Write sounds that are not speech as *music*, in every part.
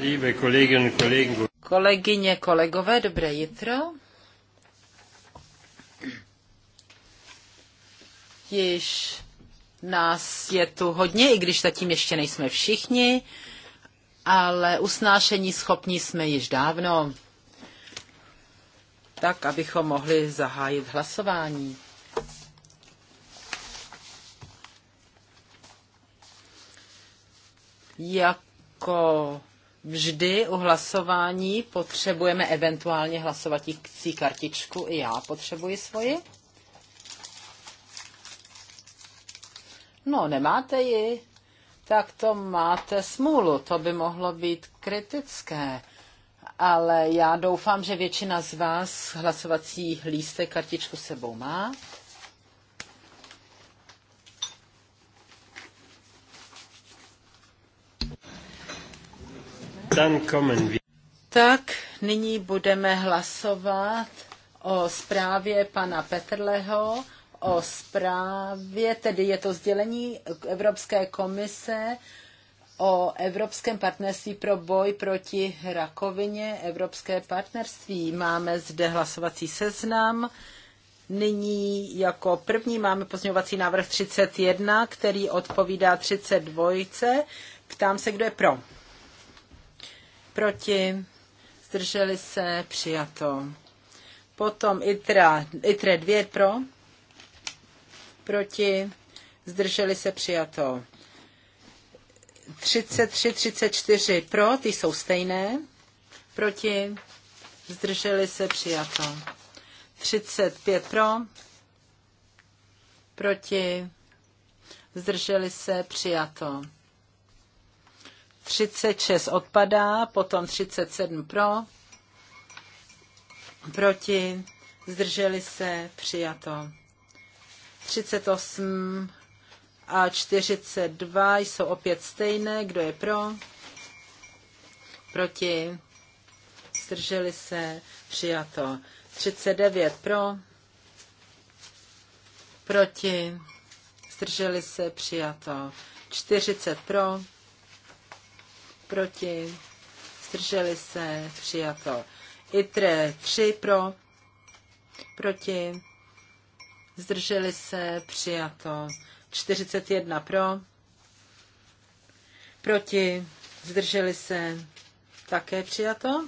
Liebe Kolleginnen Kollegen. Kolegyně, kolegové, dobré jitro. Již nás je tu hodně, i když zatím ještě nejsme všichni, ale usnášení schopní jsme již dávno, tak abychom mohli zahájit hlasování. Jako vždy u hlasování potřebujeme eventuálně hlasovatící kartičku. I já potřebuji svoji. No, nemáte ji, tak to máte smůlu. To by mohlo být kritické. Ale já doufám, že většina z vás hlasovací lístek kartičku sebou má. Tak, nyní budeme hlasovat o zprávě pana Petrleho, o zprávě, tedy je to sdělení Evropské komise o Evropském partnerství pro boj proti rakovině, Evropské partnerství. Máme zde hlasovací seznam. Nyní jako první máme pozměňovací návrh 31, který odpovídá 32. Ptám se, kdo je pro proti, zdrželi se, přijato. Potom ITRA, ITRE 2 pro, proti, zdrželi se, přijato. 33, 34 pro, ty jsou stejné, proti, zdrželi se, přijato. 35 pro, proti, zdrželi se, přijato. 36 odpadá, potom 37 pro, proti, zdrželi se, přijato. 38 a 42 jsou opět stejné, kdo je pro, proti, zdrželi se, přijato. 39 pro, proti, zdrželi se, přijato. 40 pro, proti, zdrželi se, přijato. ITRE 3 pro, proti, zdrželi se, přijato. 41 pro, proti, zdrželi se, také přijato.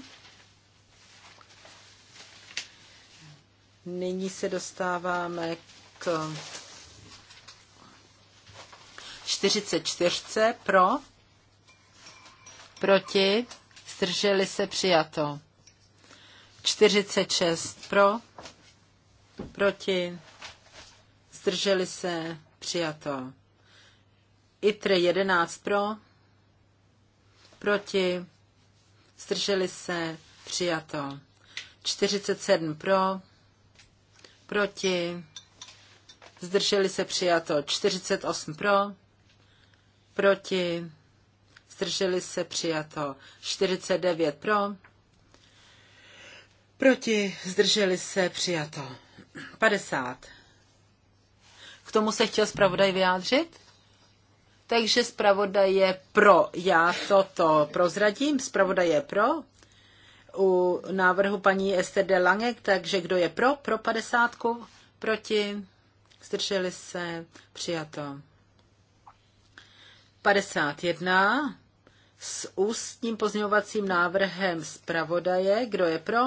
Nyní se dostáváme k 44 pro, proti, zdrželi se přijato. 46 pro, proti, zdrželi se přijato. ITRE 11 pro, proti, zdrželi se přijato. 47 pro, proti, zdrželi se přijato. 48 pro, proti, zdrželi se přijato 49 pro, proti, zdrželi se přijato 50. K tomu se chtěl zpravodaj vyjádřit? Takže zpravodaj je pro. Já toto prozradím. Zpravodaj je pro u návrhu paní Esther de Lange, takže kdo je pro, pro padesátku, proti, zdrželi se, přijato. 51 s ústním pozměňovacím návrhem zpravodaje. Kdo je pro?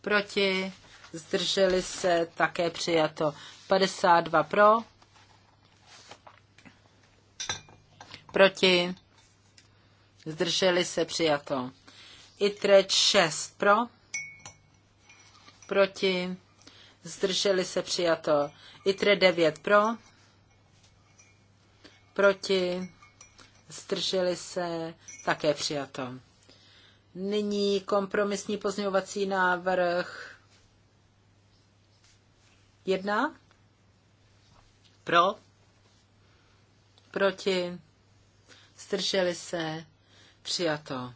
Proti? Zdrželi se? Také přijato. 52 pro? Proti? Zdrželi se? Přijato. ITRED 6 pro? Proti? Zdrželi se? Přijato. Itre 9 pro? Proti? zdrželi se, také přijato. Nyní kompromisní pozměňovací návrh jedna. Pro. Proti. Zdrželi se. Přijato.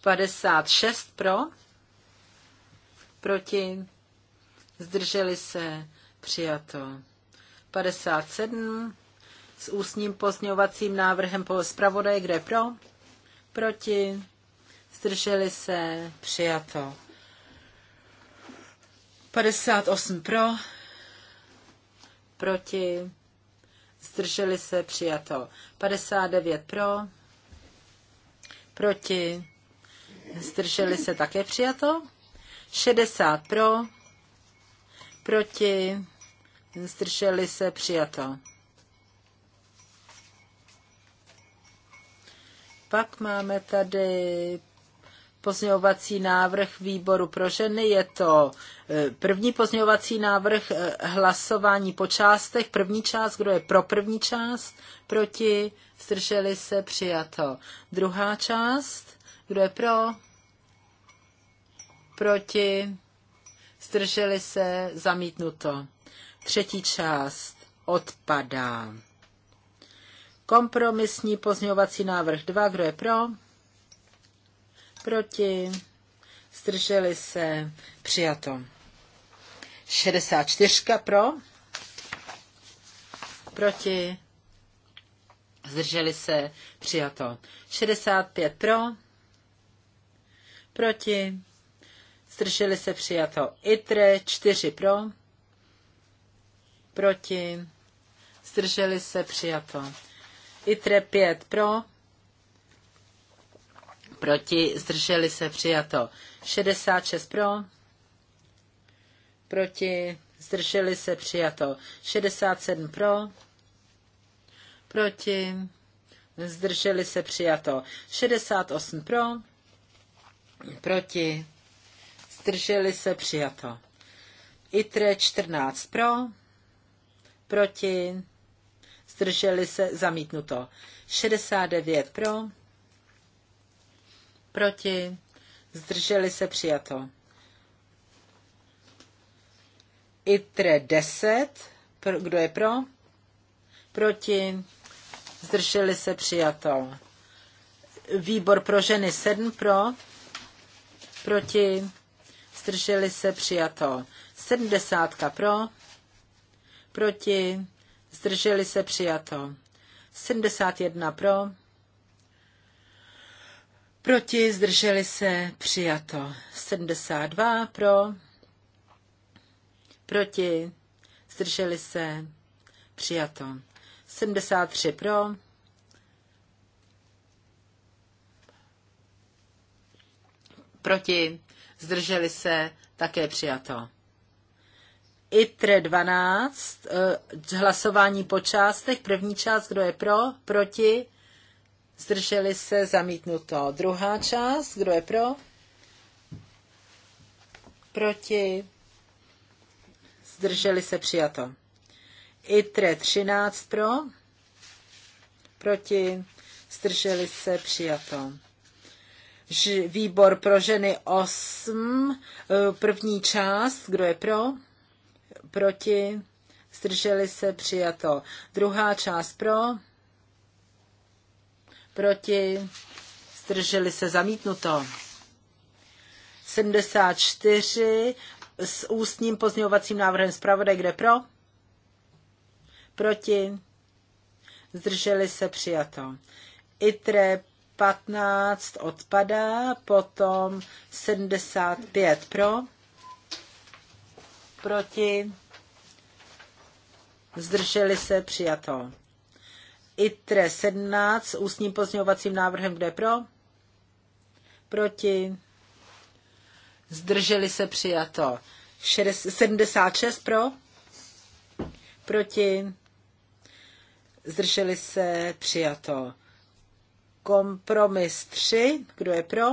56 pro. Proti. Zdrželi se. Přijato. 57 s ústním pozměňovacím návrhem po zpravodaje, kde pro, proti, zdrželi se, přijato. 58 pro, proti, zdrželi se, přijato. 59 pro, proti, zdrželi se, také přijato. 60 pro, proti, zdrželi se, přijato. Pak máme tady pozměňovací návrh výboru pro ženy. Je to e, první pozměňovací návrh e, hlasování po částech. První část, kdo je pro první část, proti, zdrželi se, přijato. Druhá část, kdo je pro, proti, zdrželi se, zamítnuto. Třetí část odpadá. Kompromisní pozměňovací návrh 2. Kdo je pro? Proti? Zdrželi se? Přijato. 64 pro? Proti? Zdrželi se? Přijato. 65 pro? Proti? Zdrželi se? Přijato. ITRE 4 pro? Proti? Zdrželi se? Přijato. ITRE 5 pro, proti, zdrželi se přijato 66 pro, proti, zdrželi se přijato 67 pro, proti, zdrželi se přijato 68 pro, proti, zdrželi se přijato. ITRE 14 pro, proti, zdrželi se, zamítnuto. 69 pro, proti, zdrželi se, přijato. ITRE 10, kdo je pro, proti, zdrželi se, přijato. Výbor pro ženy 7 pro, proti, zdrželi se, přijato. 70 pro, proti, zdrželi se přijato. 71 pro, proti, zdrželi se přijato. 72 pro, proti, zdrželi se přijato. 73 pro, proti, zdrželi se také přijato. ITRE 12, eh, hlasování po částech. První část, kdo je pro, proti, zdrželi se, zamítnuto. Druhá část, kdo je pro, proti, zdrželi se, přijato. ITRE 13 pro, proti, zdrželi se, přijato výbor pro ženy 8, eh, první část, kdo je pro, proti, zdrželi se, přijato. Druhá část pro, proti, zdrželi se, zamítnuto. 74 s ústním pozměňovacím návrhem zpravodaj, kde pro, proti, zdrželi se, přijato. ITRE 15 odpadá, potom 75 pro, proti, zdrželi se, přijato. ITRE 17 s ústním pozměňovacím návrhem, kde pro? Proti. Zdrželi se, přijato. 76 pro? Proti. Zdrželi se, přijato. Kompromis 3, kdo je pro?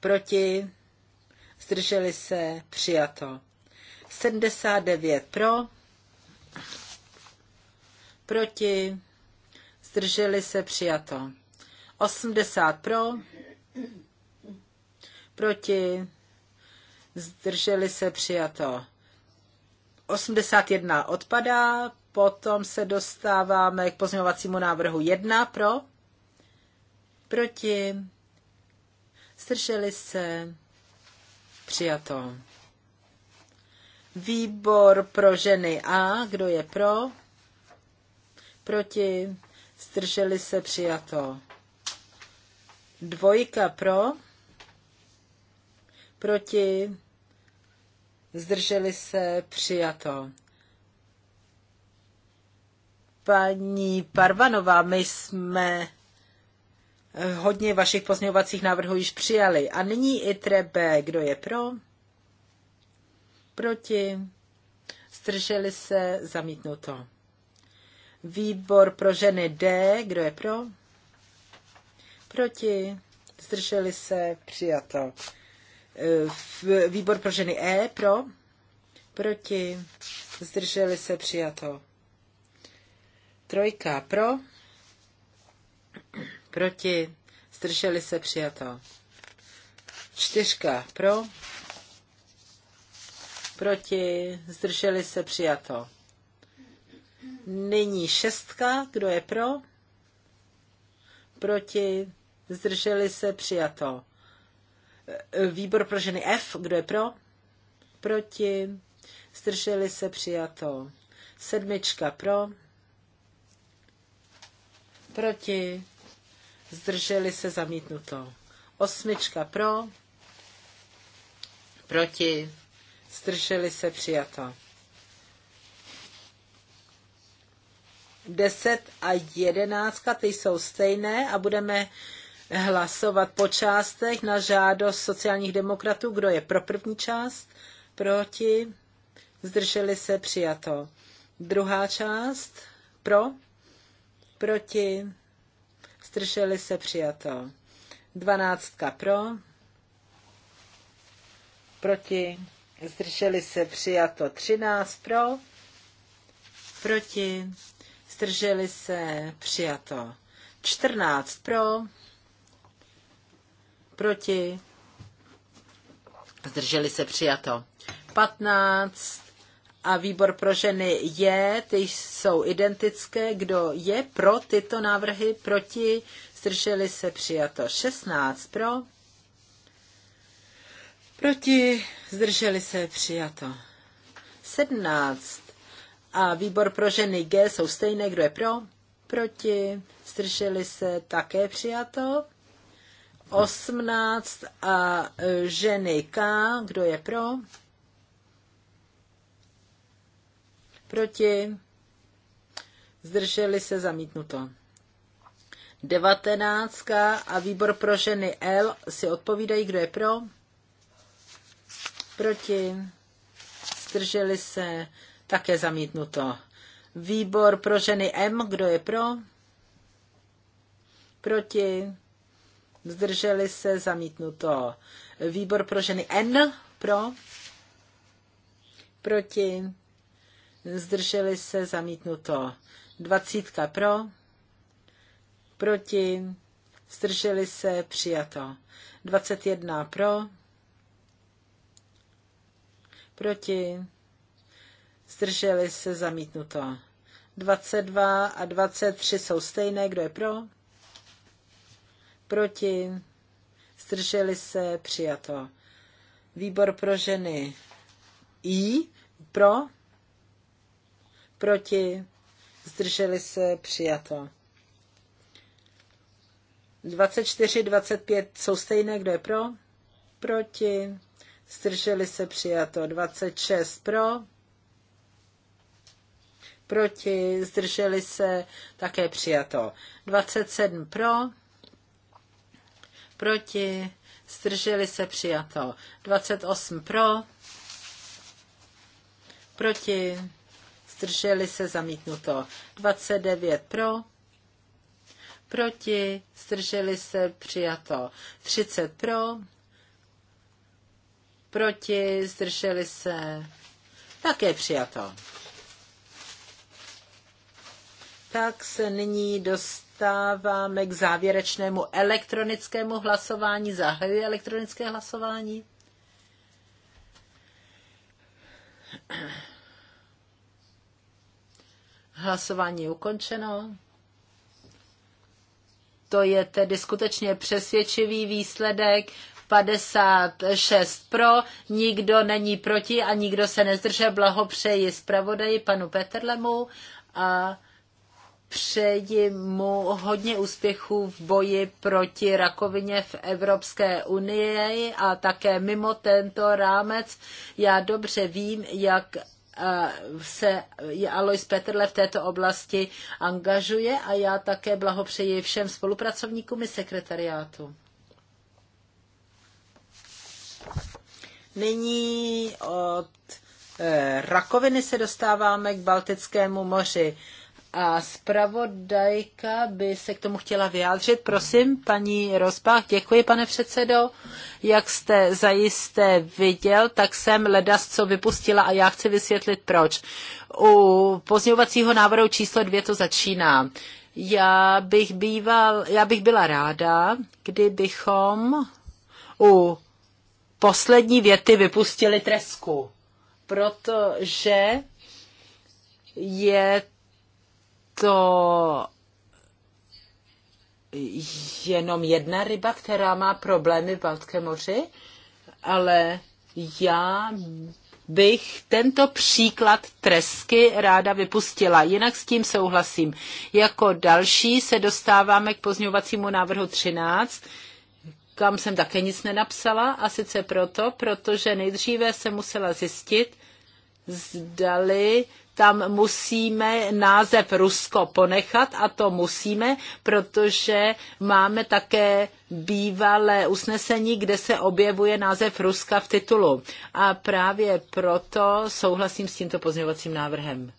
Proti. Zdrželi se, přijato. 79 pro, proti, zdrželi se přijato. 80 pro, proti, zdrželi se přijato. 81 odpadá, potom se dostáváme k pozměňovacímu návrhu 1 pro, proti, zdrželi se přijato. Výbor pro ženy A, kdo je pro? proti, zdrželi se přijato. Dvojka pro, proti, zdrželi se přijato. Paní Parvanová, my jsme hodně vašich pozměňovacích návrhů již přijali. A nyní i trebe, kdo je pro, proti, zdrželi se, zamítnuto. Výbor pro ženy D, kdo je pro? Proti? Zdrželi se? Přijato. E, výbor pro ženy E, pro? Proti? Zdrželi se? Přijato. Trojka pro? Proti? Zdrželi se? Přijato. Čtyřka pro? Proti? Zdrželi se? Přijato. Nyní šestka, kdo je pro? Proti? Zdrželi se? Přijato. Výbor pro ženy F, kdo je pro? Proti? Zdrželi se? Přijato. Sedmička pro? Proti? Zdrželi se? Zamítnuto. Osmička pro? Proti? Zdrželi se? Přijato. 10 a 11, ty jsou stejné a budeme hlasovat po částech na žádost sociálních demokratů. Kdo je pro první část? Proti? Zdrželi se přijato. Druhá část? Pro? Proti? Zdrželi se přijato. Dvanáctka pro? Proti? Zdrželi se přijato. Třináct pro? Proti? zdrželi se, přijato. 14 pro, proti, zdrželi se, přijato. 15 a výbor pro ženy je, ty jsou identické, kdo je pro tyto návrhy, proti, zdrželi se, přijato. 16 pro, proti, zdrželi se, přijato. 17 a výbor pro ženy G jsou stejné, kdo je pro, proti, zdrželi se také přijato. 18 a e, ženy K, kdo je pro, proti, zdrželi se zamítnuto. 19 a výbor pro ženy L si odpovídají, kdo je pro, proti, zdrželi se také zamítnuto. Výbor pro ženy M, kdo je pro? Proti? Zdrželi se, zamítnuto. Výbor pro ženy N, pro? Proti? Zdrželi se, zamítnuto. Dvacítka pro? Proti? Zdrželi se, přijato. 21 pro? Proti? zdrželi se zamítnuto. 22 a 23 jsou stejné, kdo je pro, proti, zdrželi se přijato. Výbor pro ženy I, pro, proti, zdrželi se přijato. 24, 25 jsou stejné, kdo je pro, proti, zdrželi se přijato. 26 pro, proti, zdrželi se, také přijato. 27 pro, proti, zdrželi se, přijato. 28 pro, proti, zdrželi se, zamítnuto. 29 pro, proti, zdrželi se, přijato. 30 pro, proti, zdrželi se, také přijato tak se nyní dostáváme k závěrečnému elektronickému hlasování. Zahajuji elektronické hlasování. Hlasování je ukončeno. To je tedy skutečně přesvědčivý výsledek. 56 pro, nikdo není proti a nikdo se nezdrže. Blahopřeji zpravodaji panu Petrlemu a přeji mu hodně úspěchů v boji proti rakovině v Evropské unii a také mimo tento rámec. Já dobře vím, jak eh, se Alois Petrle v této oblasti angažuje a já také blahopřeji všem spolupracovníkům i sekretariátu. Nyní od eh, rakoviny se dostáváme k Baltickému moři. A zpravodajka by se k tomu chtěla vyjádřit. Prosím, paní Rozbach, děkuji, pane předsedo. Jak jste zajisté viděl, tak jsem ledas, co vypustila a já chci vysvětlit proč. U pozňovacího návrhu číslo dvě to začíná. Já bych, býval, já bych byla ráda, kdybychom u poslední věty vypustili tresku, protože je to jenom jedna ryba, která má problémy v Baltském moři, ale já bych tento příklad tresky ráda vypustila. Jinak s tím souhlasím. Jako další se dostáváme k pozňovacímu návrhu 13, kam jsem také nic nenapsala, a sice proto, protože nejdříve se musela zjistit, zdali tam musíme název Rusko ponechat a to musíme, protože máme také bývalé usnesení, kde se objevuje název Ruska v titulu. A právě proto souhlasím s tímto pozměvacím návrhem.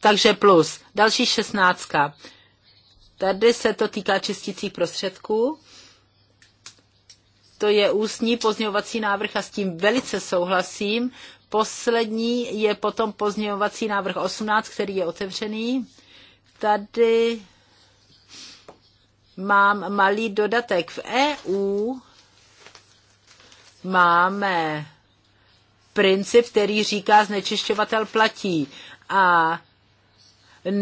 Takže plus. Další šestnáctka. Tady se to týká čistících prostředků to je ústní pozměňovací návrh a s tím velice souhlasím. Poslední je potom pozměňovací návrh 18, který je otevřený. Tady mám malý dodatek. V EU máme princip, který říká znečišťovatel platí. A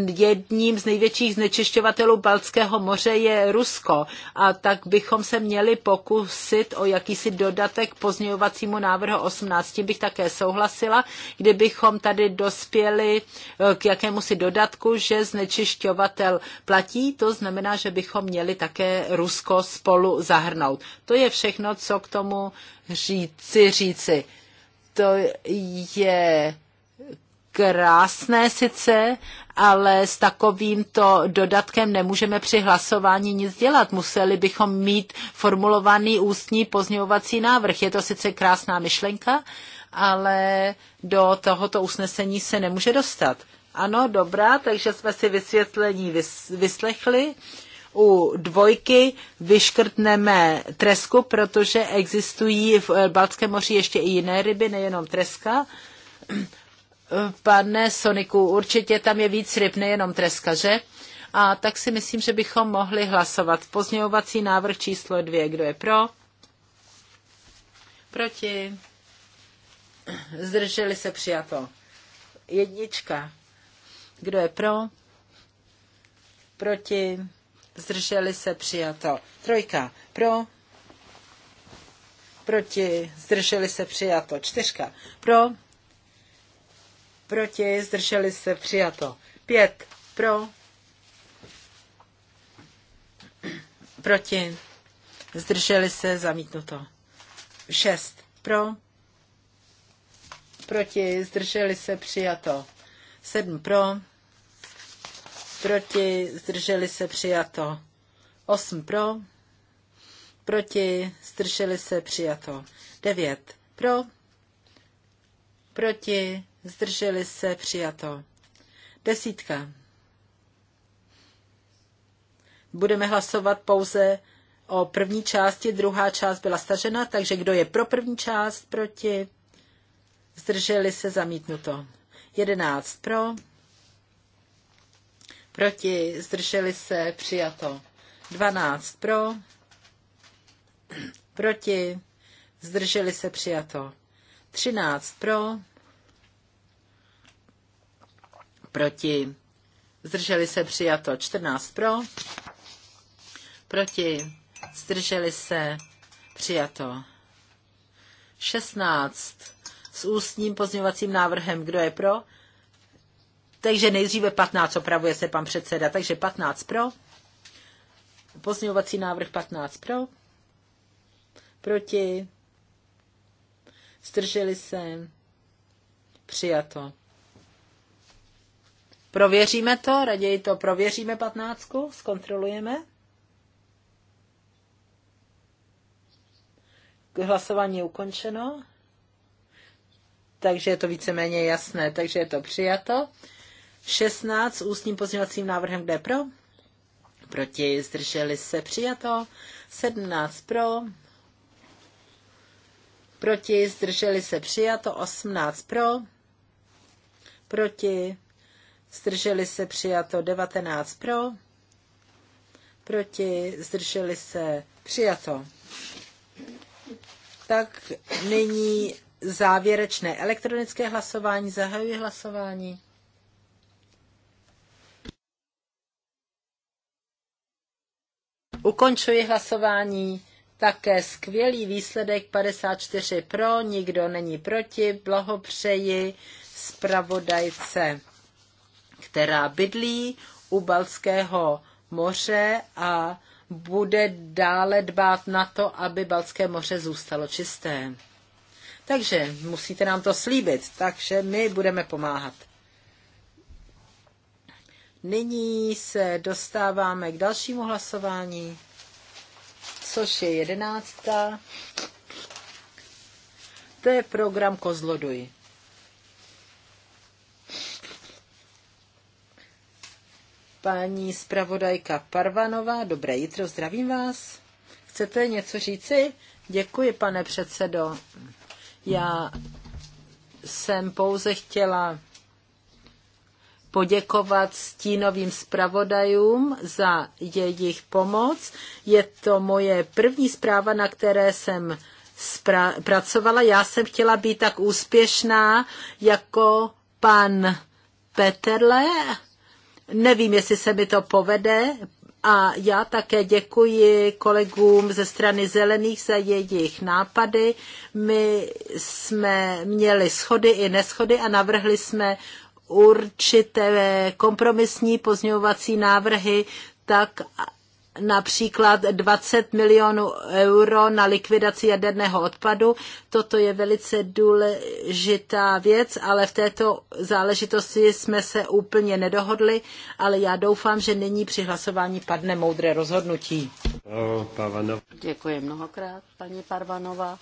jedním z největších znečišťovatelů Baltského moře je Rusko. A tak bychom se měli pokusit o jakýsi dodatek pozměňovacímu návrhu 18. Tím bych také souhlasila, kdybychom tady dospěli eh, k jakému si dodatku, že znečišťovatel platí. To znamená, že bychom měli také Rusko spolu zahrnout. To je všechno, co k tomu říci říci. To je krásné sice, ale s takovýmto dodatkem nemůžeme při hlasování nic dělat. Museli bychom mít formulovaný ústní pozměňovací návrh. Je to sice krásná myšlenka, ale do tohoto usnesení se nemůže dostat. Ano, dobrá, takže jsme si vysvětlení vyslechli. U dvojky vyškrtneme tresku, protože existují v Balckém moři ještě i jiné ryby, nejenom treska. Pane Soniku, určitě tam je víc ryb, nejenom treska, že? A tak si myslím, že bychom mohli hlasovat. Pozměňovací návrh číslo dvě. Kdo je pro? Proti? Zdrželi se přijato. Jednička. Kdo je pro? Proti? Zdrželi se přijato. Trojka. Pro? Proti? Zdrželi se přijato. Čtyřka. Pro? proti, zdrželi se, přijato. Pět pro, proti, zdrželi se, zamítnuto. Šest pro, proti, zdrželi se, přijato. Sedm pro, proti, zdrželi se, přijato. Osm pro, proti, zdrželi se, přijato. Devět pro, proti, zdrželi se, přijato. Desítka. Budeme hlasovat pouze o první části, druhá část byla stažena, takže kdo je pro první část, proti, zdrželi se, zamítnuto. Jedenáct pro, proti, zdrželi se, přijato. Dvanáct pro, proti, zdrželi se, přijato. Třináct pro, proti, zdrželi se přijato 14 pro, proti, zdrželi se přijato 16 s ústním pozměňovacím návrhem, kdo je pro, takže nejdříve 15, opravuje se pan předseda, takže 15 pro, pozměňovací návrh 15 pro, proti, zdrželi se, přijato. Prověříme to, raději to prověříme patnáctku, zkontrolujeme. Hlasování je ukončeno, takže je to víceméně jasné, takže je to přijato. 16 ústním pozměňovacím návrhem, kde pro? Proti zdrželi se přijato. 17 pro. Proti zdrželi se přijato. 18 pro. Proti zdrželi se přijato 19 pro, proti, zdrželi se přijato. Tak nyní závěrečné elektronické hlasování. Zahajuji hlasování. Ukončuji hlasování. Také skvělý výsledek 54 pro, nikdo není proti. Blahopřeji zpravodajce která bydlí u Balského moře a bude dále dbát na to, aby Balské moře zůstalo čisté. Takže musíte nám to slíbit, takže my budeme pomáhat. Nyní se dostáváme k dalšímu hlasování, což je jedenáctá. To je program Kozloduj. paní zpravodajka Parvanová. Dobré jitro, zdravím vás. Chcete něco říci? Děkuji, pane předsedo. Já jsem pouze chtěla poděkovat stínovým zpravodajům za jejich pomoc. Je to moje první zpráva, na které jsem pracovala. Já jsem chtěla být tak úspěšná jako pan Peterle Nevím, jestli se mi to povede, a já také děkuji kolegům ze strany Zelených za jejich nápady. My jsme měli schody i neschody a navrhli jsme určité kompromisní pozměňovací návrhy, tak například 20 milionů euro na likvidaci jaderného odpadu. Toto je velice důležitá věc, ale v této záležitosti jsme se úplně nedohodli, ale já doufám, že nyní při hlasování padne moudré rozhodnutí. Děkuji mnohokrát, paní Parvanova.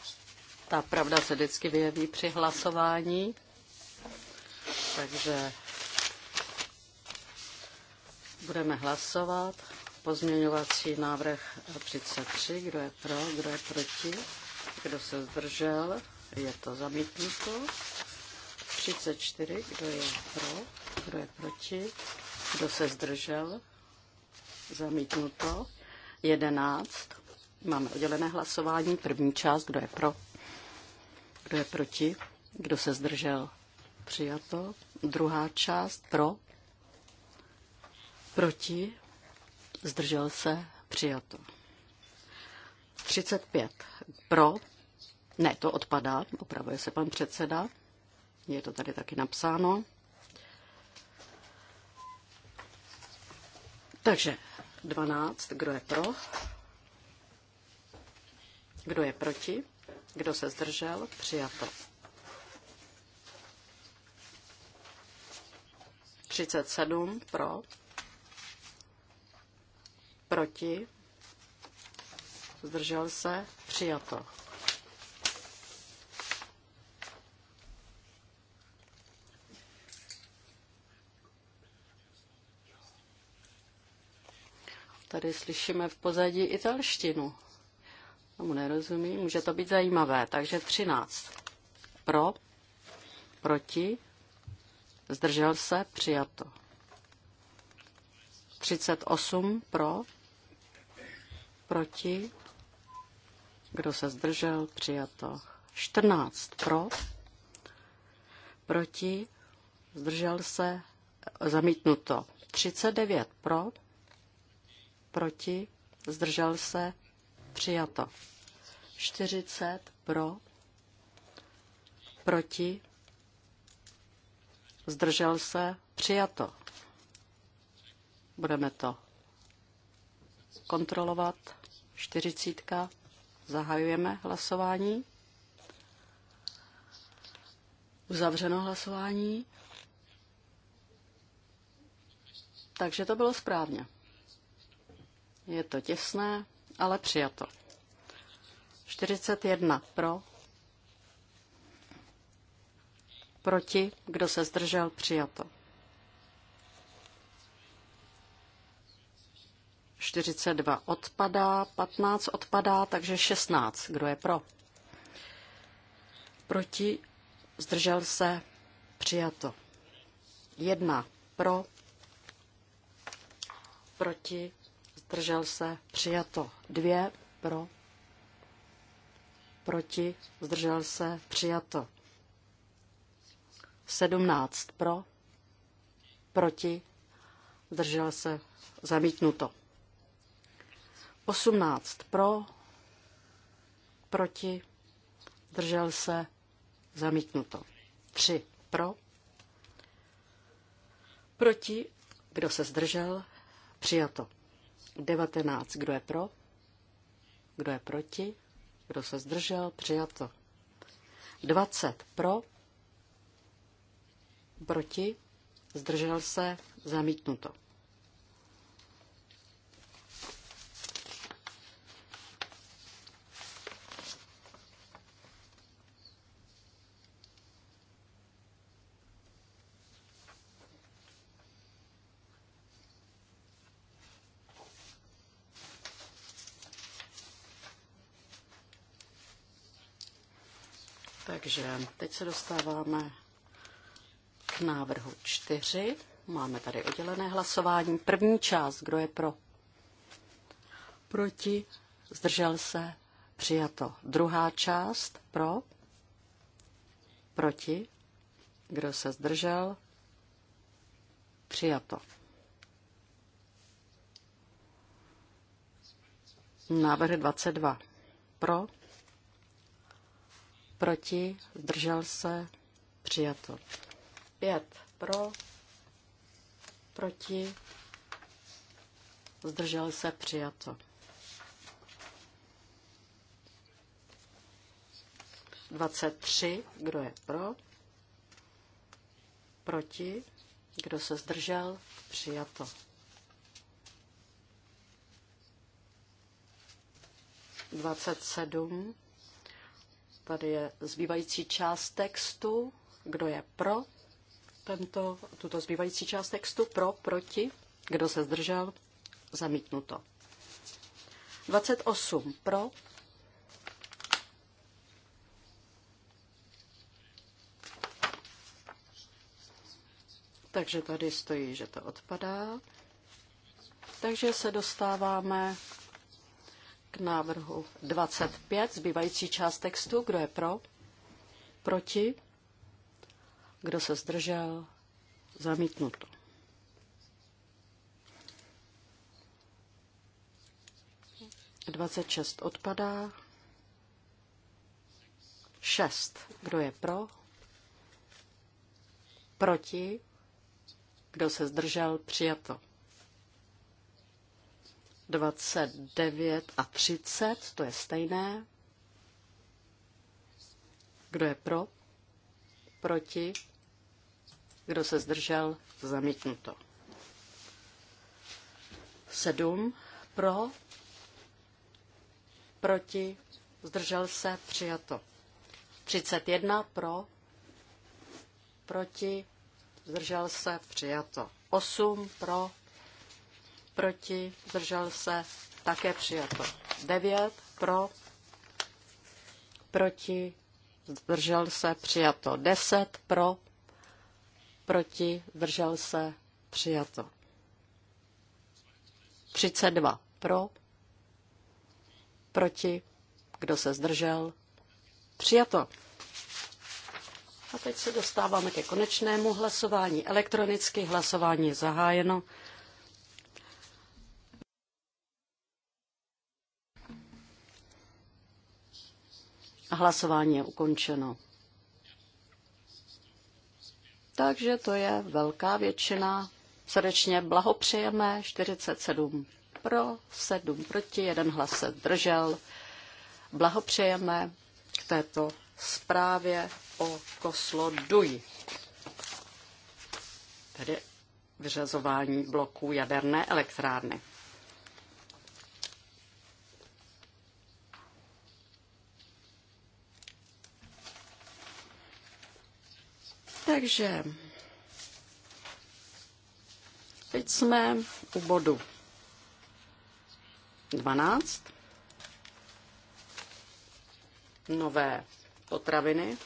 Ta pravda se vždycky vyjeví při hlasování. Takže budeme hlasovat. Pozměňovací návrh 33. Kdo je pro? Kdo je proti? Kdo se zdržel? Je to zamítnuto. 34. Kdo je pro? Kdo je proti? Kdo se zdržel? Zamítnuto. 11. Máme oddělené hlasování. První část. Kdo je pro? Kdo je proti? Kdo se zdržel? Přijato. Druhá část. Pro? Proti? zdržel se, přijato. 35 pro, ne, to odpadá, opravuje se pan předseda, je to tady taky napsáno. Takže 12, kdo je pro, kdo je proti, kdo se zdržel, přijato. 37 pro, Proti? Zdržel se? Přijato. Tady slyšíme v pozadí italštinu. Tomu nerozumím, může to být zajímavé. Takže 13. Pro, proti, zdržel se, přijato. 38 pro, Proti? Kdo se zdržel? Přijato. 14 pro. Proti? Zdržel se? Zamítnuto. 39 pro. Proti? Zdržel se? Přijato. 40 pro. Proti? Zdržel se? Přijato. Budeme to kontrolovat. 40. Zahajujeme hlasování. Uzavřeno hlasování. Takže to bylo správně. Je to těsné, ale přijato. 41 pro. Proti, kdo se zdržel, přijato. 42 odpadá, 15 odpadá, takže 16. Kdo je pro? Proti? Zdržel se? Přijato. 1 pro? Proti? Zdržel se? Přijato. 2 pro? Proti? Zdržel se? Přijato. 17 pro? Proti? Zdržel se? Zamítnuto. 18 pro, proti, držel se, zamítnuto. 3 pro, proti, kdo se zdržel, přijato. 19, kdo je pro, kdo je proti, kdo se zdržel, přijato. 20 pro, proti, zdržel se, zamítnuto. problém. Teď se dostáváme k návrhu čtyři. Máme tady oddělené hlasování. První část, kdo je pro? Proti? Zdržel se? Přijato. Druhá část, pro? Proti? Kdo se zdržel? Přijato. Návrh 22. Pro? proti, zdržel se, přijato. Pět pro, proti, zdržel se, přijato. tři kdo je pro, proti, kdo se zdržel, přijato. Dvacet sedm Tady je zbývající část textu. Kdo je pro tento, tuto zbývající část textu? Pro, proti? Kdo se zdržel? Zamítnuto. 28 pro. Takže tady stojí, že to odpadá. Takže se dostáváme k návrhu 25, zbývající část textu. Kdo je pro? Proti? Kdo se zdržel? Zamítnuto. Dvacet šest odpadá. Šest. Kdo je pro? Proti? Kdo se zdržel? Přijato. 29 a 30, to je stejné. Kdo je pro? Proti? Kdo se zdržel? Zamítnuto. 7 pro, proti, zdržel se, přijato. 31 pro, proti, zdržel se, přijato. 8 pro, proti, zdržel se, také přijato. 9 pro, proti, zdržel se, přijato. 10 pro, proti, zdržel se, přijato. 32 pro, proti, kdo se zdržel, přijato. A teď se dostáváme ke konečnému hlasování. Elektronicky hlasování je zahájeno. Hlasování je ukončeno. Takže to je velká většina. Srdečně blahopřejeme 47 pro, 7 proti, jeden hlas se držel. Blahopřejeme k této zprávě o Kosloduj, tedy vyřazování bloků jaderné elektrárny. Takže teď jsme u bodu 12. Nové potraviny.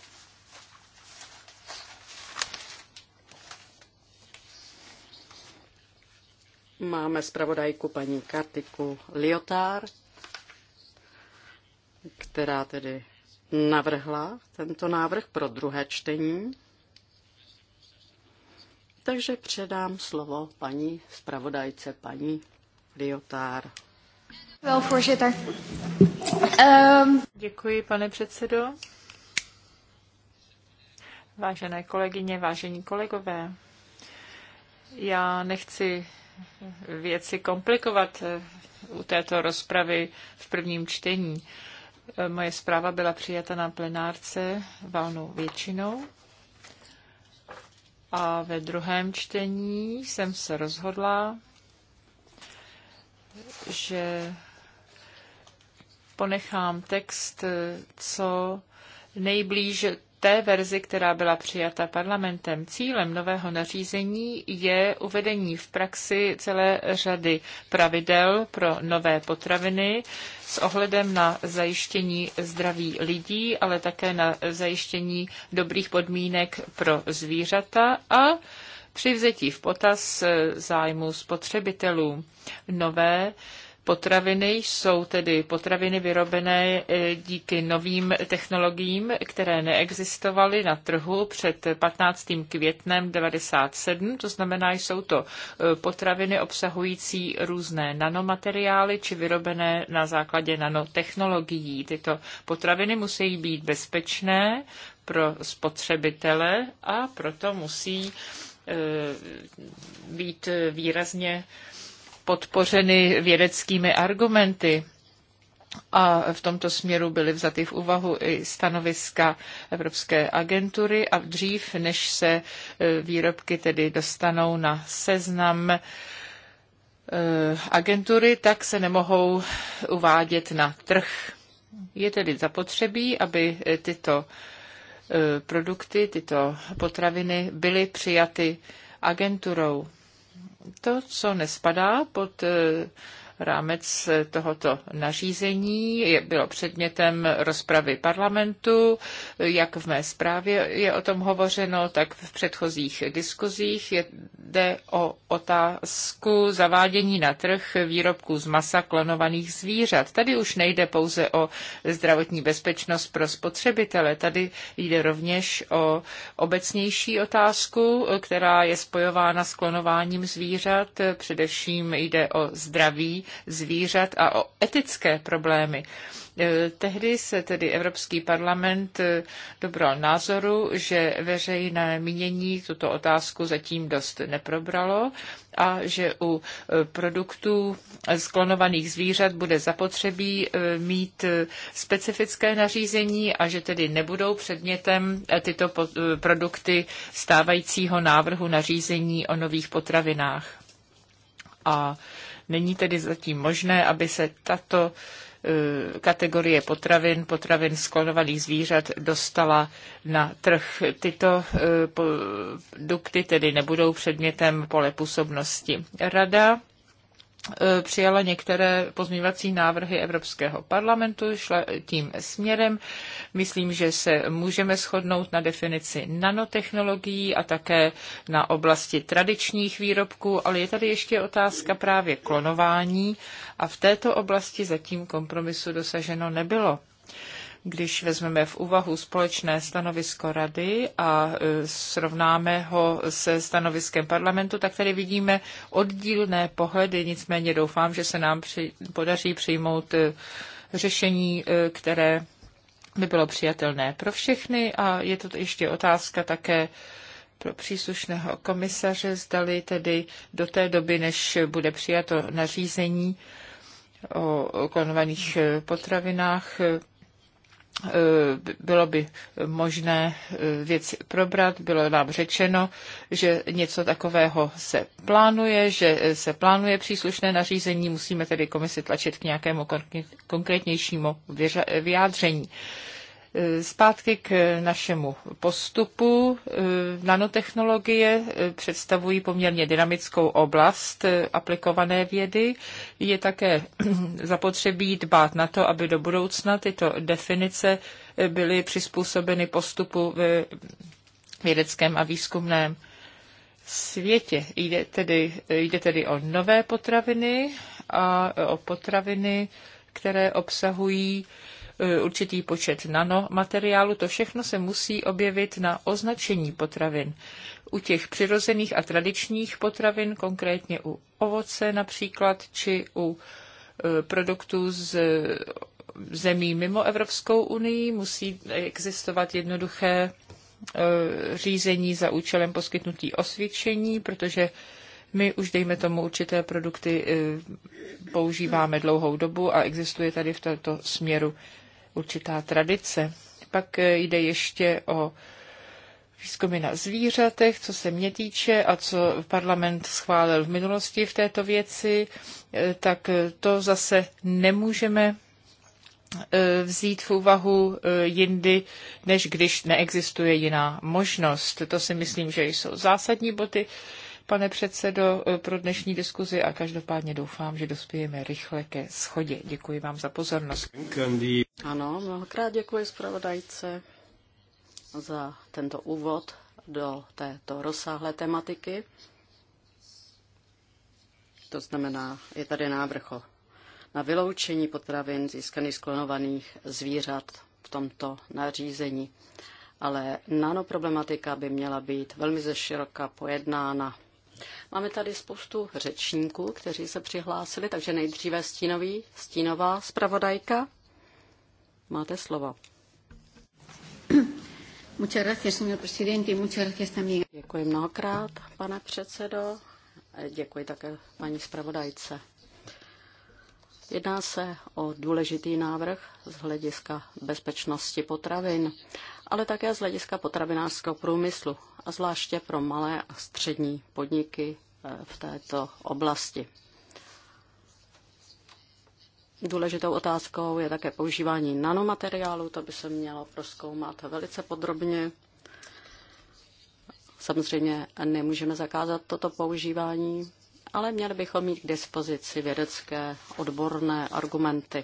Máme zpravodajku paní Kartiku Liotár, která tedy navrhla tento návrh pro druhé čtení. Takže předám slovo paní zpravodajce, paní Riotár. Um... Ehm. Děkuji, pane předsedo. Vážené kolegyně, vážení kolegové, já nechci věci komplikovat eh, u této rozpravy v prvním čtení. Eh, moje zpráva byla přijata na plenárce valnou většinou a ve druhém čtení jsem se rozhodla, že ponechám text co nejblíže té verzi, která byla přijata parlamentem. Cílem nového nařízení je uvedení v praxi celé řady pravidel pro nové potraviny s ohledem na zajištění zdraví lidí, ale také na zajištění dobrých podmínek pro zvířata a při vzetí v potaz eh, zájmu spotřebitelů. Nové Potraviny jsou tedy potraviny vyrobené e, díky novým technologiím, které neexistovaly na trhu před 15. květnem 1997. To znamená, jsou to e, potraviny obsahující různé nanomateriály či vyrobené na základě nanotechnologií. Tyto potraviny musí být bezpečné pro spotřebitele a proto musí e, být výrazně podpořeny vědeckými argumenty. A v tomto směru byly vzaty v úvahu i stanoviska Evropské agentury a dřív, než se e, výrobky tedy dostanou na seznam e, agentury, tak se nemohou uvádět na trh. Je tedy zapotřebí, aby e, tyto produkty, tyto potraviny byly přijaty agenturou to, co nespadá pod eh, Rámec tohoto nařízení bylo předmětem rozpravy parlamentu, jak v mé zprávě je o tom hovořeno, tak v předchozích diskuzích. Jde o otázku zavádění na trh výrobků z masa klonovaných zvířat. Tady už nejde pouze o zdravotní bezpečnost pro spotřebitele, tady jde rovněž o obecnější otázku, která je spojována s klonováním zvířat. Především jde o zdraví zvířat a o etické problémy. E, tehdy se tedy Evropský parlament e, dobral názoru, že veřejné mínění tuto otázku zatím dost neprobralo a že u e, produktů sklonovaných zvířat bude zapotřebí mít specifické nařízení a že tedy nebudou předmětem tyto produkty stávajícího návrhu nařízení o nových potravinách. A Není tedy zatím možné, aby se tato eh, kategorie potravin, potravin sklonovaných zvířat dostala na trh. Tyto eh, produkty tedy nebudou předmětem pole působnosti. Rada Eh, přijala některé pozměňovací návrhy Evropského parlamentu, šla tím směrem. Myslím, že se můžeme shodnout na definici nanotechnologií a také na oblasti tradičních výrobků, ale je tady ještě otázka právě klonování a v této oblasti zatím kompromisu dosaženo nebylo. Když vezmeme v úvahu společné stanovisko rady a e, srovnáme ho se stanoviskem parlamentu, tak tady vidíme oddílné pohledy, nicméně doufám, že se nám při, podaří přijmout e, řešení, e, které by bylo přijatelné pro všechny a je to ještě otázka také pro příslušného komisaře, zdali tedy do té doby, než bude přijato nařízení o konovaných potravinách, Eh, bylo by možné eh, věci probrat. Bylo nám řečeno, že něco takového se plánuje, že eh, se plánuje příslušné nařízení, musíme tedy komisi tlačit k nějakému konkrétnějšímu vyjádření. Eh, zpátky k našemu postupu. Eh, nanotechnologie eh, představují poměrně dynamickou oblast aplikované vědy. Je také *clears throat* zapotřebí dbát na to, aby do budoucna tyto definice byly přizpůsobeny postupu v vědeckém a výzkumném světě. Jde tedy, jde tedy o nové potraviny a o potraviny, které obsahují E, určitý počet nanomateriálu. To všechno se musí objevit na označení potravin. U těch přirozených a tradičních potravin, konkrétně u ovoce například, či u e, produktů z zemí mimo Evropskou unii, musí existovat jednoduché e, řízení za účelem poskytnutí osvědčení, protože my už, dejme tomu, určité produkty používáme dlouhou dobu a existuje tady v tomto směru určitá tradice. Pak eh, jde ještě o výzkumy na zvířatech, co se mě týče a co parlament schválil v minulosti v této věci, eh, tak eh, to zase nemůžeme vzít v úvahu jindy, než když neexistuje jiná možnost. To si myslím, že jsou zásadní boty, pane předsedo, eh, pro dnešní diskuzi a každopádně doufám, že dospějeme rychle ke schodě. Děkuji vám za pozornost. Ano, mnohokrát děkuji zpravodajce za tento úvod do této rozsáhlé tematiky. To znamená, je tady návrh na vyloučení potravin získaných z klonovaných zvířat v tomto nařízení. Ale nanoproblematika by měla být velmi zeširoka pojednána Máme tady spoustu řečníků, kteří se přihlásili, takže nejdříve stínový, stínová zpravodajka. Máte slovo. Muchas gracias, señor presidente, muchas gracias también. Děkuji mnohokrát, pane předsedo. Děkuji také paní zpravodajce. Jedná se o důležitý návrh z hlediska bezpečnosti potravin ale také z hlediska potravinářského průmyslu a zvláště pro malé a střední podniky eh, v této oblasti. Důležitou otázkou je také používání nanomateriálu, to by se mělo proskoumat velice podrobně. Samozřejmě nemůžeme zakázat toto používání, ale měli bychom mít k dispozici vědecké odborné argumenty.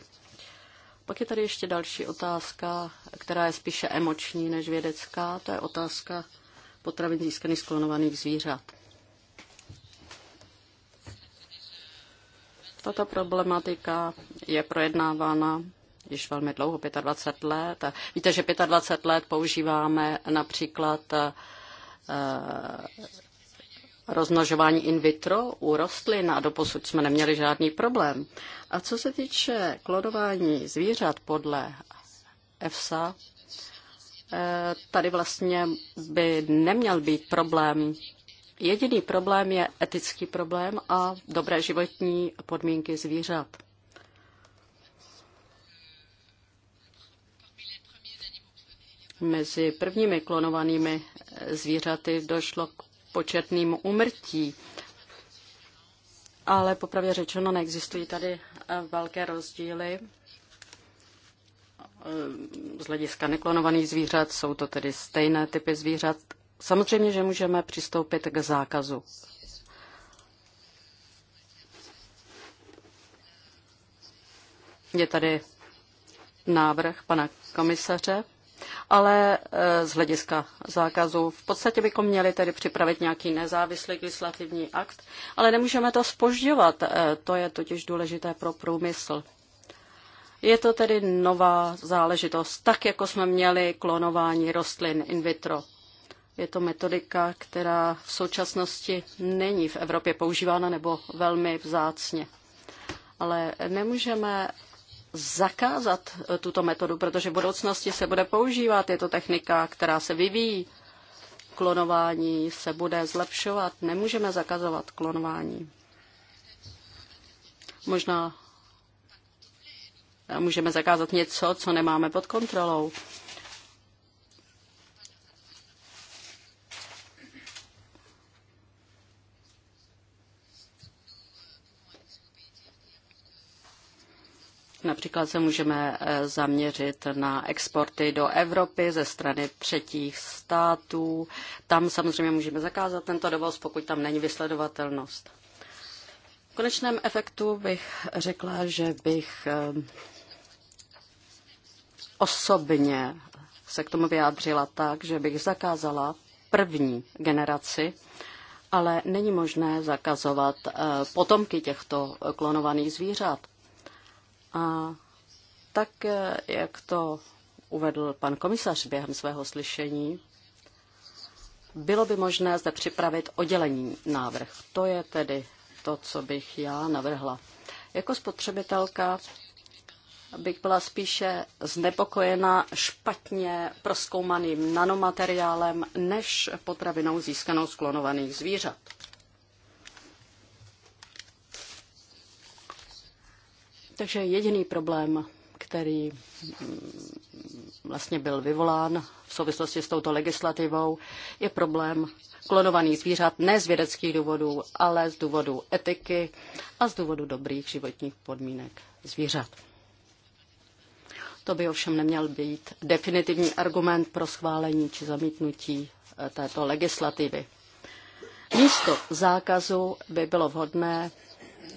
Pak je tady ještě další otázka, která je spíše emoční než vědecká. To je otázka potravin získaných z klonovaných zvířat. Tato problematika je projednávána již velmi dlouho, 25 let. Víte, že 25 let používáme například eh, rozmnožování in vitro u rostlin a doposud jsme neměli žádný problém. A co se týče klonování zvířat podle EFSA, eh, tady vlastně by neměl být problém. Jediný problém je etický problém a dobré životní podmínky zvířat. Mezi prvními klonovanými zvířaty došlo k početným umrtí. Ale popravě řečeno, neexistují tady eh, velké rozdíly. Eh, z hlediska neklonovaných zvířat jsou to tedy stejné typy zvířat. Samozřejmě, že můžeme přistoupit k zákazu Je tady návrh pana komisaře, ale e, z hlediska zákazu v podstatě bychom měli tedy připravit nějaký nezávislý legislativní akt, ale nemůžeme to spožďovat, e, to je totiž důležité pro průmysl. Je to tedy nová záležitost, tak jako jsme měli klonování rostlin in vitro. Je to metodika, která v současnosti není v Evropě používána nebo velmi vzácně. Ale nemůžeme zakázat eh, tuto metodu, protože v budoucnosti se bude používat. Je to technika, která se vyvíjí. Klonování se bude zlepšovat. Nemůžeme zakazovat klonování. Možná eh, můžeme zakázat něco, co nemáme pod kontrolou. Například se můžeme eh, zaměřit na exporty do Evropy ze strany třetích států. Tam samozřejmě můžeme zakázat tento dovoz, pokud tam není vysledovatelnost. V konečném efektu bych řekla, že bych eh, osobně se k tomu vyjádřila tak, že bych zakázala první generaci, ale není možné zakazovat eh, potomky těchto klonovaných zvířat. A tak, jak to uvedl pan komisař během svého slyšení, bylo by možné zde připravit oddělení návrh. To je tedy to, co bych já navrhla. Jako spotřebitelka bych byla spíše znepokojena špatně proskoumaným nanomateriálem než potravinou získanou z klonovaných zvířat. Takže jediný problém, který mm, vlastně byl vyvolán v souvislosti s touto legislativou, je problém klonovaných zvířat ne z vědeckých důvodů, ale z důvodu etiky a z důvodu dobrých životních podmínek zvířat. To by ovšem neměl být definitivní argument pro schválení či zamítnutí eh, této legislativy. Místo zákazu by bylo vhodné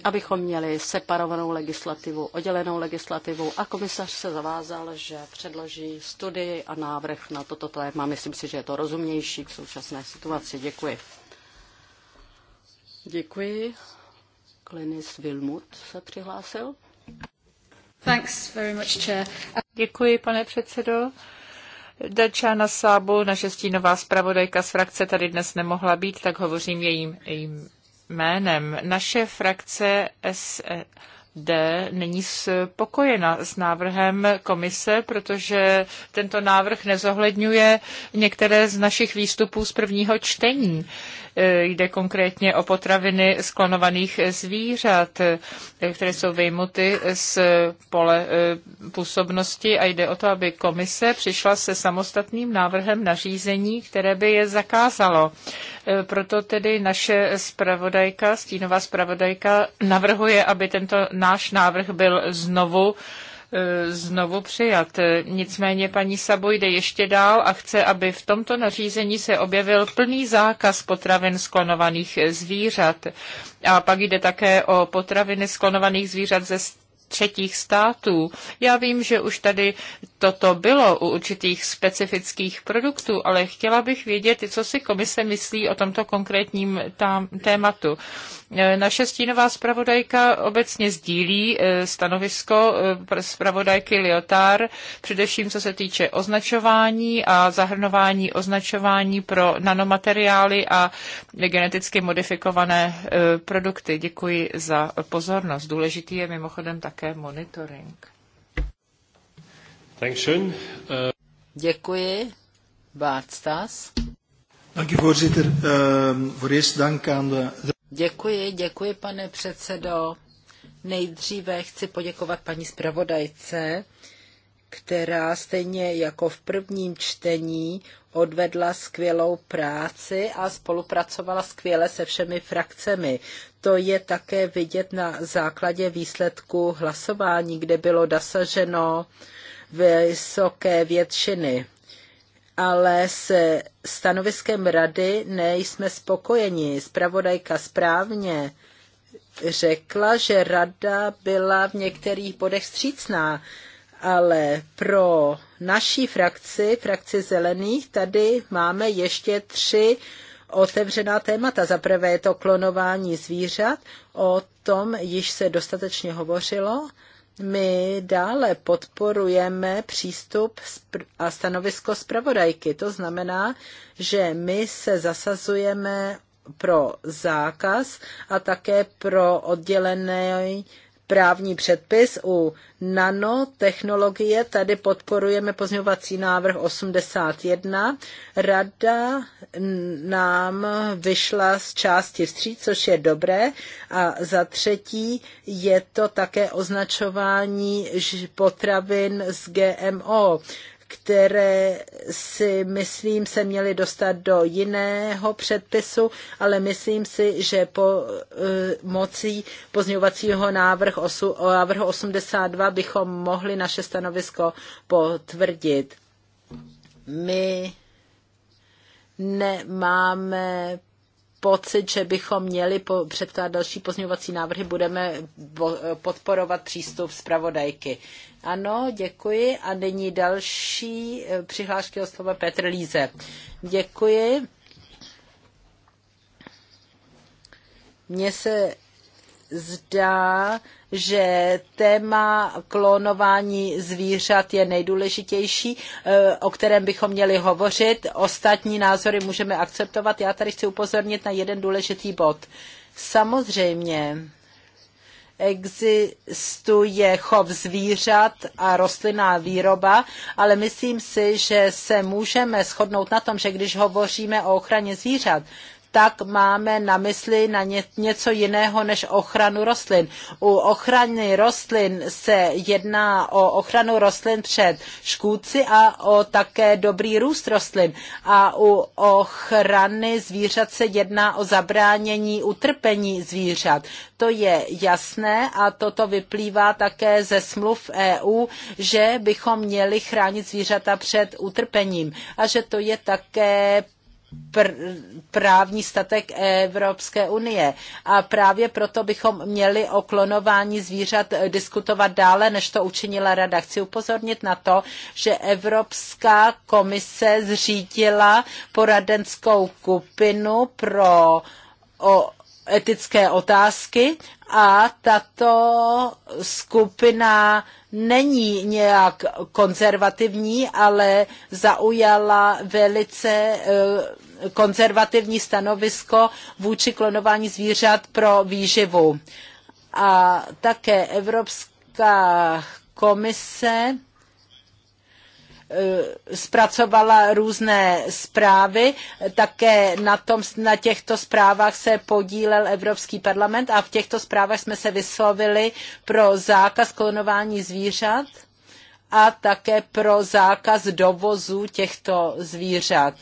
abychom měli separovanou legislativu, oddělenou legislativu a komisař se zavázal, že předloží studii a návrh na toto téma. Myslím si, že je to rozumnější k současné situaci. Děkuji. Děkuji. Klinis Wilmut se přihlásil. Thanks very much, chair. Děkuji, pane předsedo. Dačana Sábu, naše stínová zpravodajka z frakce, tady dnes nemohla být, tak hovořím jejím, jejím jménem. Naše frakce SD e není spokojena s návrhem komise, protože tento návrh nezohledňuje některé z našich výstupů z prvního čtení. Jde konkrétně o potraviny sklonovaných zvířat, které jsou vyjmuty z pole e, působnosti a jde o to, aby komise přišla se samostatným návrhem nařízení, které by je zakázalo. E, proto tedy naše spravodajka, stínová spravodajka, navrhuje, aby tento náš návrh byl znovu Eh, znovu přijat. Nicméně paní Sabo jde ještě dál a chce, aby v tomto nařízení se objevil plný zákaz potravin sklonovaných zvířat. A pak jde také o potraviny sklonovaných zvířat ze třetích států. Já vím, že už tady toto bylo u určitých specifických produktů, ale chtěla bych vědět, co si komise myslí o tomto konkrétním tam, tématu. E, naše stínová zpravodajka obecně sdílí e, stanovisko e, zpravodajky Liotár, především co se týče označování a zahrnování označování pro nanomateriály a geneticky modifikované produkty. Děkuji za pozornost. Důležitý je mimochodem tak také monitoring. Uh, děkuji. Bart ehm, Děkuji, děkuji pane předsedo. Nejdříve chci poděkovat paní zpravodajce, která stejně jako v prvním čtení odvedla skvělou práci a spolupracovala skvěle se všemi frakcemi. To je také vidět na základě výsledku hlasování, kde bylo dosaženo vysoké většiny. Ale se stanoviskem rady nejsme spokojeni. Spravodajka správně řekla, že rada byla v některých bodech střícná ale pro naší frakci, frakci zelených, tady máme ještě tři otevřená témata. Za prvé je to klonování zvířat, o tom již se dostatečně hovořilo. My dále podporujeme přístup a stanovisko zpravodajky. To znamená, že my se zasazujeme pro zákaz a také pro oddělené právní předpis. U nanotechnologie tady podporujeme pozměňovací návrh 81. Rada nám vyšla z části vstříc, což je dobré. A za třetí je to také označování potravin z GMO které si myslím se měly dostat do jiného předpisu, ale myslím si, že po eh, mocí pozňovacího návrh osu, návrhu 82 bychom mohli naše stanovisko potvrdit. My nemáme pocit, že bychom měli po, předkládat další pozměňovací návrhy, budeme podporovat přístup zpravodajky. Ano, děkuji. A nyní další eh, přihlášky o slova Petr Líze. Děkuji. Mně se zdá, že téma klonování zvířat je nejdůležitější, eh, o kterém bychom měli hovořit. Ostatní názory můžeme akceptovat. Já tady chci upozornit na jeden důležitý bod. Samozřejmě existuje chov zvířat a rostlinná výroba, ale myslím si, že se můžeme shodnout na tom, že když hovoříme o ochraně zvířat, tak máme na mysli na ně, něco jiného než ochranu rostlin. U ochrany rostlin se jedná o ochranu rostlin před škůdci a o také dobrý růst rostlin. A u ochrany zvířat se jedná o zabránění utrpení zvířat. To je jasné a toto vyplývá také ze smluv EU, že bychom měli chránit zvířata před utrpením a že to je také pr- právní statek Evropské unie. A právě proto bychom měli o klonování zvířat diskutovat dále, než to učinila Rada. Chci upozornit na to, že Evropská komise zřídila poradenskou kupinu pro o etické otázky a tato skupina není nějak konzervativní, ale zaujala velice eh, konzervativní stanovisko vůči klonování zvířat pro výživu. A také Evropská komise Eh, zpracovala různé zprávy, také na, tom, na těchto zprávách se podílel Evropský parlament a v těchto zprávách jsme se vyslovili pro zákaz klonování zvířat a také pro zákaz dovozu těchto zvířat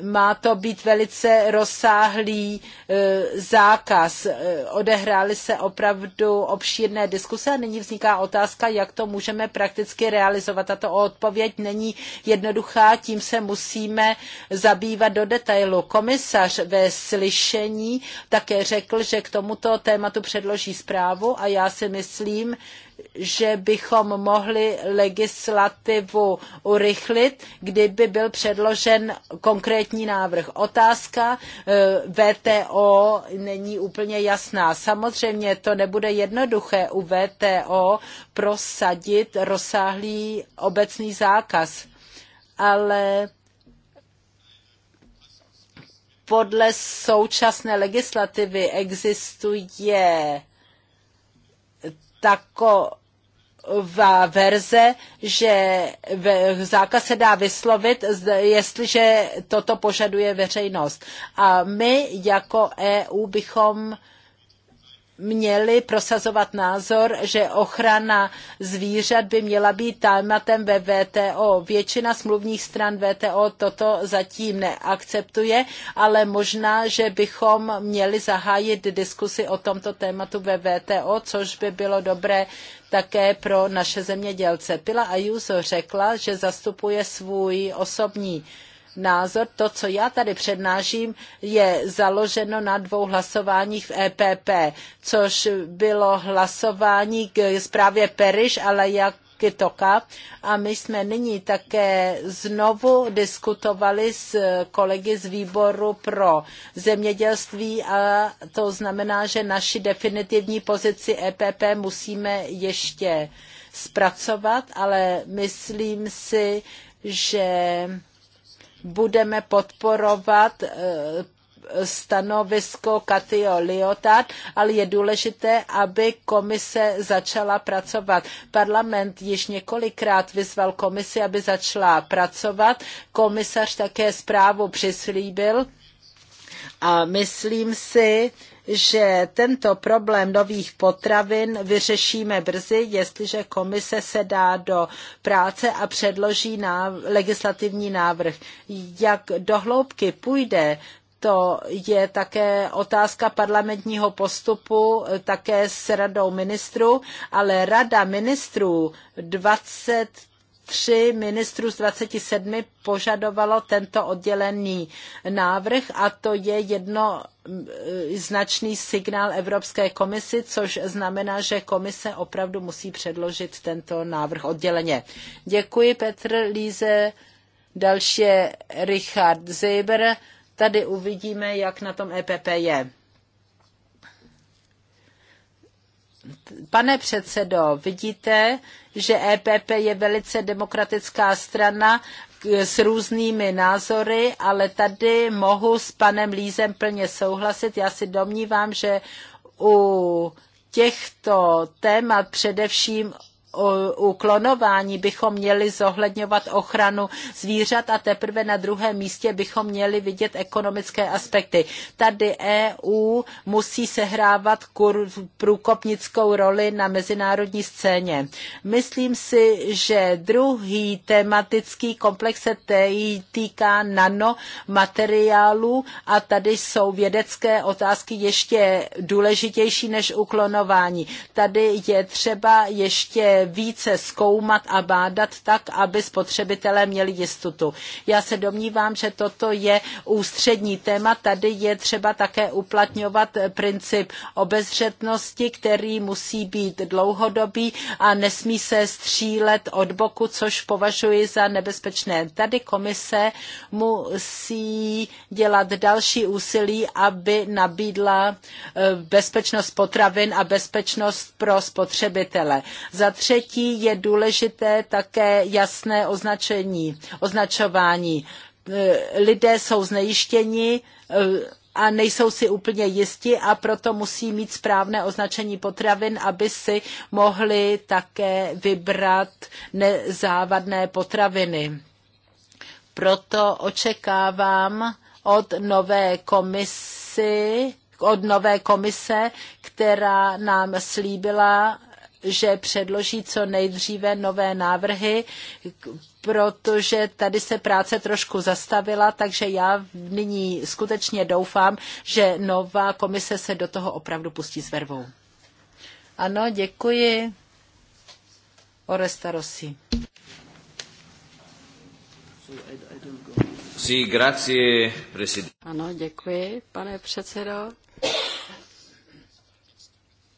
má to být velice rozsáhlý e, zákaz. E, odehrály se opravdu obšírné diskuse a nyní vzniká otázka, jak to můžeme prakticky realizovat. Tato odpověď není jednoduchá, tím se musíme zabývat do detailu. Komisař ve slyšení také řekl, že k tomuto tématu předloží zprávu a já si myslím, že bychom mohli legislativu urychlit, kdyby byl předložen konkrétní návrh. Otázka eh, VTO není úplně jasná. Samozřejmě to nebude jednoduché u VTO prosadit rozsáhlý obecný zákaz, ale podle současné legislativy existuje taková verze, že zákaz se dá vyslovit, jestliže toto požaduje veřejnost. A my jako EU bychom měli prosazovat názor, že ochrana zvířat by měla být tématem ve VTO. Většina smluvních stran VTO toto zatím neakceptuje, ale možná, že bychom měli zahájit diskusi o tomto tématu ve VTO, což by bylo dobré také pro naše zemědělce. Pila Ayuso řekla, že zastupuje svůj osobní názor. To, co já tady přednáším, je založeno na dvou hlasováních v EPP, což bylo hlasování k zprávě Periš, ale jak Kitoka a my jsme nyní také znovu diskutovali s kolegy z výboru pro zemědělství a to znamená, že naši definitivní pozici EPP musíme ještě zpracovat, ale myslím si, že budeme podporovat eh, stanovisko Katio Liotard, ale je důležité, aby komise začala pracovat. Parlament již několikrát vyzval komisi, aby začala pracovat. Komisař také zprávu přislíbil a myslím si, že tento problém nových potravin vyřešíme brzy, jestliže komise se dá do práce a předloží legislativní návrh. Jak dohloubky půjde, to je také otázka parlamentního postupu, také s radou ministrů, ale rada ministrů 20 Tři ministrů z 27 požadovalo tento oddělený návrh a to je jedno mm, značný signál Evropské komisi, což znamená, že komise opravdu musí předložit tento návrh odděleně. Děkuji Petr Líze, další je Richard Zeber. Tady uvidíme, jak na tom EPP je. Pane předsedo, vidíte, že EPP je velice demokratická strana s různými názory, ale tady mohu s panem Lízem plně souhlasit. Já si domnívám, že u těchto témat, především u klonování bychom měli zohledňovat ochranu zvířat a teprve na druhém místě bychom měli vidět ekonomické aspekty. Tady EU musí sehrávat kur, průkopnickou roli na mezinárodní scéně. Myslím si, že druhý tematický komplex se týká nanomateriálů a tady jsou vědecké otázky ještě důležitější než uklonování. Tady je třeba ještě více zkoumat a bádat tak, aby spotřebitelé měli jistotu. Já se domnívám, že toto je ústřední téma. Tady je třeba také uplatňovat princip obezřetnosti, který musí být dlouhodobý a nesmí se střílet od boku, což považuji za nebezpečné. Tady komise musí dělat další úsilí, aby nabídla eh, bezpečnost potravin a bezpečnost pro spotřebitele. Za tři třetí je důležité také jasné označení, označování. E, lidé jsou znejištěni e, a nejsou si úplně jisti a proto musí mít správné označení potravin, aby si mohli také vybrat nezávadné potraviny. Proto očekávám od nové komisy, od nové komise, která nám slíbila, že předloží co nejdříve nové návrhy, protože tady se práce trošku zastavila, takže já nyní skutečně doufám, že nová komise se do toho opravdu pustí s vervou. Ano, děkuji. Oresta Rossi. Ano, děkuji, pane předsedo.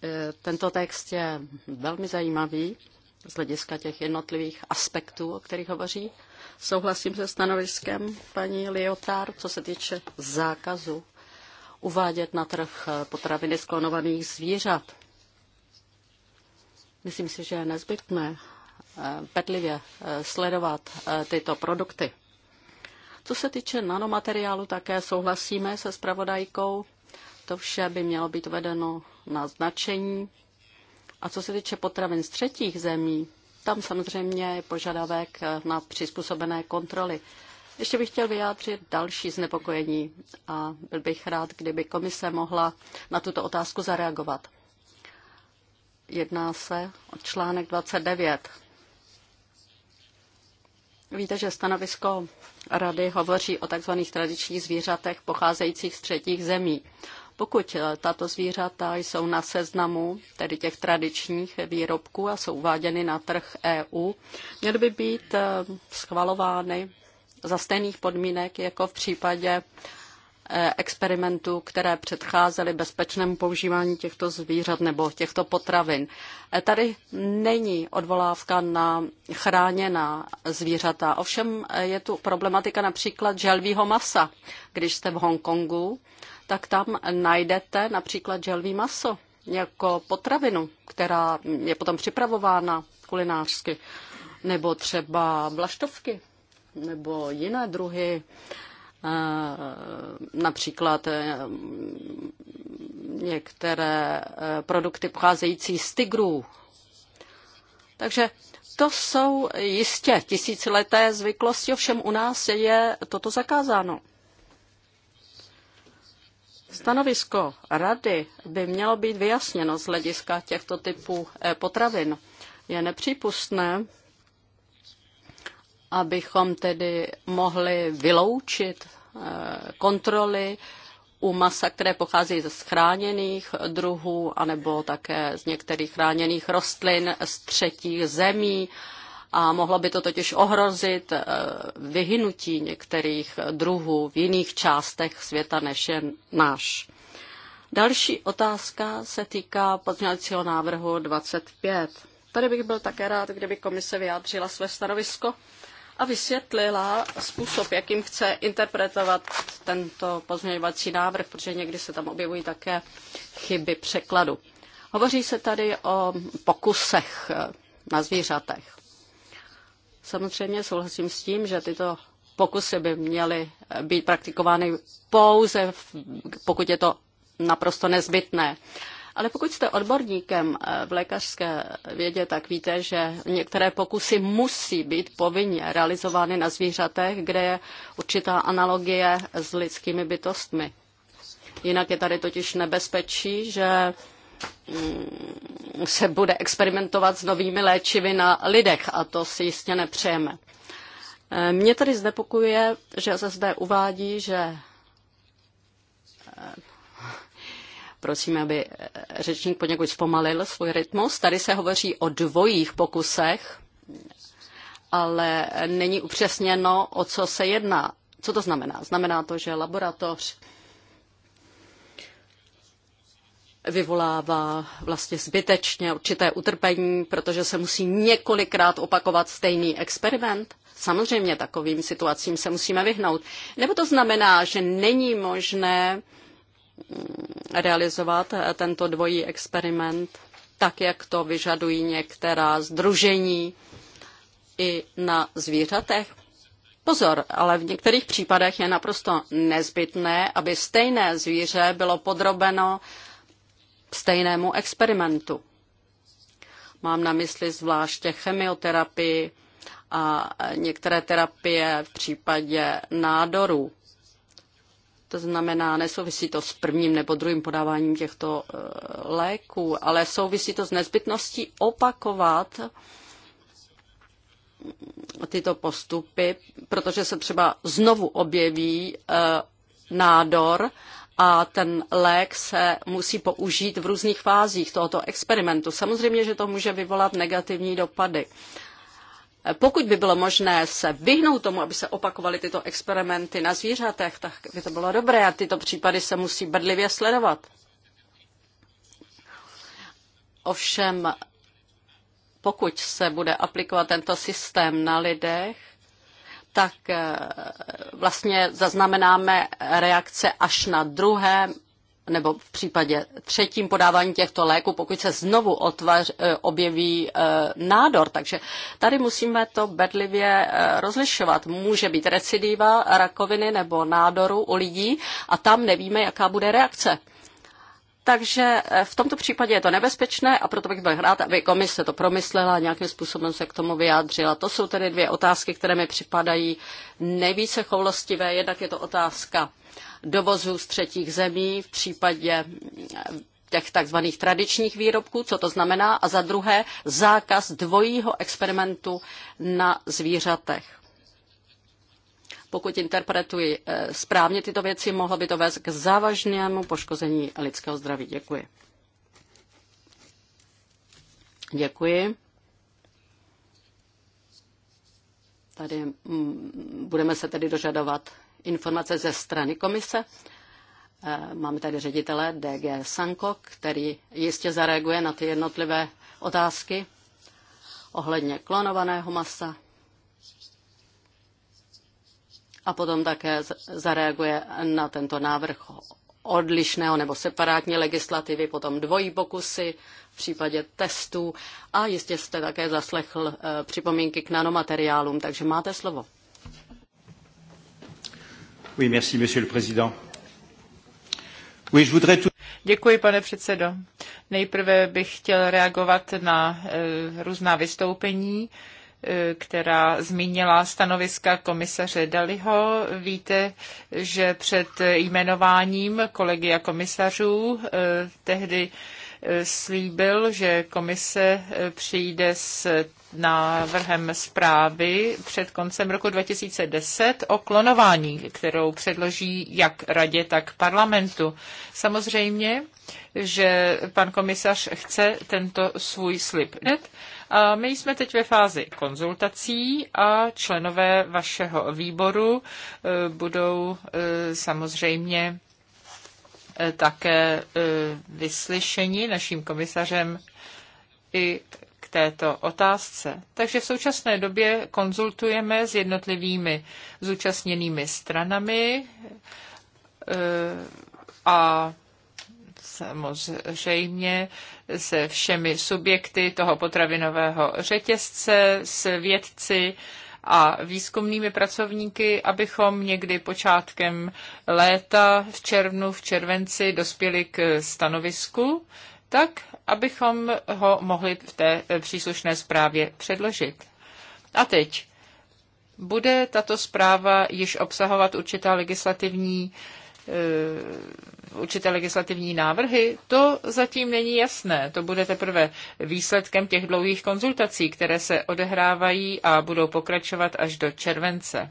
Eh, tento text je velmi zajímavý z hlediska těch jednotlivých aspektů, o kterých hovoří. Souhlasím se stanoviskem paní Liotár, co se týče zákazu uvádět na trh eh, potraviny sklonovaných zvířat. Myslím si, že je nezbytné pedlivě eh, sledovat tyto produkty. Co se týče nanomateriálu, také souhlasíme se spravodajkou. To vše by mělo být vedeno na značení. A co se týče potravin z třetích zemí, tam samozřejmě je požadavek na přizpůsobené kontroly. Ještě bych chtěl vyjádřit další znepokojení a byl bych rád, kdyby komise mohla na tuto otázku zareagovat. Jedná se o článek 29. Víte, že stanovisko rady hovoří o tzv. tradičních zvířatech pocházejících z třetích zemí. Pokud eh, tato zvířata jsou na seznamu, tedy těch tradičních výrobků a jsou uváděny na trh EU, měly by být eh, schvalovány za stejných podmínek jako v případě eh, experimentů, které předcházely bezpečnému používání těchto zvířat nebo těchto potravin. Tady není odvolávka na chráněná zvířata. Ovšem je tu problematika například želvího masa. Když jste v Hongkongu, tak tam najdete například želví maso jako potravinu, která je potom připravována kulinářsky, nebo třeba vlaštovky, nebo jiné druhy, eh, například eh, některé eh, produkty pocházející z tigrů. Takže to jsou jistě tisícileté zvyklosti, ovšem u nás je toto zakázáno. Stanovisko rady by mělo být vyjasněno z hlediska těchto typů eh, potravin. Je nepřípustné, abychom tedy mohli vyloučit eh, kontroly u masa, které pochází ze chráněných druhů, anebo také z některých chráněných rostlin z třetích zemí a mohlo by to totiž ohrozit eh, vyhynutí některých druhů v jiných částech světa než je náš. Další otázka se týká pozměňovacího návrhu 25. Tady bych byl také rád, kdyby komise vyjádřila své stanovisko a vysvětlila způsob, jakým chce interpretovat tento pozměňovací návrh, protože někdy se tam objevují také chyby překladu. Hovoří se tady o pokusech eh, na zvířatech. Samozřejmě souhlasím s tím, že tyto pokusy by měly být praktikovány pouze, pokud je to naprosto nezbytné. Ale pokud jste odborníkem eh, v lékařské vědě, tak víte, že některé pokusy musí být povinně realizovány na zvířatech, kde je určitá analogie s lidskými bytostmi. Jinak je tady totiž nebezpečí, že Mm, se bude experimentovat s novými léčivy na lidech a to si jistě nepřejeme. E, mě tady znepokuje, že se zde uvádí, že e, prosím, aby e, řečník poněkud zpomalil svůj rytmus. Tady se hovoří o dvojích pokusech, ale není upřesněno, o co se jedná. Co to znamená? Znamená to, že laboratoř vyvolává vlastně zbytečně určité utrpení, protože se musí několikrát opakovat stejný experiment. Samozřejmě takovým situacím se musíme vyhnout. Nebo to znamená, že není možné mm, realizovat eh, tento dvojí experiment tak, jak to vyžadují některá združení i na zvířatech. Pozor, ale v některých případech je naprosto nezbytné, aby stejné zvíře bylo podrobeno stejnému experimentu. Mám na mysli zvláště chemioterapii a některé terapie v případě nádorů. To znamená, nesouvisí to s prvním nebo druhým podáváním těchto e, léků, ale souvisí to s nezbytností opakovat tyto postupy, protože se třeba znovu objeví e, nádor a ten lék se musí použít v různých fázích tohoto experimentu. Samozřejmě, že to může vyvolat negativní dopady. Pokud by bylo možné se vyhnout tomu, aby se opakovaly tyto experimenty na zvířatech, tak by to bylo dobré a tyto případy se musí bedlivě sledovat. Ovšem, pokud se bude aplikovat tento systém na lidech, tak eh, vlastně zaznamenáme reakce až na druhém nebo v případě třetím podávání těchto léků, pokud se znovu otvař, eh, objeví eh, nádor. Takže tady musíme to bedlivě rozlišovat. Může být recidiva rakoviny nebo nádoru u lidí a tam nevíme, jaká bude reakce. Takže eh, v tomto případě je to nebezpečné a proto bych byl rád, aby komise to promyslela a nějakým způsobem se k tomu vyjádřila. To jsou tedy dvě otázky, které mi připadají nejvíce choulostivé. Jednak je to otázka dovozu z třetích zemí v případě eh, těch takzvaných tradičních výrobků, co to znamená, a za druhé zákaz dvojího experimentu na zvířatech. Pokud interpretuji eh, správně tyto věci, mohlo by to vést k závažnému poškození lidského zdraví. Děkuji. Děkuji. Tady mm, budeme se tedy dožadovat informace ze strany komise. Eh, máme tady ředitele DG Sanko, který jistě zareaguje na ty jednotlivé otázky ohledně klonovaného masa, a potom také zareaguje na tento návrh odlišného nebo separátní legislativy, potom dvojí pokusy v případě testů a jistě jste také zaslechl eh, připomínky k nanomateriálům, takže máte slovo. Oui, merci, monsieur le président. Oui, je voudrais tout... Děkuji, pane předsedo. Nejprve bych chtěl reagovat na eh, různá vystoupení. E, Eh, která zmínila stanoviska komisaře Daliho. Víte, že před jmenováním kolegia komisařů eh, tehdy eh, slíbil, že komise přijde s návrhem zprávy před koncem roku 2010 o klonování, kterou předloží jak radě, tak parlamentu. Samozřejmě, že pan komisař chce tento svůj slib my jsme teď ve fázi konzultací a členové vašeho výboru e, budou e, samozřejmě e, také vyslyšeni naším komisařem i k této otázce. Takže v současné době konzultujeme s jednotlivými zúčastněnými stranami a samozřejmě se všemi subjekty toho potravinového řetězce, s vědci a výzkumnými pracovníky, abychom někdy počátkem léta, v červnu, v červenci dospěli k stanovisku, tak abychom ho mohli v té příslušné zprávě předložit. A teď bude tato zpráva již obsahovat určitá legislativní Eh, určité legislativní návrhy, to zatím není jasné. To bude teprve výsledkem těch dlouhých konzultací, které se odehrávají a budou pokračovat až do července.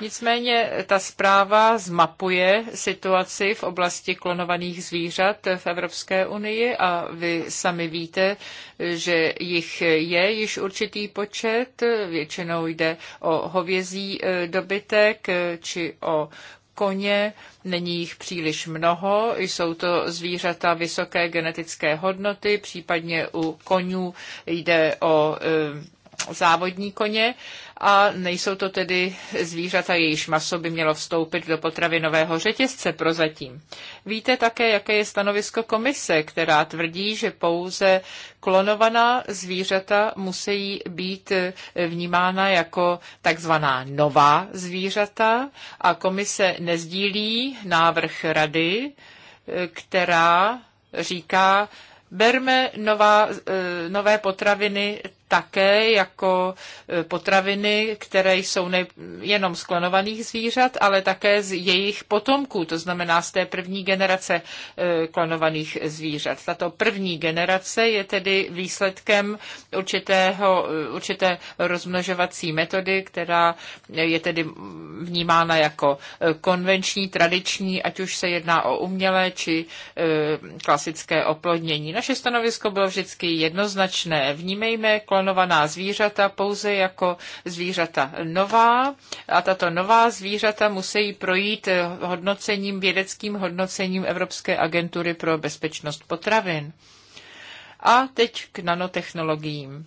Nicméně ta zpráva zmapuje situaci v oblasti klonovaných zvířat v Evropské unii a vy sami víte, že jich je již určitý počet. Většinou jde o hovězí eh, dobytek eh, či o koně, není jich příliš mnoho, jsou to zvířata vysoké genetické hodnoty, případně u konňů jde o eh, závodní koně a nejsou to tedy zvířata, jejíž maso by mělo vstoupit do potravinového řetězce prozatím. Víte také, jaké je stanovisko komise, která tvrdí, že pouze klonovaná zvířata musí být eh, vnímána jako takzvaná nová zvířata a komise nezdílí návrh rady, eh, která říká, berme nová, eh, nové potraviny také jako e, potraviny, které jsou nejenom z klonovaných zvířat, ale také z jejich potomků, to znamená z té první generace e, klonovaných zvířat. Tato první generace je tedy výsledkem určitého, e, určité rozmnožovací metody, která je tedy vnímána jako konvenční, tradiční, ať už se jedná o umělé či klasické oplodnění. Naše stanovisko bylo vždycky jednoznačné. Vnímejme klon klonovaná zvířata pouze jako zvířata nová a tato nová zvířata musí projít hodnocením, vědeckým hodnocením Evropské agentury pro bezpečnost potravin. A teď k nanotechnologiím.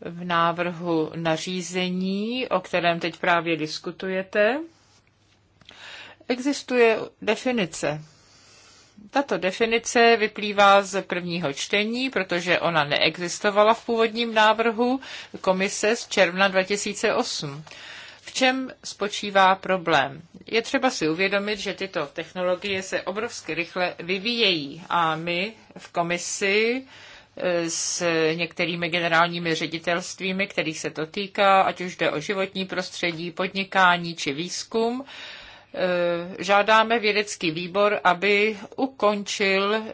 V návrhu nařízení, o kterém teď právě diskutujete, existuje definice tato definice vyplývá z prvního čtení, protože ona neexistovala v původním návrhu komise z června 2008. V čem spočívá problém? Je třeba si uvědomit, že tyto technologie se obrovsky rychle vyvíjejí a my v komisi e, s některými generálními ředitelstvími, kterých se to týká, ať už jde o životní prostředí, podnikání či výzkum, Eh, žádáme vědecký výbor, aby ukončil eh,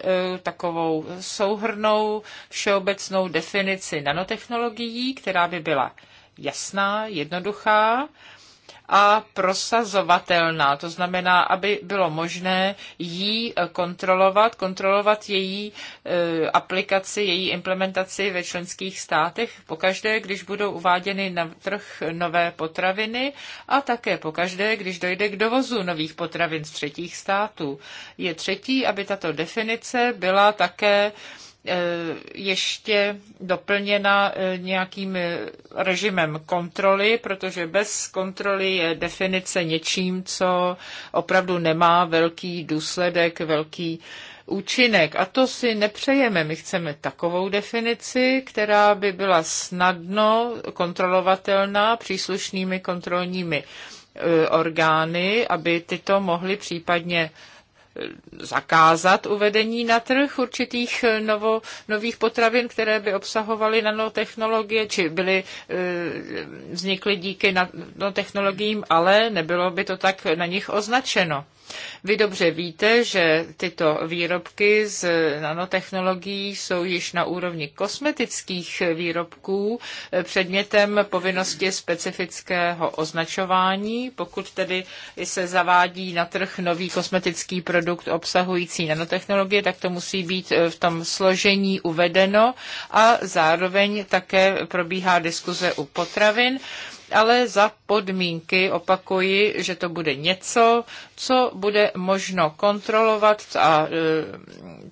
takovou souhrnou všeobecnou definici nanotechnologií, která by byla jasná, jednoduchá a prosazovatelná. To znamená, aby bylo možné ji eh, kontrolovat, kontrolovat její eh, aplikaci, její implementaci ve členských státech pokaždé, když budou uváděny na trh nové potraviny a také pokaždé, když dojde k dovozu nových potravin z třetích států. Je třetí, aby tato definice byla také Eh, ještě doplněna eh, nějakým eh, režimem kontroly, protože bez kontroly je definice něčím, co opravdu nemá velký důsledek, velký účinek. A to si nepřejeme. My chceme takovou definici, která by byla snadno kontrolovatelná příslušnými kontrolními orgány, aby tyto mohly případně zakázat uvedení na trh určitých eh, novo, nových potravin, které by obsahovaly nanotechnologie, či byly, eh, vznikly díky nanotechnologiím, ale nebylo by to tak na nich označeno. Vy dobře víte, že tyto výrobky z nanotechnologií jsou již na úrovni kosmetických výrobků eh, předmětem povinnosti specifického označování, pokud tedy se zavádí na trh nový kosmetický produkt obsahující nanotechnologie, tak to musí být eh, v tom složení uvedeno a zároveň také probíhá diskuze u potravin ale za podmínky, opakuji, že to bude něco, co bude možno kontrolovat a e,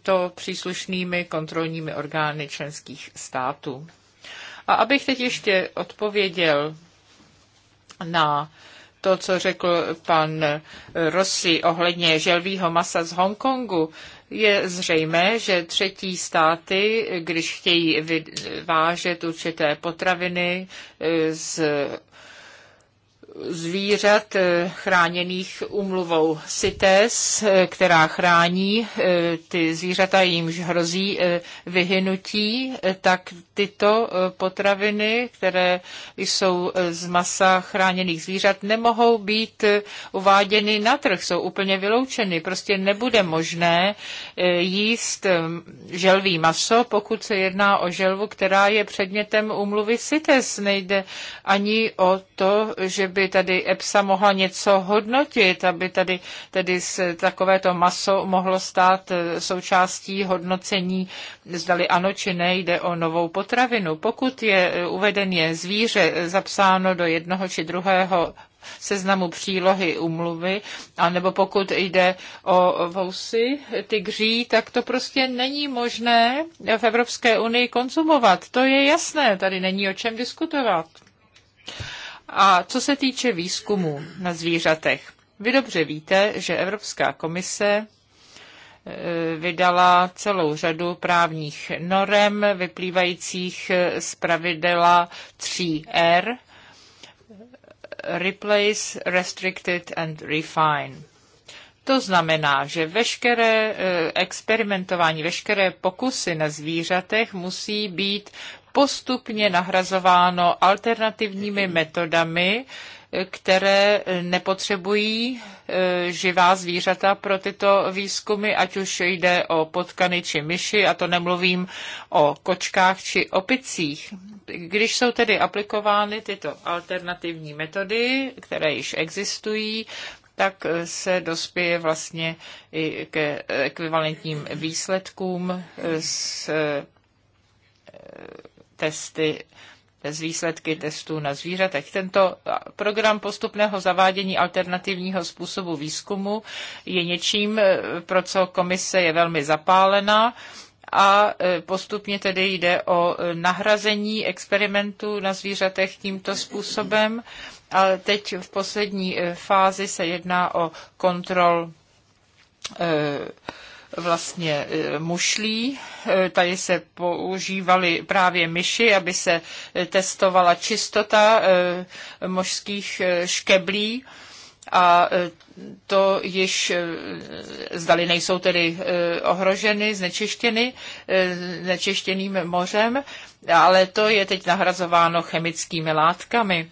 to příslušnými kontrolními orgány členských států. A abych teď ještě odpověděl na to, co řekl pan Rossi ohledně želvího masa z Hongkongu, je zřejmé, že třetí státy, když chtějí vyvážet určité potraviny eh, z zvířat eh, chráněných umluvou CITES, eh, která chrání eh, ty zvířata, jimž hrozí vyhynutí, tak tyto potraviny, které jsou z masa chráněných zvířat, nemohou být uváděny na trh, jsou úplně vyloučeny. Prostě nebude možné jíst želví maso, pokud se jedná o želvu, která je předmětem umluvy CITES. Nejde ani o to, že by aby tady EPSA mohla něco hodnotit, aby tady tedy se takovéto maso mohlo stát e, součástí hodnocení, zdali ano či ne, jde o novou potravinu. Pokud je e, uvedeně zvíře e, zapsáno do jednoho či druhého seznamu přílohy umluvy, anebo pokud jde o vousy tygří, tak to prostě není možné v Evropské unii konzumovat. To je jasné, tady není o čem diskutovat. A co se týče výzkumu na zvířatech, vy dobře víte, že Evropská komise e, vydala celou řadu právních norem vyplývajících e, z pravidela 3R Replace, Restricted and Refine. To znamená, že veškeré e, experimentování, veškeré pokusy na zvířatech musí být postupně nahrazováno alternativními metodami, které nepotřebují e, živá zvířata pro tyto výzkumy, ať už jde o potkany či myši, a to nemluvím o kočkách či opicích. Když jsou tedy aplikovány tyto alternativní metody, které již existují, tak se dospěje vlastně i ke ekvivalentním výsledkům s e, testy z výsledky testů na zvířatech. Tento program postupného zavádění alternativního způsobu výzkumu je něčím, eh, pro co komise je velmi zapálená a eh, postupně tedy jde o eh, nahrazení experimentů na zvířatech tímto způsobem. A teď v poslední fázi se jedná o kontrol vlastně e, mušlí. E, tady se používaly právě myši, aby se e, testovala čistota mořských škeblí a to již eh, zdali nejsou tedy eh, ohroženy, znečištěny, eh, znečištěným mořem, ale to je teď nahrazováno chemickými látkami,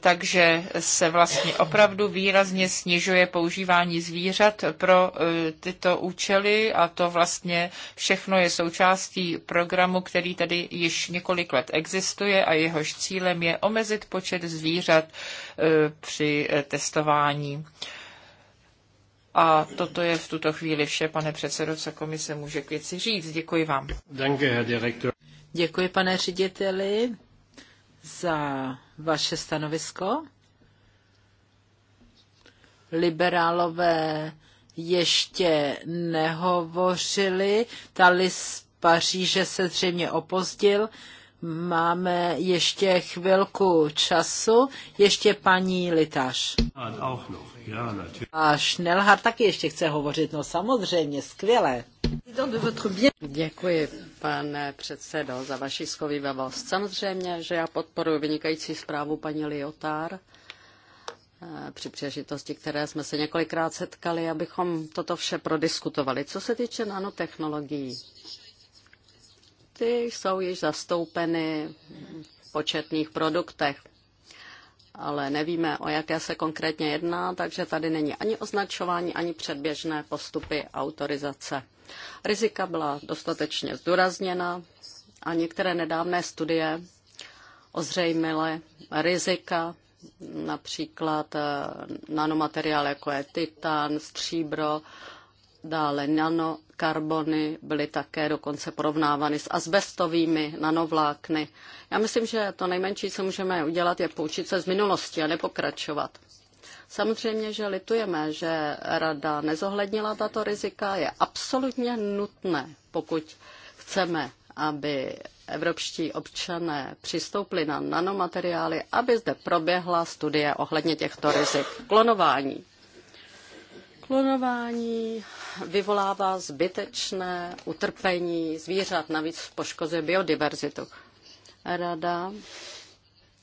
takže se vlastně opravdu výrazně snižuje používání zvířat pro tyto účely a to vlastně všechno je součástí programu, který tady již několik let existuje a jehož cílem je omezit počet zvířat při testování. A toto je v tuto chvíli vše, pane předsedo, co komise může k věci říct. Děkuji vám. Děkuji, pane řediteli, za vaše stanovisko. Liberálové ještě nehovořili. Ta list Paříže se zřejmě opozdil. Máme ještě chvilku času. Ještě paní Litáš. Ano. A Schnellhard taky ještě chce hovořit, no samozřejmě, skvěle. Děkuji, pane předsedo, za vaši schovivavost. Samozřejmě, že já podporuji vynikající zprávu paní Liotár eh, při příležitosti, které jsme se několikrát setkali, abychom toto vše prodiskutovali. Co se týče nanotechnologií, ty jsou již zastoupeny v početných produktech ale nevíme, o jaké se konkrétně jedná, takže tady není ani označování, ani předběžné postupy autorizace. Rizika byla dostatečně zdůrazněna a některé nedávné studie ozřejmily rizika, například eh, nanomateriál jako je titan, stříbro dále nanokarbony byly také dokonce porovnávány s asbestovými nanovlákny. Já myslím, že to nejmenší, co můžeme udělat, je poučit se z minulosti a nepokračovat. Samozřejmě, že litujeme, že rada nezohlednila tato rizika. Je absolutně nutné, pokud chceme, aby evropští občané přistoupili na nanomateriály, aby zde proběhla studie ohledně těchto rizik. Klonování. Klonování vyvolává zbytečné utrpení zvířat, navíc poškozuje biodiverzitu. Rada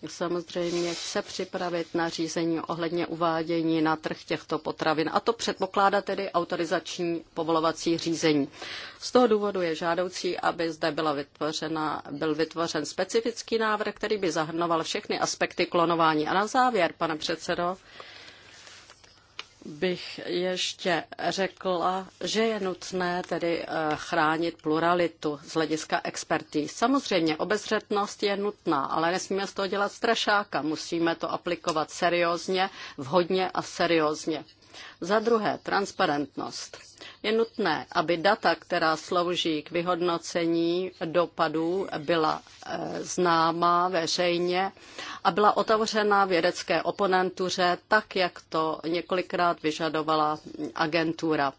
samozřejmě chce připravit na řízení ohledně uvádění na trh těchto potravin a to předpokládá tedy autorizační povolovací řízení. Z toho důvodu je žádoucí, aby zde byla vytvořena, byl vytvořen specifický návrh, který by zahrnoval všechny aspekty klonování. A na závěr, pane předsedo, bych ještě řekla, že je nutné tedy eh, chránit pluralitu z hlediska expertí. Samozřejmě obezřetnost je nutná, ale nesmíme z toho dělat strašáka. Musíme to aplikovat seriózně, vhodně a seriózně. Za druhé, transparentnost. Je nutné, aby data, která slouží k vyhodnocení dopadů, byla eh, známá veřejně a byla otevřena vědecké oponentuře, tak jak to několikrát vyžadovala agentura.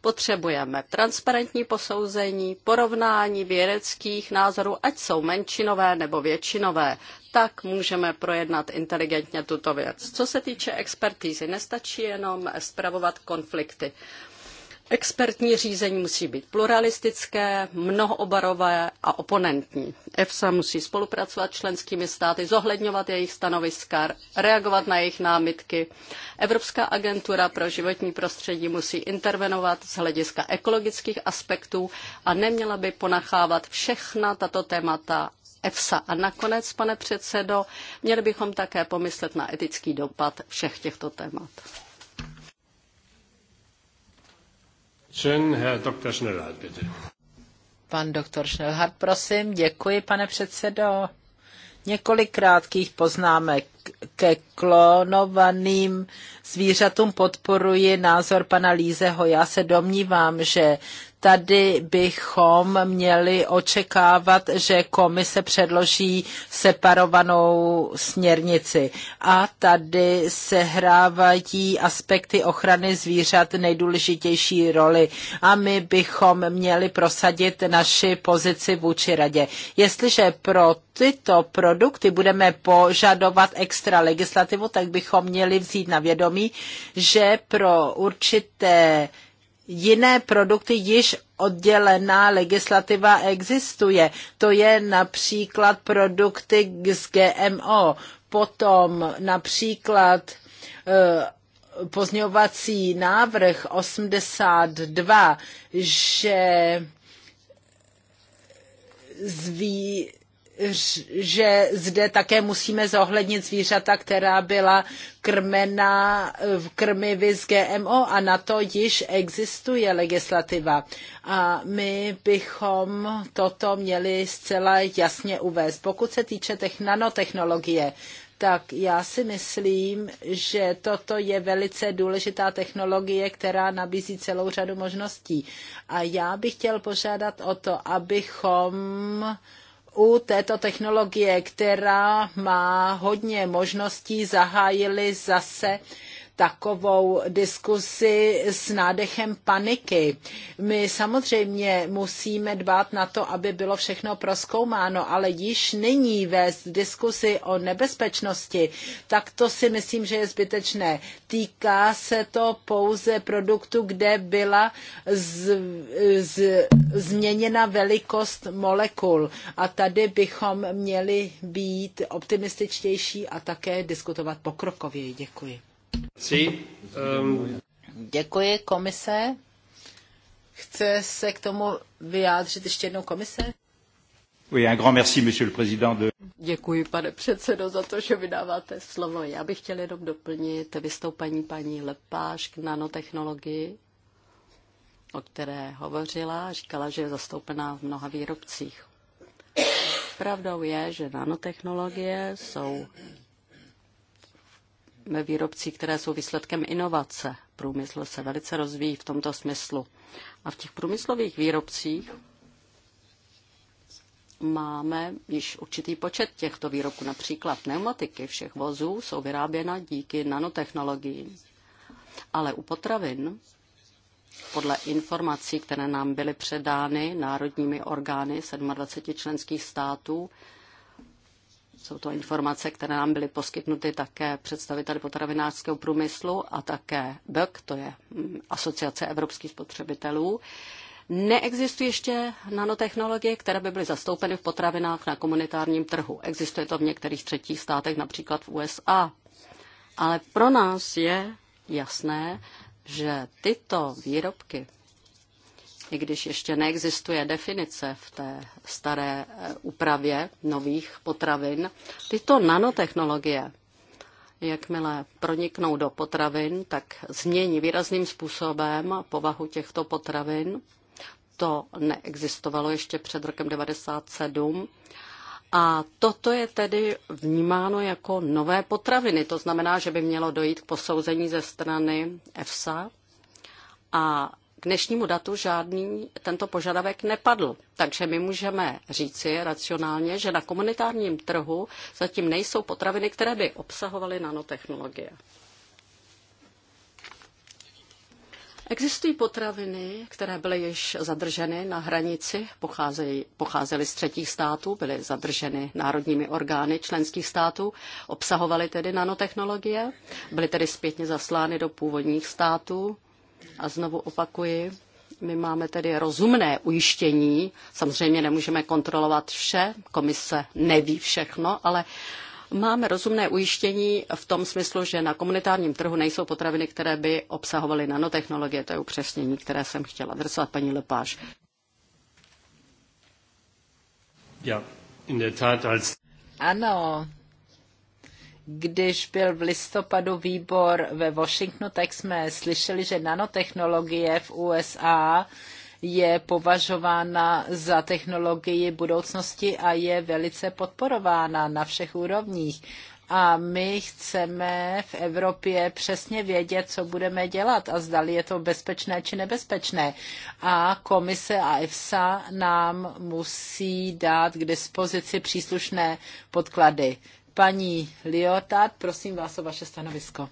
Potřebujeme transparentní posouzení, porovnání vědeckých názorů, ať jsou menšinové nebo většinové. Tak můžeme projednat inteligentně tuto věc. Co se týče expertízy, nestačí jenom spravovat konflikty. Expertní řízení musí být pluralistické, mnohoobarové a oponentní. EFSA musí spolupracovat s členskými státy, zohledňovat jejich stanoviska, reagovat na jejich námitky. Evropská agentura pro životní prostředí musí intervenovat z hlediska ekologických aspektů a neměla by ponachávat všechna tato témata EFSA. A nakonec, pane předsedo, měli bychom také pomyslet na etický dopad všech těchto témat. Schön, Herr Dr. Schnellhardt, bitte. Pan doktor Schnellhardt, prosím, děkuji, pane předsedo. Několik krátkých poznámek ke klonovaným zvířatům podporuji názor pana Lízeho. Já se domnívám, že tady bychom měli očekávat, že komise předloží separovanou směrnici. A tady se hrávají aspekty ochrany zvířat nejdůležitější roli. A my bychom měli prosadit naši pozici vůči radě. Jestliže pro tyto produkty budeme požadovat extra legislativu, tak bychom měli vzít na vědomí, že pro určité jiné produkty již oddělená legislativa existuje. To je například produkty z GMO, potom například eh, pozňovací návrh 82, že zví, že zde také musíme zohlednit zvířata, která byla krmena v krmivy z GMO a na to již existuje legislativa. A my bychom toto měli zcela jasně uvést. Pokud se týče těch nanotechnologie, tak já si myslím, že toto je velice důležitá technologie, která nabízí celou řadu možností. A já bych chtěl požádat o to, abychom u této technologie, která má hodně možností, zahájili zase uh, takovou diskusi s nádechem paniky. My samozřejmě musíme dbát na to, aby bylo všechno proskoumáno, ale již nyní vést diskusi o nebezpečnosti, tak to si myslím, že je zbytečné. Týká se to pouze produktu, kde byla z, z, změněna velikost molekul. A tady bychom měli být optimističtější a také diskutovat pokrokově. Děkuji. Sí. Um... Ehm, Děkuji, komise. Chce se k tomu vyjádřit ještě jednou komise? Oui, un grand merci, monsieur le président. De... Děkuji, pane předsedo, za to, že vydáváte slovo. Já bych chtěl jenom doplnit vystoupení paní Lepáš k nanotechnologii, o které hovořila. Říkala, že je zastoupená v mnoha výrobcích. Pravdou je, že nanotechnologie jsou výrobcích, které jsou výsledkem inovace. Průmysl se velice rozvíjí v tomto smyslu. A v těch průmyslových výrobcích máme již určitý počet těchto výrobků. Například pneumatiky všech vozů jsou vyráběna díky nanotechnologiím. Ale u potravin, podle informací, které nám byly předány národními orgány 27 členských států, jsou to informace, které nám byly poskytnuty také představiteli potravinářského průmyslu a také BEC, to je mm, Asociace evropských spotřebitelů. Neexistují ještě nanotechnologie, které by byly zastoupeny v potravinách na komunitárním trhu. Existuje to v některých třetích státech, například v USA. Ale pro nás je jasné, že tyto výrobky i když ještě neexistuje definice v té staré eh, úpravě nových potravin, tyto nanotechnologie, jakmile proniknou do potravin, tak změní výrazným způsobem povahu těchto potravin. To neexistovalo ještě před rokem 1997. A toto je tedy vnímáno jako nové potraviny. To znamená, že by mělo dojít k posouzení ze strany EFSA a dnešnímu datu žádný tento požadavek nepadl. Takže my můžeme říci racionálně, že na komunitárním trhu zatím nejsou potraviny, které by obsahovaly nanotechnologie. Existují potraviny, které byly již zadrženy na hranici, pocházely z třetích států, byly zadrženy národními orgány členských států, obsahovaly tedy nanotechnologie, byly tedy zpětně zaslány do původních států a znovu opakuji, my máme tedy rozumné ujištění, samozřejmě nemůžeme kontrolovat vše, komise neví všechno, ale máme rozumné ujištění v tom smyslu, že na komunitárním trhu nejsou potraviny, které by obsahovaly nanotechnologie. To je upřesnění, které jsem chtěla adresovat paní Lepáš. Ja, in der Tat als... Ano, když byl v listopadu výbor ve Washingtonu, tak jsme slyšeli, že nanotechnologie v USA je považována za technologii budoucnosti a je velice podporována na všech úrovních. A my chceme v Evropě přesně vědět, co budeme dělat a zdali je to bezpečné či nebezpečné. A komise a EFSA nám musí dát k dispozici příslušné podklady. Paní Liotard, prosím vás o vaše stanovisko.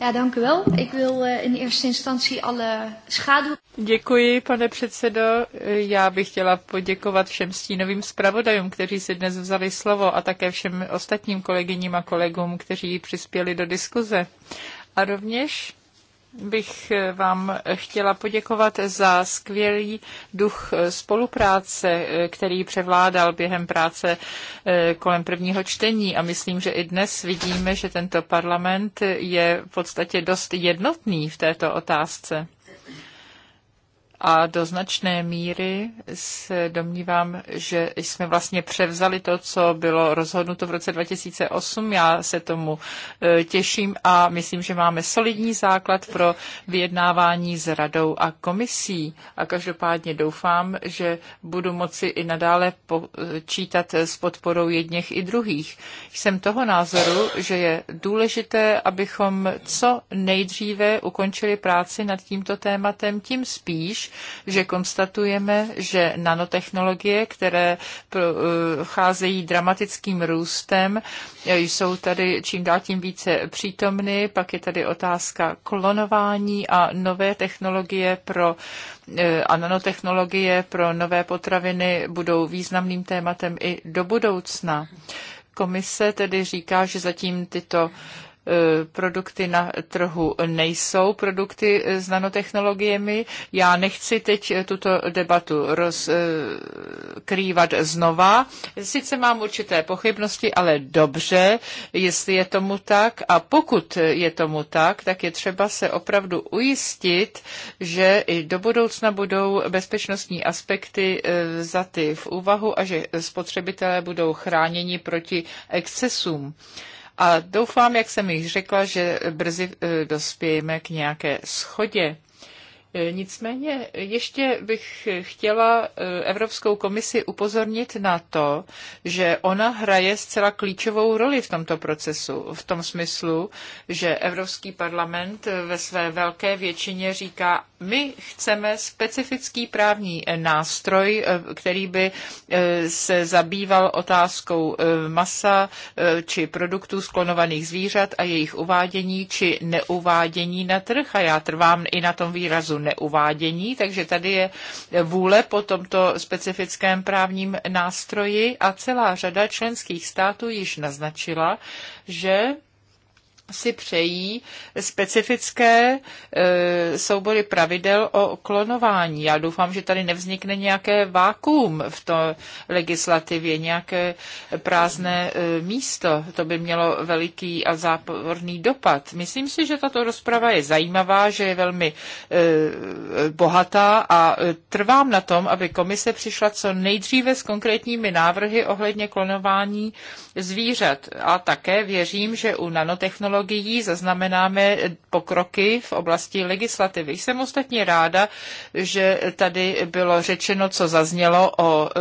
Ja, dank u wel. Ik wil eh, in eerste instantie alle schaduw... Děkuji, pane předsedo. Já bych chtěla poděkovat všem stínovým zpravodajům, kteří si dnes vzali slovo a také všem ostatním kolegyním a kolegům, kteří přispěli do diskuze. A rovněž bych eh, vám chtěla poděkovat za skvělý duch eh, spolupráce, eh, který převládal během práce kolem prvního čtení a myslím, že i dnes vidíme, že tento parlament je v podstatě dost jednotný v této otázce a do značné míry se domnívám, že jsme vlastně převzali to, co bylo rozhodnuto v roce 2008. Já se tomu e, těším a myslím, že máme solidní základ pro vyjednávání s radou a komisí. A každopádně doufám, že budu moci i nadále počítat s podporou jedněch i druhých. Jsem toho názoru, že je důležité, abychom co nejdříve ukončili práci nad tímto tématem, tím spíš, že konstatujeme, že nanotechnologie, které cházejí dramatickým růstem, jsou tady čím dál tím více přítomny. Pak je tady otázka klonování a nové technologie pro eh, a nanotechnologie pro nové potraviny budou významným tématem i do budoucna. Komise tedy říká, že zatím tyto Eh, produkty na trhu nejsou produkty eh, s nanotechnologiemi. Já nechci teď eh, tuto debatu rozkrývat znova. Sice mám určité pochybnosti, ale dobře, jestli je tomu tak. A pokud je tomu tak, tak je třeba se opravdu ujistit, že i do budoucna budou bezpečnostní aspekty vzaty v úvahu a že spotřebitelé budou chráněni proti excesům. A doufám, jak jsem již řekla, že brzy eh, dospějeme k nějaké schodě. Nicméně ještě bych chtěla eh, Evropskou komisi upozornit na to, že ona hraje zcela klíčovou roli v tomto procesu, v tom smyslu, že Evropský parlament eh, ve své velké většině říká, my chceme specifický právní eh, nástroj, který by se zabýval otázkou masa či produktů sklonovaných zvířat a jejich uvádění či neuvádění na trh. A já trvám i na tom výrazu neuvádění, takže tady je vůle po tomto specifickém právním nástroji a celá řada členských států již naznačila, že si přejí specifické e, soubory pravidel o klonování. Já doufám, že tady nevznikne nějaké vákuum v to legislativě, nějaké prázdné e, místo. To by mělo veliký a záporný dopad. Myslím si, že tato rozprava je zajímavá, že je velmi e, bohatá a trvám na tom, aby komise přišla co nejdříve s konkrétními návrhy ohledně klonování zvířat. A také věřím, že u nanotechnologií technologií zaznamenáme pokroky v oblasti legislativy. Jsem ostatně ráda, že tady bylo řečeno, co zaznělo o eh,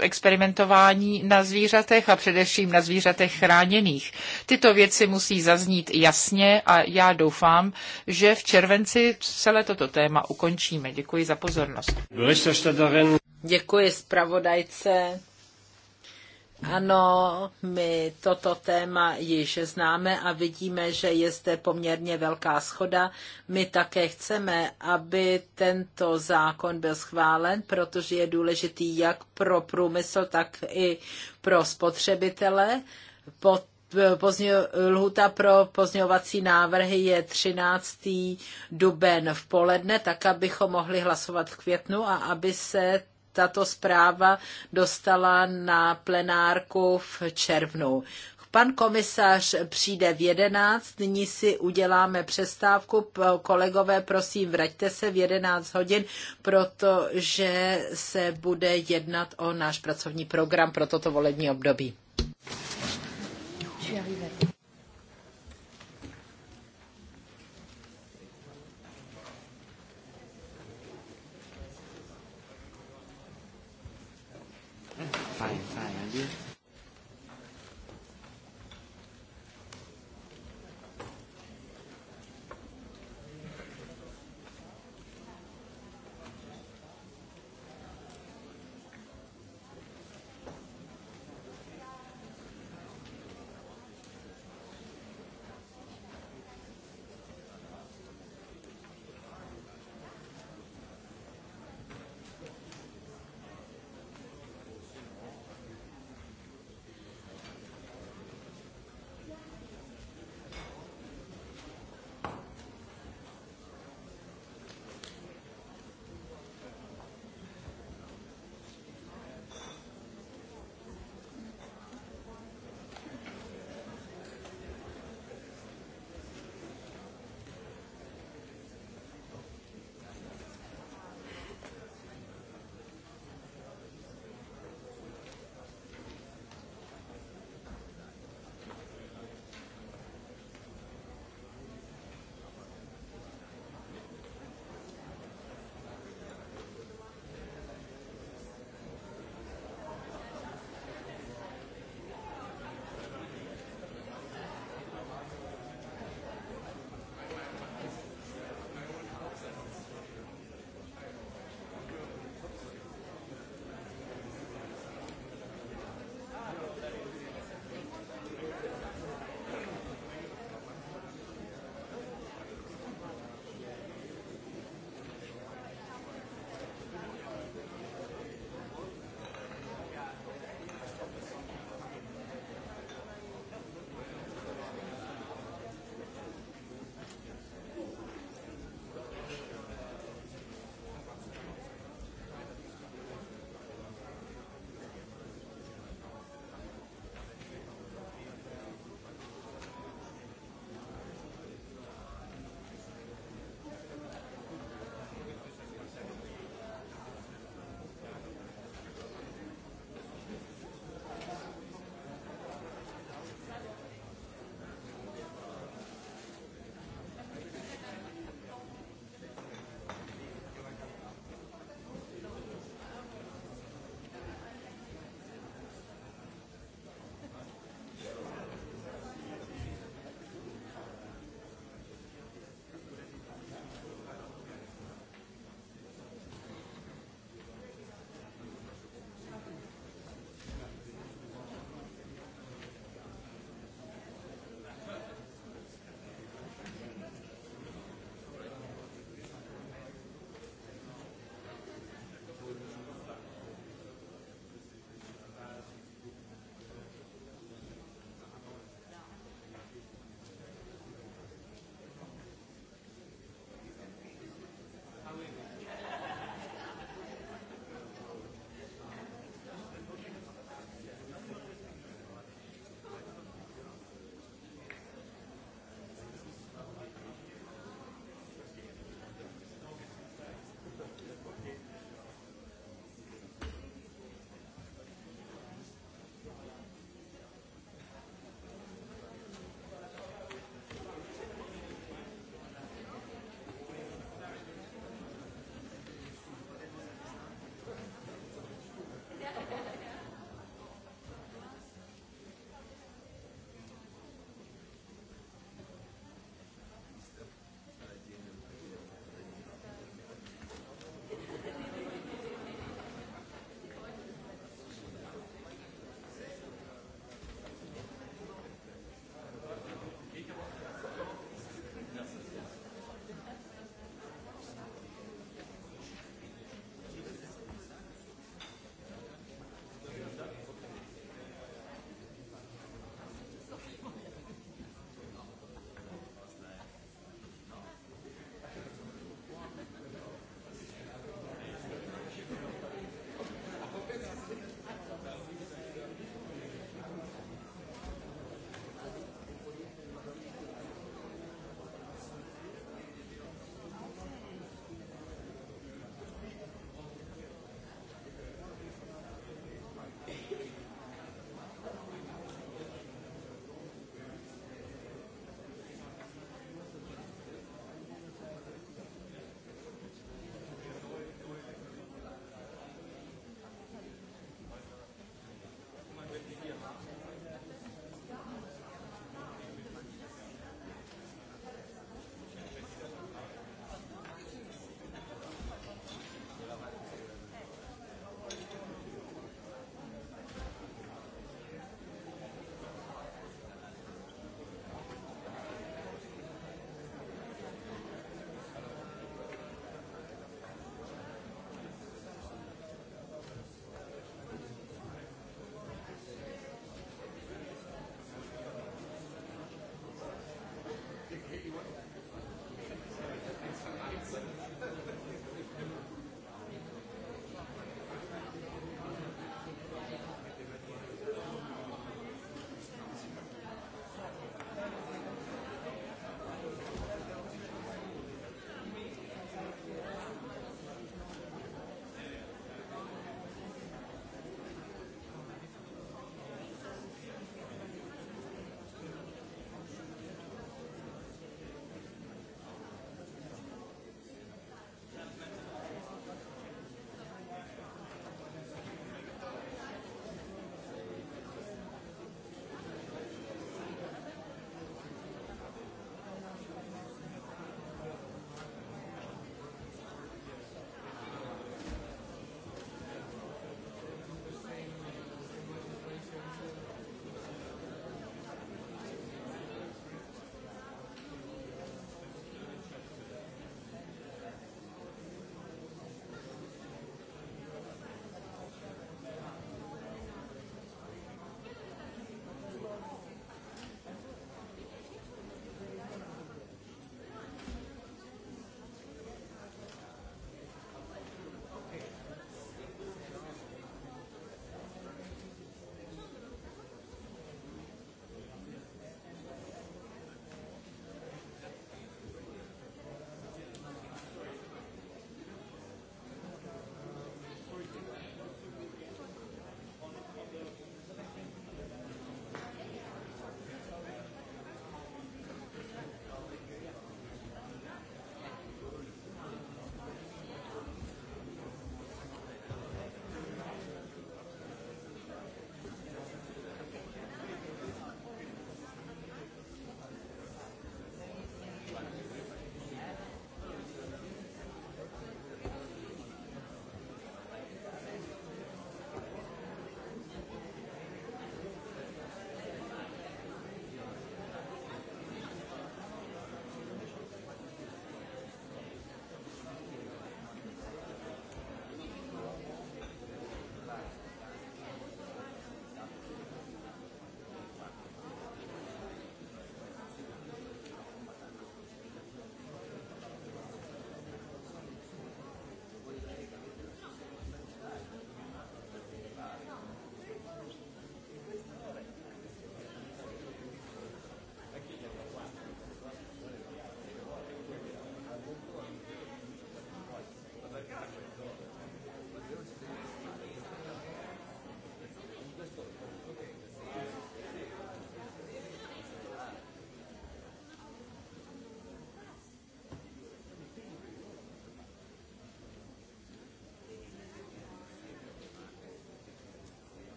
experimentování na zvířatech a především na zvířatech chráněných. Tyto věci musí zaznít jasně a já doufám, že v červenci celé toto téma ukončíme. Děkuji za pozornost. Děkuji zpravodajce ano, my toto téma již známe a vidíme, že je zde poměrně velká schoda. My také chceme, aby tento zákon byl schválen, protože je důležitý jak pro průmysl, tak i pro spotřebitele. Pot Pozně, lhuta pro pozňovací návrhy je 13. duben v poledne, tak abychom mohli hlasovat v květnu a aby se tato zpráva dostala na plenárku v červnu. Pan komisař přijde v 11, nyní si uděláme přestávku. Kolegové, prosím, vraťte se v 11 hodin, protože se bude jednat o náš pracovní program pro toto volební období.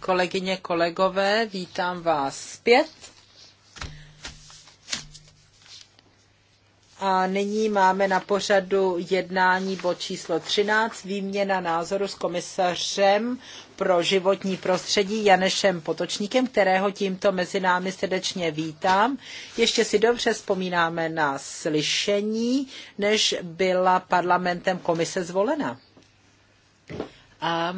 Kolegyně, kolegové, vítám vás zpět. A nyní máme na pořadu jednání bod číslo 13, výměna názoru s komisařem pro životní prostředí Janešem Potočníkem, kterého tímto mezi námi srdečně vítám. Ještě si dobře vzpomínáme na slyšení, než byla parlamentem komise zvolena. A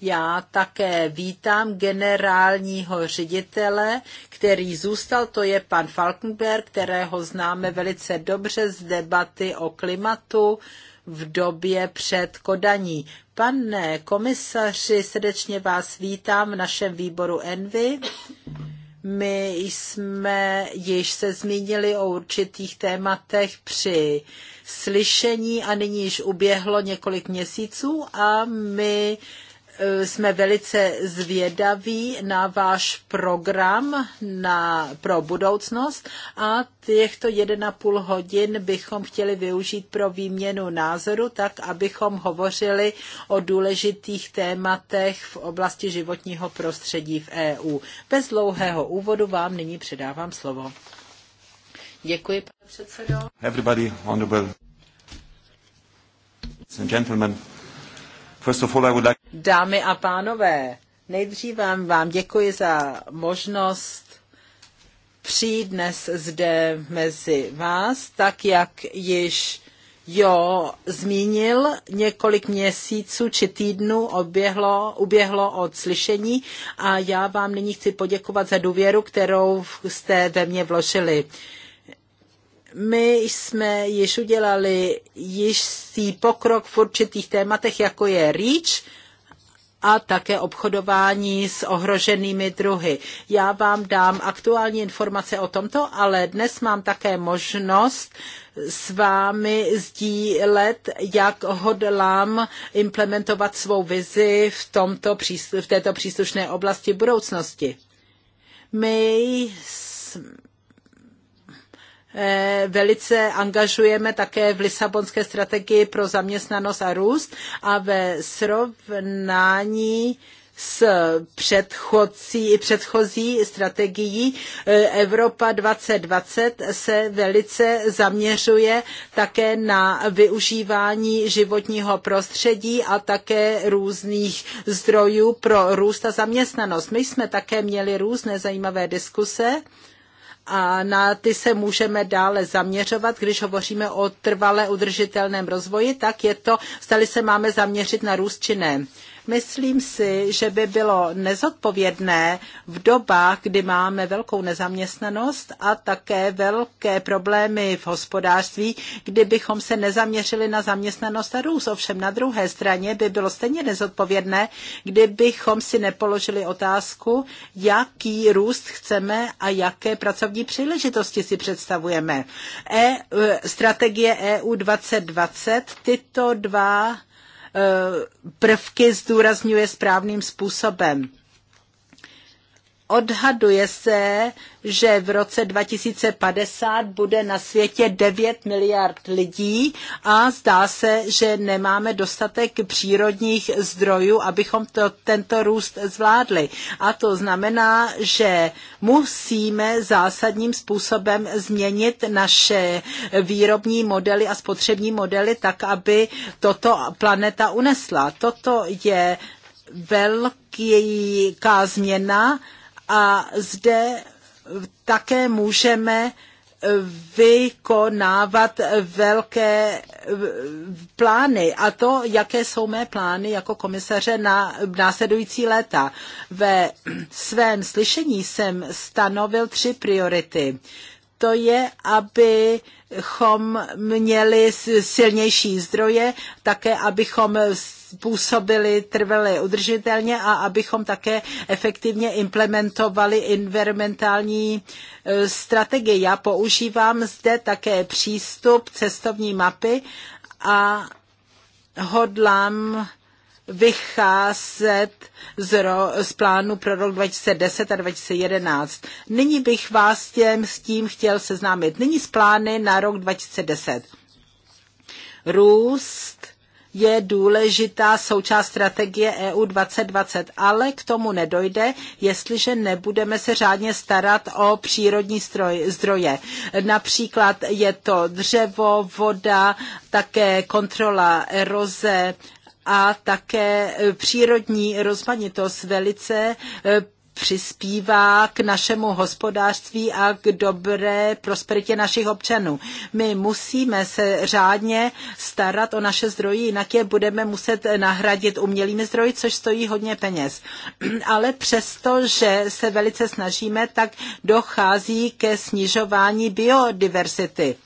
já také vítám generálního ředitele, který zůstal, to je pan Falkenberg, kterého známe velice dobře z debaty o klimatu v době před Kodaní. Pane komisaři, srdečně vás vítám v našem výboru Envy. My jsme již se zmínili o určitých tématech při slyšení a nyní již uběhlo několik měsíců a my Eh, jsme velice zvědaví na váš program na, pro budoucnost a těchto 1,5 hodin bychom chtěli využít pro výměnu názoru, tak abychom hovořili o důležitých tématech v oblasti životního prostředí v EU. Bez dlouhého úvodu vám nyní předávám slovo. Děkuji, pane předsedo. Everybody, honorable and gentlemen. Dámy a pánové, nejdřív vám, vám děkuji za možnost přijít dnes zde mezi vás, tak jak již Jo, zmínil, několik měsíců či týdnů oběhlo, uběhlo od slyšení a já vám nyní chci poděkovat za důvěru, kterou jste ve mě vložili my jsme již udělali jistý pokrok v určitých tématech, jako je REACH a také obchodování s ohroženými druhy. Já vám dám aktuální informace o tomto, ale dnes mám také možnost s vámi sdílet, jak hodlám implementovat svou vizi v, tomto, v této příslušné oblasti budoucnosti. My jsme Eh, velice angažujeme také v Lisabonské strategii pro zaměstnanost a růst a ve srovnání s předchozí, předchozí strategií eh, Evropa 2020 se velice zaměřuje také na využívání životního prostředí a také různých zdrojů pro růst a zaměstnanost. My jsme také měli různé zajímavé diskuse a na ty se můžeme dále zaměřovat. Když hovoříme o trvale udržitelném rozvoji, tak je to, stali se máme zaměřit na růst či ne. Myslím si, že by bylo nezodpovědné v dobách, kdy máme velkou nezaměstnanost a také velké problémy v hospodářství, kdybychom se nezaměřili na zaměstnanost a růst. Ovšem na druhé straně by bylo stejně nezodpovědné, kdybychom si nepoložili otázku, jaký růst chceme a jaké pracovní příležitosti si představujeme. E, strategie EU 2020 tyto dva Eh, prvky zdůrazňuje správným způsobem. Odhaduje se, že v roce 2050 bude na světě 9 miliard lidí a zdá se, že nemáme dostatek přírodních zdrojů, abychom to, tento růst zvládli. A to znamená, že musíme zásadním způsobem změnit naše výrobní modely a spotřební modely tak, aby toto planeta unesla. Toto je velká změna, a zde také můžeme eh, vykonávat velké eh, plány. A to, jaké jsou mé plány jako komisaře na následující léta. Ve svém slyšení jsem stanovil tři priority. To je, aby abychom měli silnější zdroje, také abychom působili trvale udržitelně a abychom také efektivně implementovali environmentální e, strategii. Já používám zde také přístup cestovní mapy a hodlám vycházet z, ro, z plánu pro rok 2010 a 2011. Nyní bych vás těm, s tím chtěl seznámit. Nyní z plány na rok 2010. Růst je důležitá součást strategie EU 2020, ale k tomu nedojde, jestliže nebudeme se řádně starat o přírodní stroj, zdroje. Například je to dřevo, voda, také kontrola eroze a také přírodní rozmanitost velice eh, přispívá k našemu hospodářství a k dobré prosperitě našich občanů. My musíme se řádně starat o naše zdroje, jinak je budeme muset nahradit umělými zdroji, což stojí hodně peněz. *clears throat* Ale přesto, že se velice snažíme, tak dochází ke snižování biodiverzity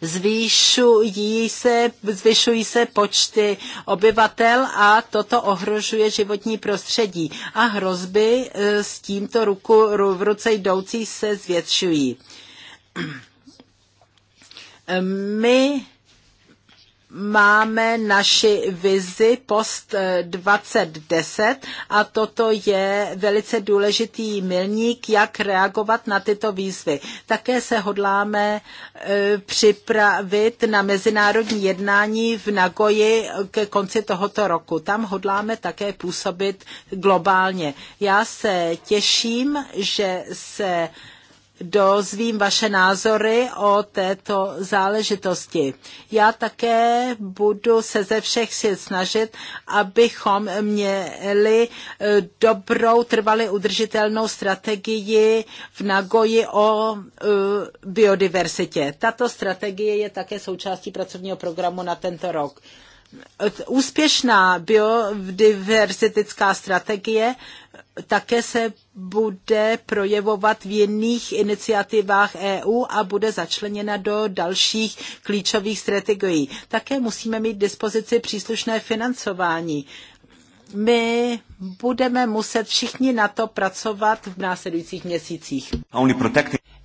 zvýšují se, zvyšují se počty obyvatel a toto ohrožuje životní prostředí a hrozby e, s tímto ruku, v ruce jdoucí se zvětšují. *clears throat* My máme naši vizi post 2010 eh, a toto je velice důležitý milník, jak reagovat na tyto výzvy. Také se hodláme eh, připravit na mezinárodní jednání v Nagoji ke konci tohoto roku. Tam hodláme také působit globálně. Já se těším, že se dozvím vaše názory o této záležitosti. Já také budu se ze všech sil snažit, abychom měli eh, dobrou, trvale udržitelnou strategii v Nagoji o eh, biodiverzitě. Tato strategie je také součástí pracovního programu na tento rok úspěšná biodiverzitická strategie také se bude projevovat v jiných iniciativách EU a bude začleněna do dalších klíčových strategií. Také musíme mít dispozici příslušné financování. My budeme muset všichni na to pracovat v následujících měsících.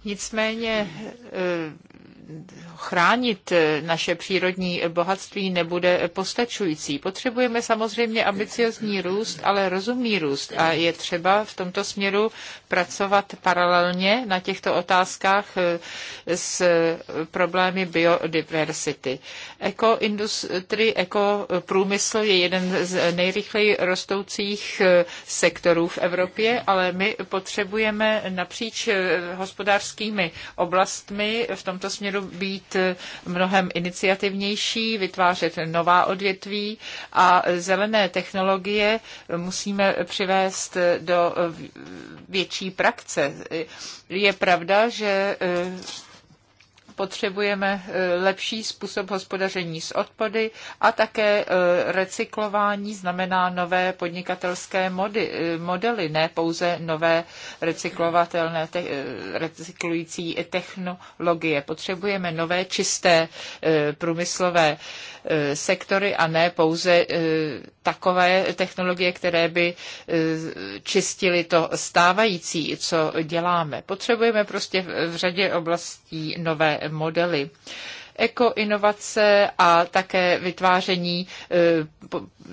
Nicméně eh, chránit eh, naše přírodní bohatství nebude postačující. Potřebujeme samozřejmě ambiciozní růst, ale rozumný růst a je třeba v tomto směru pracovat paralelně na těchto otázkách eh, s eh, problémy biodiversity. Ekoindustry, ekoprůmysl je jeden z nejrychleji rostoucích sektorů v Evropě, ale my potřebujeme napříč hospodářskými oblastmi v tomto směru být být mnohem iniciativnější, vytvářet nová odvětví a zelené technologie musíme přivést do větší praxe. Je pravda, že potřebujeme eh, lepší způsob hospodaření s odpady a také eh, recyklování znamená nové podnikatelské mody, eh, modely, ne pouze nové recyklovatelné, te, recyklující technologie. Potřebujeme nové čisté průmyslové sektory a ne pouze takové technologie, které by čistily to stávající, co děláme. Potřebujeme prostě v řadě oblastí nové modely ekoinovace a také vytváření e,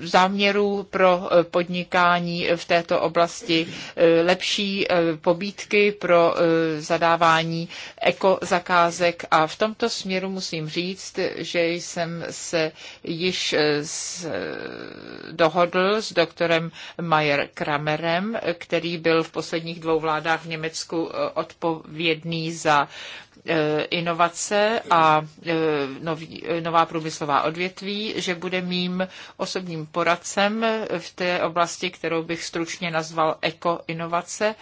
záměrů pro e, podnikání v této oblasti, e, lepší pobídky pro zadávání ekozakázek a v tomto směru musím říct, že jsem se již dohodl s doktorem Mayer Kramerem, který byl v posledních dvou vládách v Německu odpovědný za Eh, inovace a eh, nový, eh, nová průmyslová odvětví, že bude mým osobním poradcem v té oblasti, kterou bych stručně nazval ekoinovace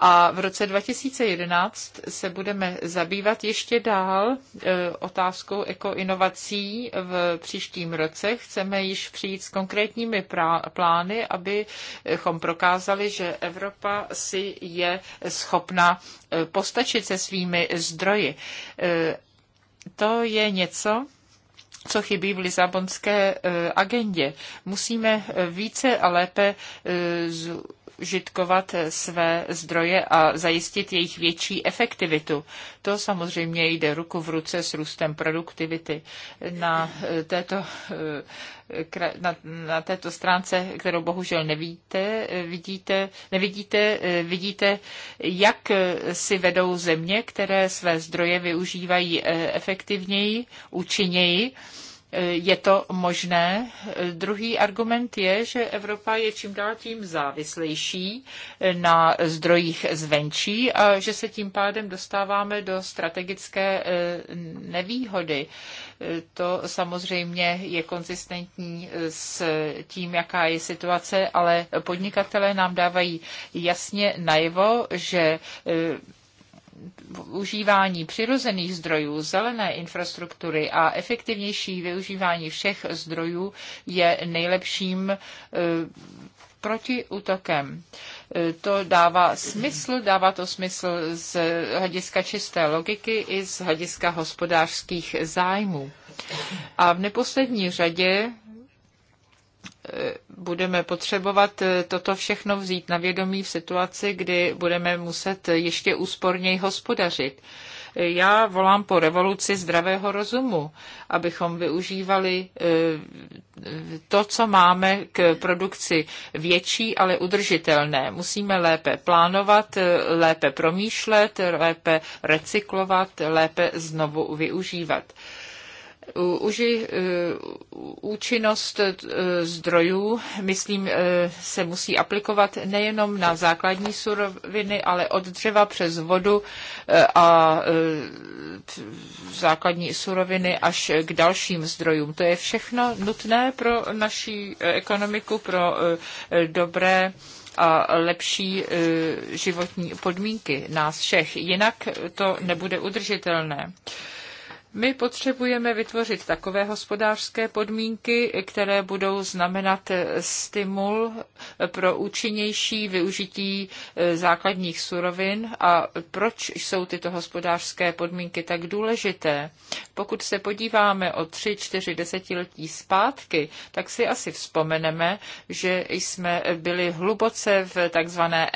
a v roce 2011 se budeme zabývat ještě dál e, otázkou ekoinovací v příštím roce. Chceme již přijít s konkrétními plány, abychom prokázali, že Evropa si je schopna e, postačit se svými zdroji. E, to je něco, co chybí v Lisabonské agendě. Musíme více a lépe využitkovat eh, své zdroje a zajistit jejich větší efektivitu. To samozřejmě jde ruku v ruce s růstem produktivity. Na eh, této, eh, na, na této stránce, kterou bohužel nevidíte, vidíte, nevidíte, vidíte, jak si vedou země, které své zdroje využívají efektivněji, účinněji je to možné. Druhý argument je, že Evropa je čím dál tím závislejší na zdrojích zvenčí a že se tím pádem dostáváme do strategické eh, nevýhody. To samozřejmě je konzistentní s tím, jaká je situace, ale podnikatelé nám dávají jasně najevo, že eh, užívání přirozených zdrojů, zelené infrastruktury a efektivnější využívání všech zdrojů je nejlepším eh, proti útokem. Eh, to dává smysl, dává to smysl z hlediska čisté logiky i z hlediska hospodářských zájmů. A v neposlední řadě Eh, budeme potřebovat eh, toto všechno vzít na vědomí v situaci, kdy budeme muset ještě úsporněji hospodařit. Eh, já volám po revoluci zdravého rozumu, abychom využívali to, co máme k produkci větší, ale udržitelné. Musíme lépe plánovat, lépe promýšlet, lépe recyklovat, lépe znovu využívat uži, e, účinnost e, zdrojů, myslím, e, se musí aplikovat nejenom na základní suroviny, ale od dřeva přes vodu a základní suroviny až k dalším zdrojům. To je všechno nutné pro naši ekonomiku, pro dobré a lepší životní podmínky nás všech. Jinak to nebude udržitelné. My potřebujeme vytvořit takové hospodářské podmínky, které budou znamenat eh, stimul eh, pro účinnější využití eh, základních surovin. A proč jsou tyto hospodářské podmínky tak důležité? Pokud se podíváme o tři, čtyři desetiletí zpátky, tak si asi vzpomeneme, že jsme byli hluboce v takzvané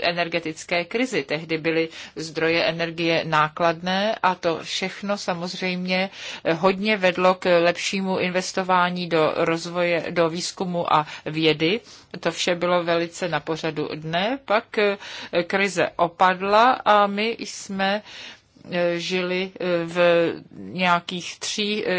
energetické krizi. Tehdy byly zdroje energie nákladné a to všechno samozřejmě samozřejmě hodně vedlo k lepšímu investování do rozvoje, do výzkumu a vědy. To vše bylo velice na pořadu dne. Pak eh, krize opadla a my jsme E, žili e, v nějakých tří, e,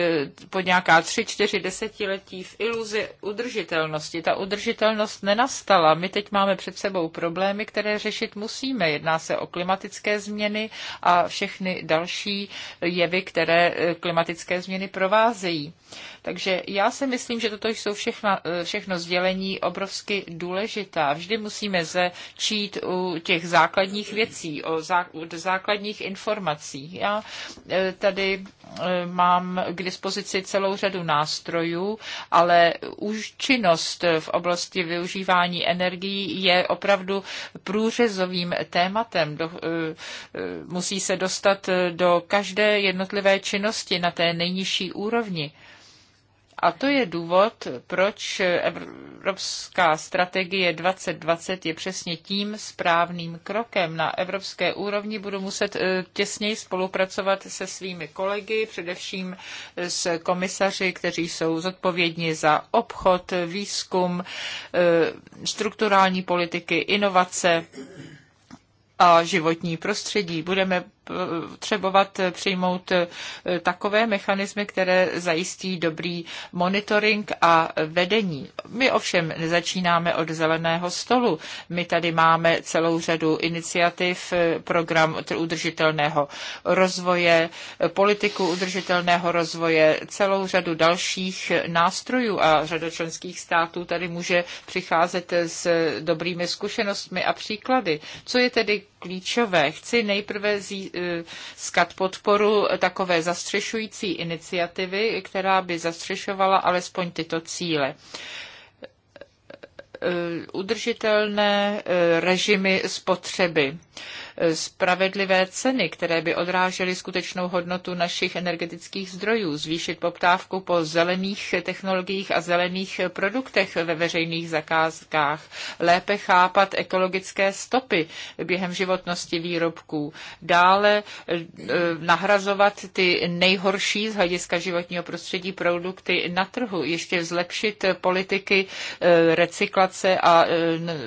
po nějaká tři, čtyři desetiletí v iluzi udržitelnosti. Ta udržitelnost nenastala. My teď máme před sebou problémy, které řešit musíme. Jedná se o klimatické změny a všechny další jevy, které klimatické změny provázejí. Takže já si myslím, že toto jsou všechna, všechno sdělení obrovsky důležitá. Vždy musíme začít u těch základních věcí, o zá, od základních informací informací. Já eh, tady eh, mám k dispozici celou řadu nástrojů, ale už činnost v oblasti využívání energií je opravdu průřezovým tématem. Do, eh, musí se dostat do každé jednotlivé činnosti na té nejnižší úrovni. A to je důvod, proč Evropská strategie 2020 je přesně tím správným krokem. Na evropské úrovni budu muset eh, těsněji spolupracovat se svými kolegy, především eh, s komisaři, kteří jsou zodpovědní za obchod, výzkum, eh, strukturální politiky, inovace a životní prostředí. Budeme potřebovat eh, přijmout eh, takové mechanismy, které zajistí dobrý monitoring a vedení. My ovšem nezačínáme od zeleného stolu. My tady máme celou řadu iniciativ, eh, program udržitelného rozvoje, politiku udržitelného rozvoje, celou řadu dalších nástrojů a řada členských států tady může přicházet s dobrými zkušenostmi a příklady. Co je tedy klíčové. Chci nejprve získat podporu takové zastřešující iniciativy, která by zastřešovala alespoň tyto cíle udržitelné režimy spotřeby spravedlivé ceny, které by odrážely skutečnou hodnotu našich energetických zdrojů, zvýšit poptávku po zelených technologiích a zelených produktech ve veřejných zakázkách, lépe chápat ekologické stopy během životnosti výrobků, dále eh, nahrazovat ty nejhorší z hlediska životního prostředí produkty na trhu, ještě zlepšit politiky eh, recyklace a eh,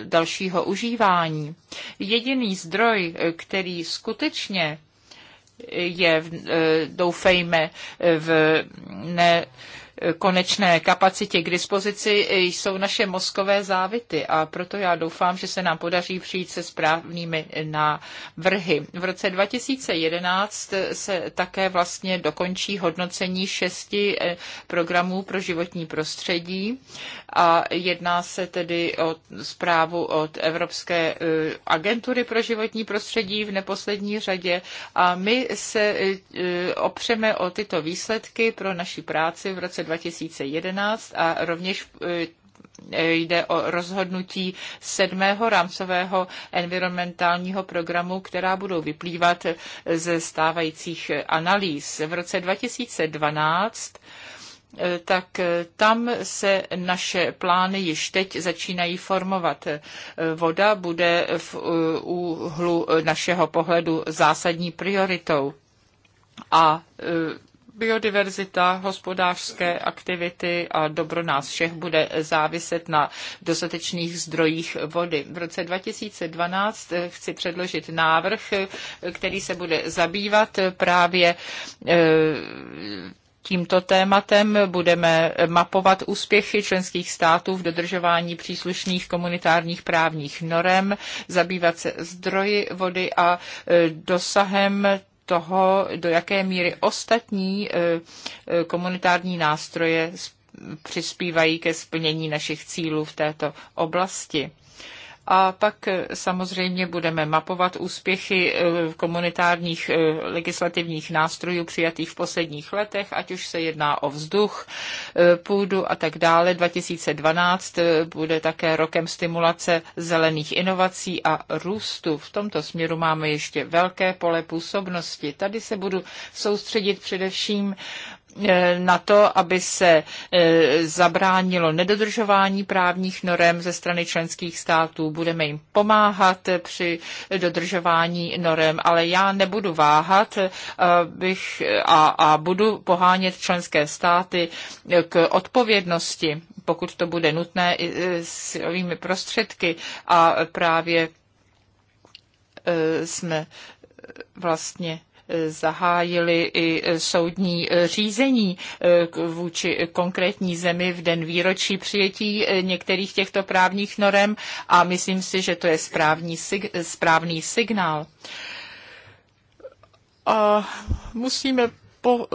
dalšího užívání. Jediný zdroj který skutečně je, eh, doufejme, v ne, konečné kapacitě k dispozici jsou naše mozkové závity a proto já doufám, že se nám podaří přijít se správnými návrhy. V roce 2011 se také vlastně dokončí hodnocení šesti eh, programů pro životní prostředí a jedná se tedy o zprávu od Evropské eh, agentury pro životní prostředí v neposlední řadě a my se eh, opřeme o tyto výsledky pro naši práci v roce 2011 a rovněž e, e, jde o rozhodnutí sedmého rámcového environmentálního programu, která budou vyplývat ze stávajících analýz. V roce 2012 e, tak tam se naše plány již teď začínají formovat. Voda bude v úhlu našeho pohledu zásadní prioritou. A biodiverzita, hospodářské aktivity a dobro nás všech bude záviset na dostatečných zdrojích vody. V roce 2012 eh, chci předložit návrh, eh, který se bude zabývat právě eh, tímto tématem budeme mapovat úspěchy členských států v dodržování příslušných komunitárních právních norem, zabývat se zdroji vody a dosahem toho, do jaké míry ostatní eh, eh, komunitární nástroje přispívají ke splnění našich cílů v této oblasti. A pak e, samozřejmě budeme mapovat úspěchy e, komunitárních e, legislativních nástrojů přijatých v posledních letech, ať už se jedná o vzduch, půdu a tak dále. 2012 bude také rokem stimulace zelených inovací a růstu. V tomto směru máme ještě velké pole působnosti. Tady se budu soustředit především E, na to, aby se e, zabránilo nedodržování právních norem ze strany členských států. Budeme jim pomáhat při dodržování norem, ale já nebudu váhat e, bych a, a budu pohánět členské státy k odpovědnosti, pokud to bude nutné, i silovými prostředky a právě jsme vlastně zahájili i soudní řízení eh, vůči konkrétní zemi v den výročí přijetí eh, některých těchto právních norem a myslím si, že to je správný, správný signál. A musíme Eh,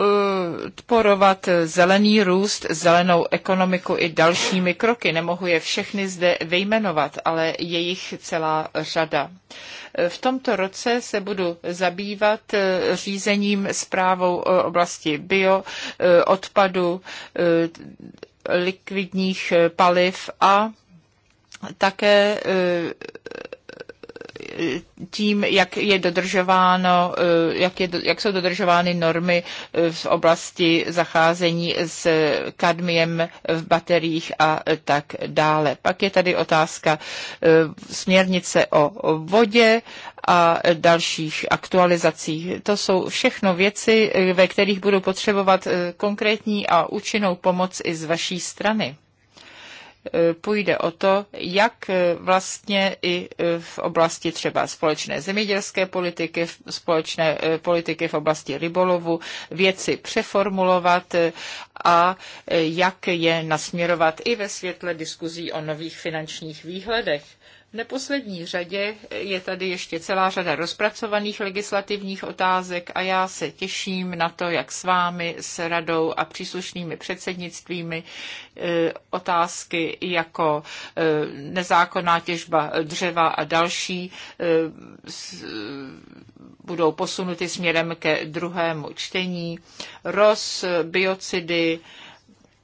podporovat zelený růst, zelenou ekonomiku i dalšími kroky. Nemohu je všechny zde vyjmenovat, ale je jich celá řada. Eh, v tomto roce se budu zabývat eh, řízením zprávou oblasti bio, odpadu, likvidních paliv a také tím, jak je dodržováno, eh, jak, je, jak jsou dodržovány normy eh, v oblasti zacházení s kadmiem v bateriích a tak dále. Pak je tady otázka eh, směrnice o vodě a dalších aktualizací. To jsou všechno věci, ve kterých budu potřebovat konkrétní a účinnou pomoc i z vaší strany. Eh, půjde o to, jak eh, vlastně i eh, v oblasti třeba společné zemědělské politiky, společné politiky v oblasti rybolovu věci přeformulovat a jak je nasměrovat i ve světle diskuzí o nových finančních výhledech neposlední řadě je tady ještě celá řada rozpracovaných legislativních otázek a já se těším na to, jak s vámi, s radou a příslušnými předsednictvími e, otázky jako e, nezákonná těžba dřeva a další e, budou posunuty směrem ke druhému čtení. Roz, biocidy,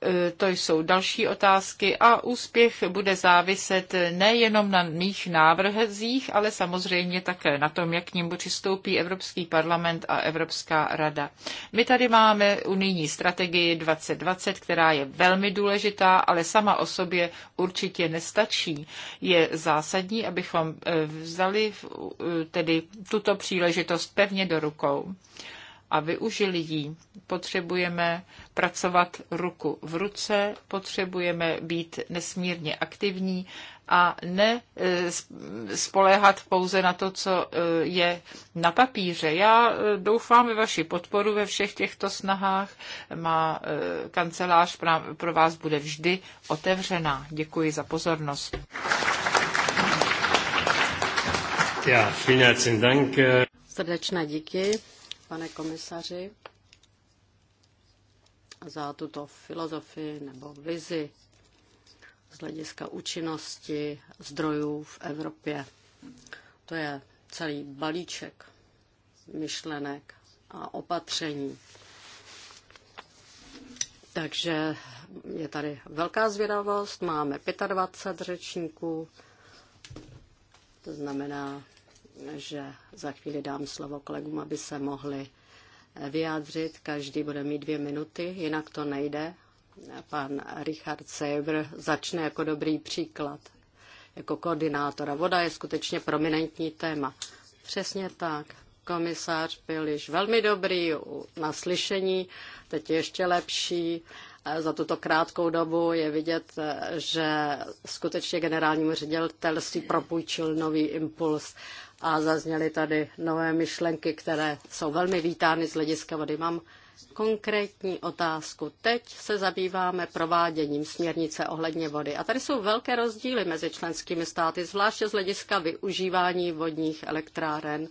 E, to jsou další otázky a úspěch bude záviset nejenom na mých návrhzích, ale samozřejmě také na tom, jak k ním přistoupí Evropský parlament a Evropská rada. My tady máme unijní strategii 2020, která je velmi důležitá, ale sama o sobě určitě nestačí. Je zásadní, abychom e, vzali e, tedy tuto příležitost pevně do rukou a využili ji. Potřebujeme pracovat ruku v ruce, potřebujeme být nesmírně aktivní a ne e, spoléhat pouze na to, co e, je na papíře. Já e, doufám ve vaši podporu ve všech těchto snahách. Má kancelář pro vás bude vždy otevřená. Děkuji za pozornost. Ja, vielen herzlichen Dank. Äh. Srdečné díky pane komisaři, za tuto filozofii nebo vizi z hlediska účinnosti zdrojů v Evropě. To je celý balíček myšlenek a opatření. Takže je tady velká zvědavost, máme 25 řečníků, to znamená, že za chvíli dám slovo kolegům, aby se mohli vyjádřit. Každý bude mít dvě minuty, jinak to nejde. Pan Richard Seber začne jako dobrý příklad, jako koordinátora. Voda je skutečně prominentní téma. Přesně tak. Komisář byl již velmi dobrý na slyšení, teď je ještě lepší za tuto krátkou dobu je vidět, že skutečně generálnímu ředitelství propůjčil nový impuls a zazněly tady nové myšlenky, které jsou velmi vítány z hlediska vody. Mám konkrétní otázku. Teď se zabýváme prováděním směrnice ohledně vody. A tady jsou velké rozdíly mezi členskými státy, zvláště z hlediska využívání vodních elektráren.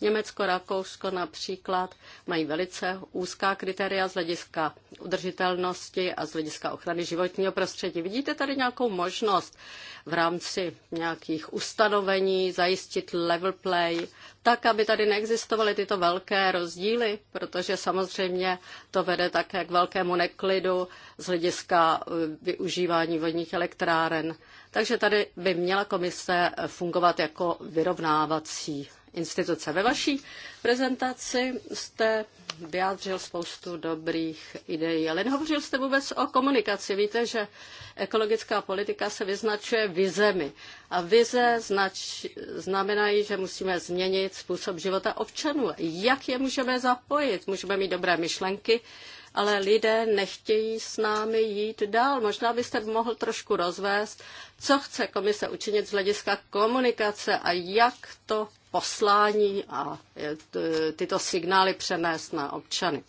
Německo, Rakousko například mají velice úzká kritéria z hlediska udržitelnosti a z hlediska ochrany životního prostředí. Vidíte tady nějakou možnost v rámci nějakých ustanovení zajistit level play, tak, aby tady neexistovaly tyto velké rozdíly, protože samozřejmě to vede také k velkému neklidu z hlediska eh, využívání vodních elektráren. Takže tady by měla komise fungovat jako vyrovnávací instituce. Ve vaší prezentaci jste vyjádřil spoustu dobrých ideí, ale nehovořil jste vůbec o komunikaci. Víte, že ekologická politika se vyznačuje vizemi. A vize znač, znamenají, že musíme změnit způsob života občanů. Jak je můžeme zapojit? Můžeme mít dobré myšlenky, ale lidé nechtějí s námi jít dál. Možná byste mohl trošku rozvést, co chce komise učinit z hlediska komunikace a jak to poslání a e, tyto signály přenést na občany.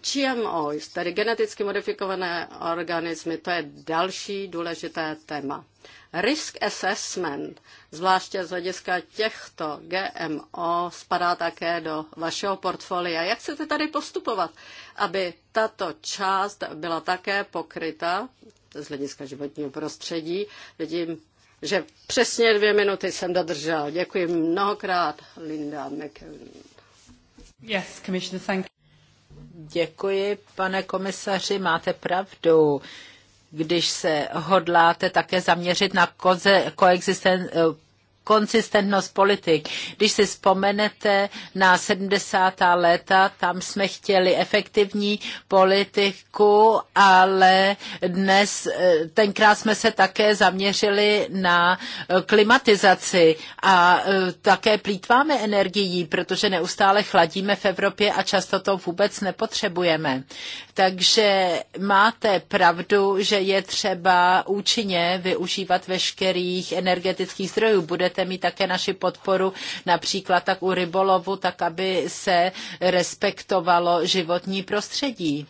GMO, tedy geneticky modifikované organismy, to je další důležité téma. Risk assessment, zvláště z hlediska těchto GMO, spadá také do vašeho portfolia. Jak chcete tady postupovat, aby tato část byla také pokryta z hlediska životního prostředí? Vidím, že přesně dvě minuty jsem dodržel. Děkuji mnohokrát, Linda McKeown. Yes, Commissioner, thank you. Děkuji, pane komisaři, máte pravdu když se hodláte také zaměřit na koze, koexisten, konsistentnost politik. Když si vzpomenete na 70. léta, tam jsme chtěli efektivní politiku, ale dnes, eh, tenkrát jsme se také zaměřili na eh, klimatizaci a eh, také plítváme energií, protože neustále chladíme v Evropě a často to vůbec nepotřebujeme. Takže máte pravdu, že je třeba účinně využívat veškerých energetických zdrojů. Budete mít také naši podporu například tak u rybolovu, tak aby se respektovalo životní prostředí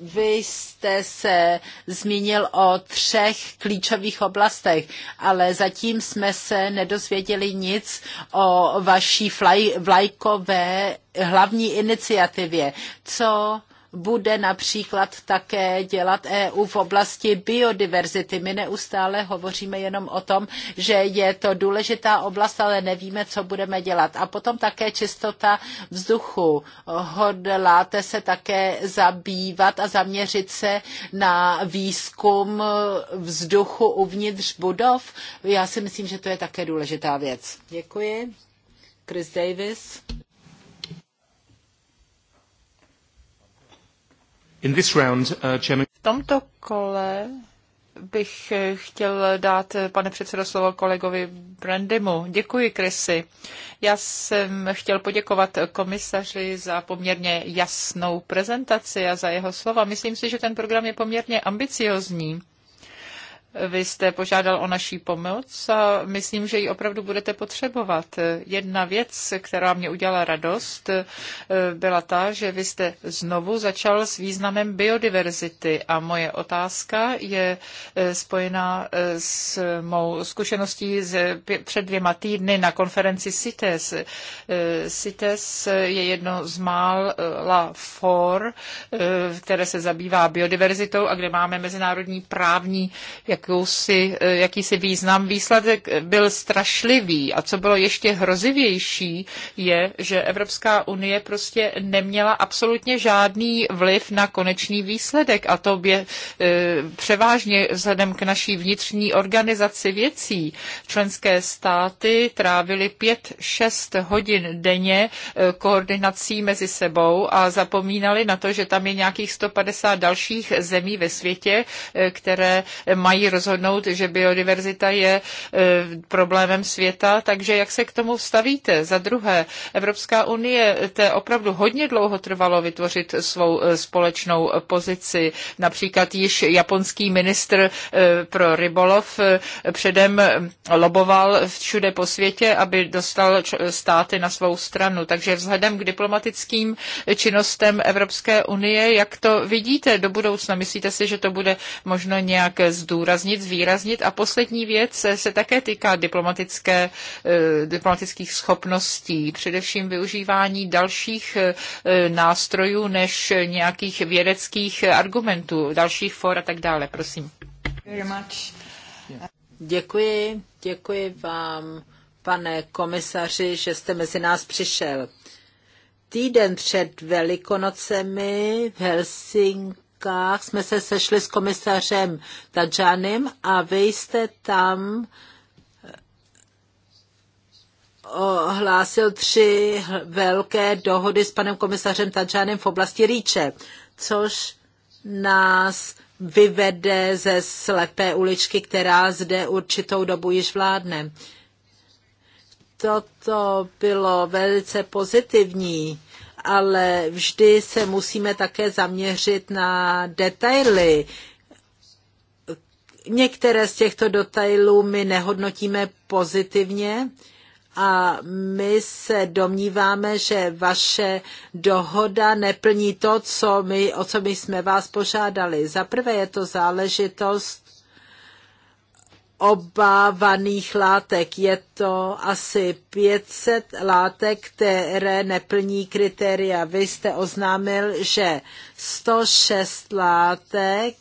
vy jste se zmínil o třech klíčových oblastech, ale zatím jsme se nedozvěděli nic o vaší vlajkové hlavní iniciativě. Co bude například také dělat EU v oblasti biodiverzity. My neustále hovoříme jenom o tom, že je to důležitá oblast, ale nevíme, co budeme dělat. A potom také čistota vzduchu. Hodláte se také zabývat a zaměřit se na výzkum vzduchu uvnitř budov? Já si myslím, že to je také důležitá věc. Děkuji. Chris Davis. Uh, v tomto kole bych chtěl dát, pane předsedo, slovo kolegovi Brandymu. Děkuji, Krysy. Já jsem chtěl poděkovat komisaři za poměrně jasnou prezentaci a za jeho slova. Myslím si, že ten program je poměrně ambiciozní vy jste požádal o naší pomoc a myslím, že ji opravdu budete potřebovat. Jedna věc, která mě udělala radost, eh, byla ta, že vy jste znovu začal s významem biodiverzity a moje otázka je eh, spojená eh, s mou zkušeností z, před dvěma týdny na konferenci CITES. CITES je jedno z mála for, které se zabývá biodiverzitou a kde máme mezinárodní právní jak jakousi, eh, jakýsi význam. Výsledek byl strašlivý a co bylo ještě hrozivější, je, že Evropská unie prostě neměla absolutně žádný vliv na konečný výsledek a to je eh, převážně vzhledem k naší vnitřní organizaci věcí. Členské státy trávily 5-6 hodin denně eh, koordinací mezi sebou a zapomínali na to, že tam je nějakých 150 dalších zemí ve světě, které mají rozhodnout, že biodiverzita je e, problémem světa, takže jak se k tomu stavíte? Za druhé, Evropská unie, to opravdu hodně dlouho trvalo vytvořit svou e, společnou pozici. Například již japonský ministr e, pro rybolov předem loboval všude po světě, aby dostal státy na svou stranu. Takže vzhledem k diplomatickým činnostem Evropské unie, jak to vidíte do budoucna? Myslíte si, že to bude možno nějak zdůraznit? zdůraznit, zvýraznit. A poslední věc se, se také týká diplomatické, eh, diplomatických schopností, především využívání dalších eh, nástrojů než nějakých vědeckých argumentů, dalších for a tak dále. Prosím. Děkuji, děkuji vám, pane komisaři, že jste mezi nás přišel. Týden před Velikonocemi v Helsinki Čechách jsme se sešli s komisařem Tadžanem a vy jste tam eh, ohlásil tři velké dohody s panem komisařem Tadžanem v oblasti Rýče, což nás vyvede ze slepé uličky, která zde určitou dobu již vládne. Toto bylo velice pozitivní ale vždy se musíme také zaměřit na detaily. Některé z těchto detailů my nehodnotíme pozitivně, a my se domníváme, že vaše dohoda neplní to, co my, o co my jsme vás požádali. Za prvé je to záležitost obávaných látek. Je to asi 500 látek, které neplní kritéria. Vy jste oznámil, že 106 látek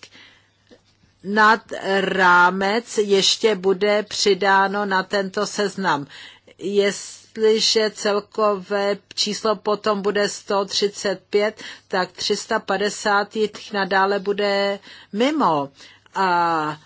nad rámec ještě bude přidáno na tento seznam. Jestliže celkové číslo potom bude 135, tak 350 jich nadále bude mimo. A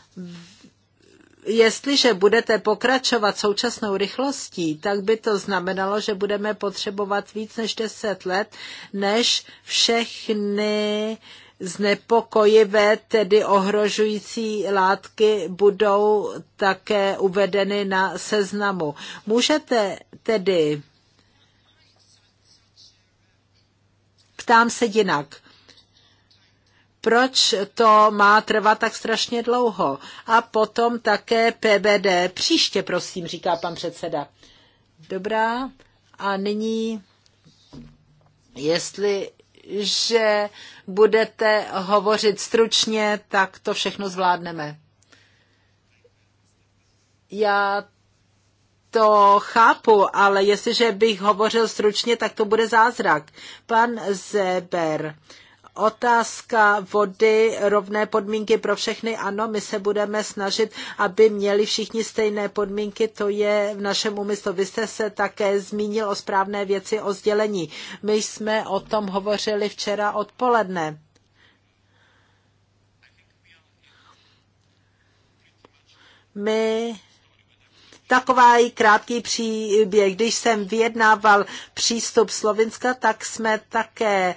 jestliže budete pokračovat současnou rychlostí, tak by to znamenalo, že budeme potřebovat víc než 10 let, než všechny znepokojivé, tedy ohrožující látky budou také uvedeny na seznamu. Můžete tedy, ptám se jinak, proč to má trvat tak strašně dlouho. A potom také PBD. Příště, prosím, říká pan předseda. Dobrá. A nyní, jestli že budete hovořit stručně, tak to všechno zvládneme. Já to chápu, ale jestliže bych hovořil stručně, tak to bude zázrak. Pan Zeber Otázka vody, rovné podmínky pro všechny, ano, my se budeme snažit, aby měli všichni stejné podmínky, to je v našem úmyslu. Vy jste se také zmínil o správné věci, o sdělení. My jsme o tom hovořili včera odpoledne. My takový krátký příběh. Když jsem vyjednával přístup Slovinska, tak jsme také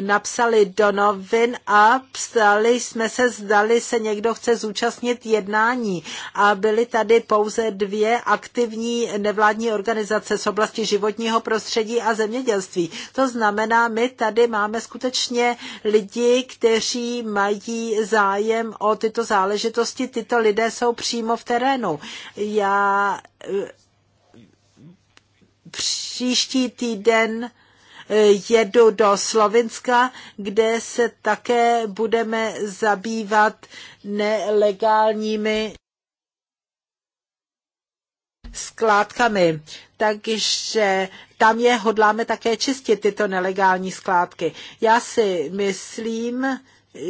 napsali do novin a psali jsme se, zdali se někdo chce zúčastnit jednání. A byly tady pouze dvě aktivní nevládní organizace z oblasti životního prostředí a zemědělství. To znamená, my tady máme skutečně lidi, kteří mají zájem o tyto záležitosti. Tyto lidé jsou přímo v terénu. Já eh, příští týden jedu do Slovinska, kde se také budeme zabývat nelegálními skládkami. Takže tam je hodláme také čistit tyto nelegální skládky. Já si myslím,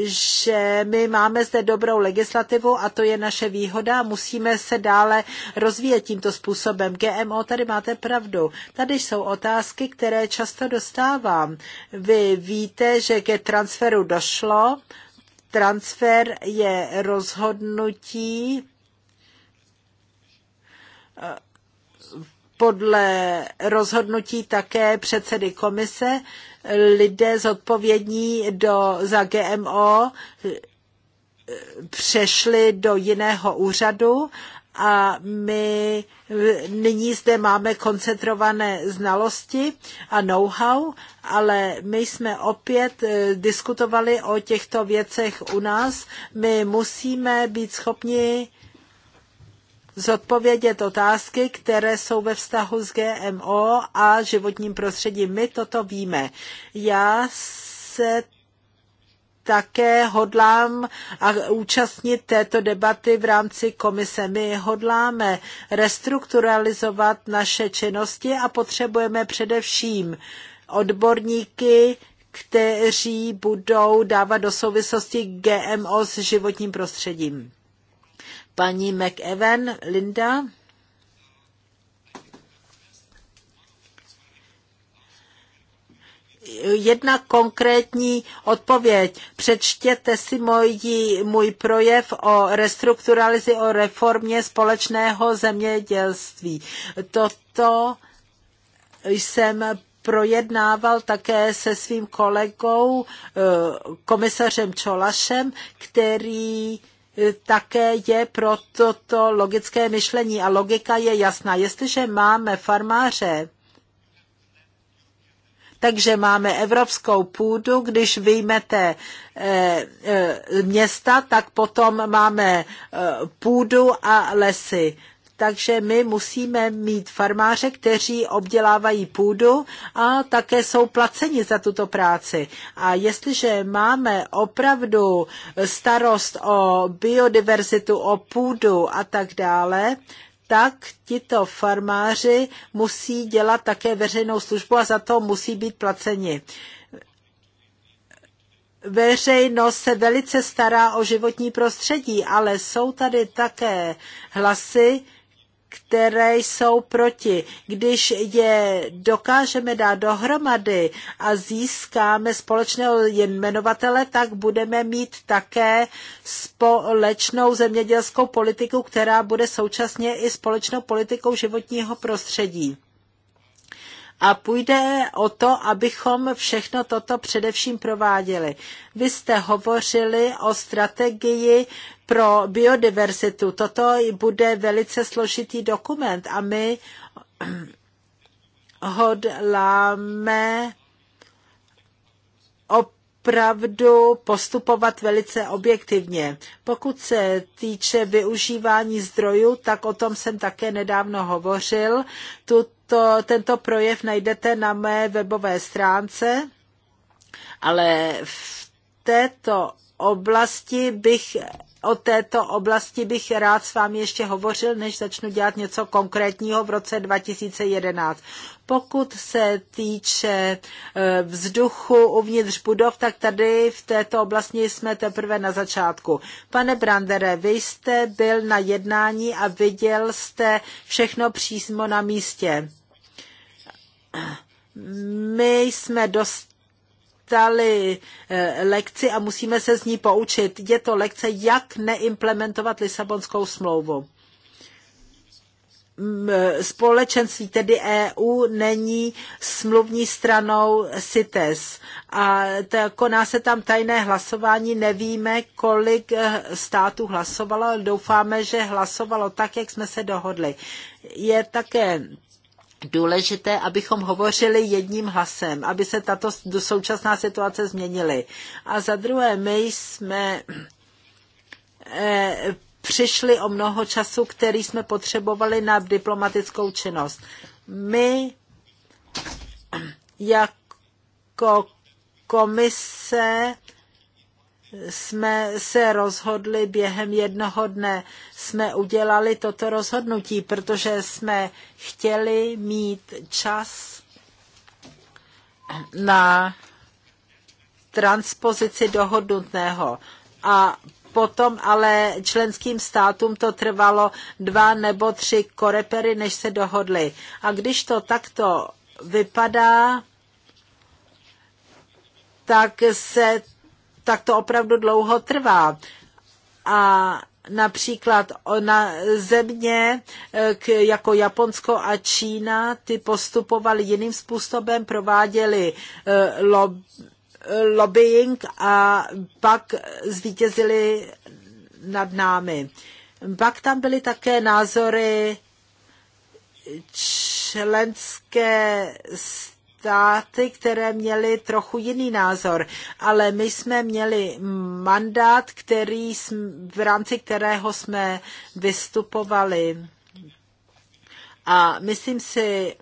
že my máme zde dobrou legislativu a to je naše výhoda. Musíme se dále rozvíjet tímto způsobem. GMO, tady máte pravdu. Tady jsou otázky, které často dostávám. Vy víte, že ke transferu došlo. Transfer je rozhodnutí eh, podle rozhodnutí také předsedy komise lidé zodpovědní do, za GMO přešli do jiného úřadu a my nyní zde máme koncentrované znalosti a know-how, ale my jsme opět eh, diskutovali o těchto věcech u nás. My musíme být schopni zodpovědět otázky, které jsou ve vztahu s GMO a životním prostředím. My toto víme. Já se také hodlám a účastnit této debaty v rámci komise. My hodláme restrukturalizovat naše činnosti a potřebujeme především odborníky, kteří budou dávat do souvislosti GMO s životním prostředím. Paní McEwen, Linda. jedna konkrétní odpověď. Přečtěte si moji, můj projev o restrukturalizi, o reformě společného zemědělství. Toto jsem projednával také se svým kolegou eh, komisařem Čolašem, který také je pro toto logické myšlení a logika je jasná. Jestliže máme farmáře, takže máme evropskou půdu, když vyjmete eh, eh, města, tak potom máme eh, půdu a lesy. Takže my musíme mít farmáře, kteří obdělávají půdu a také jsou placeni za tuto práci. A jestliže máme opravdu starost o biodiverzitu, o půdu a tak dále, tak tito farmáři musí dělat také veřejnou službu a za to musí být placeni veřejnost se velice stará o životní prostředí, ale jsou tady také hlasy, které jsou proti. Když je dokážeme dát dohromady a získáme společného jmenovatele, tak budeme mít také společnou zemědělskou politiku, která bude současně i společnou politikou životního prostředí. A půjde o to, abychom všechno toto především prováděli. Vy jste hovořili o strategii pro biodiverzitu. Toto bude velice složitý dokument a my hodláme opravdu postupovat velice objektivně. Pokud se týče využívání zdrojů, tak o tom jsem také nedávno hovořil. Tu to, tento projev najdete na mé webové stránce, ale v této oblasti bych o této oblasti bych rád s vámi ještě hovořil, než začnu dělat něco konkrétního v roce 2011. Pokud se týče eh, vzduchu uvnitř budov, tak tady v této oblasti jsme teprve na začátku. Pane Brandere, vy jste byl na jednání a viděl jste všechno přímo na místě. My jsme dostali eh, lekci a musíme se z ní poučit. Je to lekce, jak neimplementovat Lisabonskou smlouvu eh, společenství, tedy EU, není smluvní stranou CITES. A to, koná se tam tajné hlasování, nevíme, kolik eh, států hlasovalo, ale doufáme, že hlasovalo tak, jak jsme se dohodli. Je také důležité, abychom hovořili jedním hlasem, aby se tato současná situace změnily. A za druhé, my jsme eh, přišli o mnoho času, který jsme potřebovali na diplomatickou činnost. My jako komise jsme se rozhodli během jednoho dne. Jsme udělali toto rozhodnutí, protože jsme chtěli mít čas na transpozici dohodnutného. A potom ale členským státům to trvalo dva nebo tři korepery, než se dohodli. A když to takto vypadá, tak se tak to opravdu dlouho trvá. A například na země e, jako Japonsko a Čína, ty postupovaly jiným způsobem, prováděly e, lob, lobbying a pak zvítězili nad námi. Pak tam byly také názory členské státy, které měly trochu jiný názor, ale my jsme měli mandát, který v rámci kterého jsme vystupovali. A myslím si,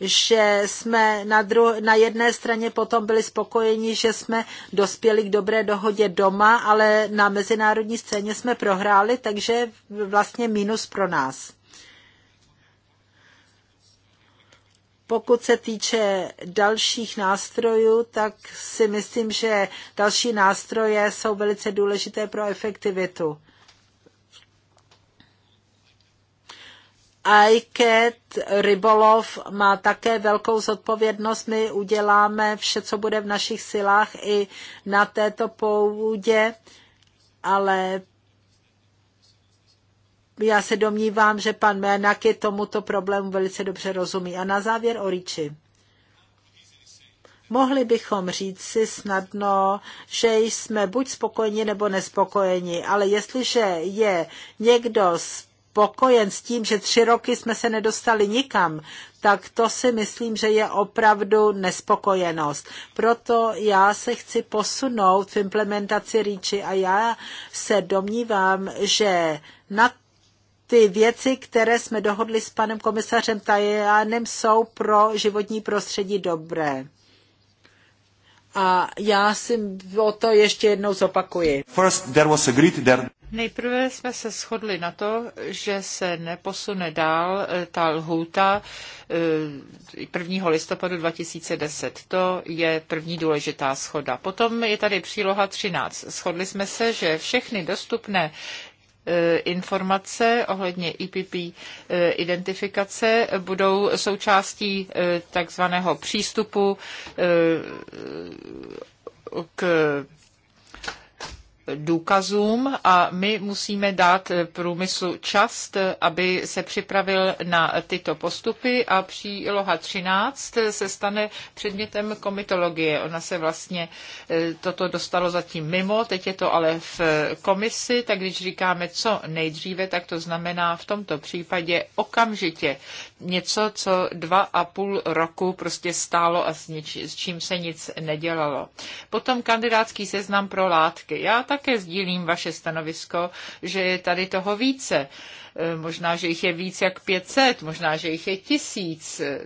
že jsme na, dru- na jedné straně potom byli spokojeni, že jsme dospěli k dobré dohodě doma, ale na mezinárodní scéně jsme prohráli, takže vlastně minus pro nás. Pokud se týče dalších nástrojů, tak si myslím, že další nástroje jsou velice důležité pro efektivitu. ICAT Rybolov má také velkou zodpovědnost. My uděláme vše, co bude v našich silách i na této půdě, ale já se domnívám, že pan je tomuto problému velice dobře rozumí. A na závěr o Ríči. Mohli bychom říct si snadno, že jsme buď spokojeni nebo nespokojeni, ale jestliže je někdo spokojen s tím, že tři roky jsme se nedostali nikam, tak to si myslím, že je opravdu nespokojenost. Proto já se chci posunout v implementaci REACHy a já se domnívám, že na ty věci, které jsme dohodli s panem komisařem Tajánem, jsou pro životní prostředí dobré. A já si o to ještě jednou zopakuji. First, there was agreed there... Nejprve jsme se shodli na to, že se neposune dál eh, ta lhůta 1. Eh, listopadu 2010. To je první důležitá schoda. Potom je tady příloha 13. Shodli jsme se, že všechny dostupné E, informace ohledně IPP e e, identifikace budou součástí takzvaného přístupu k důkazům a my musíme dát průmyslu čas, aby se připravil na tyto postupy a příloha 13 se stane předmětem komitologie. Ona se vlastně e, toto dostalo zatím mimo, teď je to ale v komisi, tak když říkáme co nejdříve, tak to znamená v tomto případě okamžitě něco, co dva a půl roku prostě stálo a s, nič, s čím se nic nedělalo. Potom kandidátský seznam pro látky. Já také sdílím vaše stanovisko, že je tady toho více. E, možná, že jich je víc jak 500, možná, že jich je tisíc, e,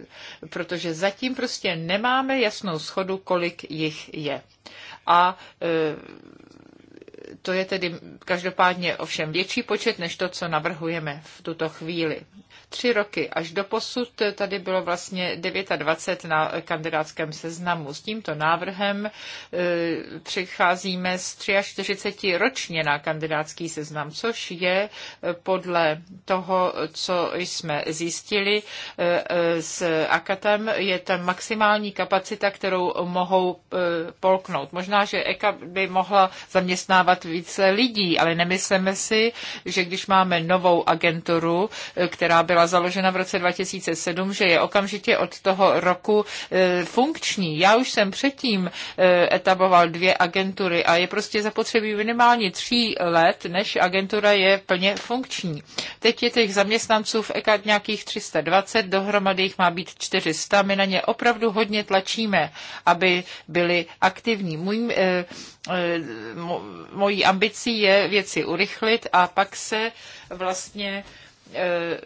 protože zatím prostě nemáme jasnou schodu, kolik jich je. A e, to je tedy každopádně ovšem větší počet než to, co navrhujeme v tuto chvíli. Tři roky až do posud tady bylo vlastně 29 na kandidátském seznamu. S tímto návrhem e, přicházíme z 43 ročně na kandidátský seznam, což je e, podle toho, co jsme zjistili e, e, s AKATem, je ta maximální kapacita, kterou mohou e, polknout. Možná, že EKA by mohla zaměstnávat zaměstnávat více lidí, ale nemyslíme si, že když máme novou agenturu, eh, která byla založena v roce 2007, že je okamžitě od toho roku eh, funkční. Já už jsem předtím eh, etaboval dvě agentury a je prostě zapotřebí minimálně tří let, než agentura je plně funkční. Teď je těch zaměstnanců v EKAD nějakých 320, dohromady jich má být 400. My na ně opravdu hodně tlačíme, aby byli aktivní. Můj Eh, mojí ambicí je věci urychlit a pak se vlastně eh,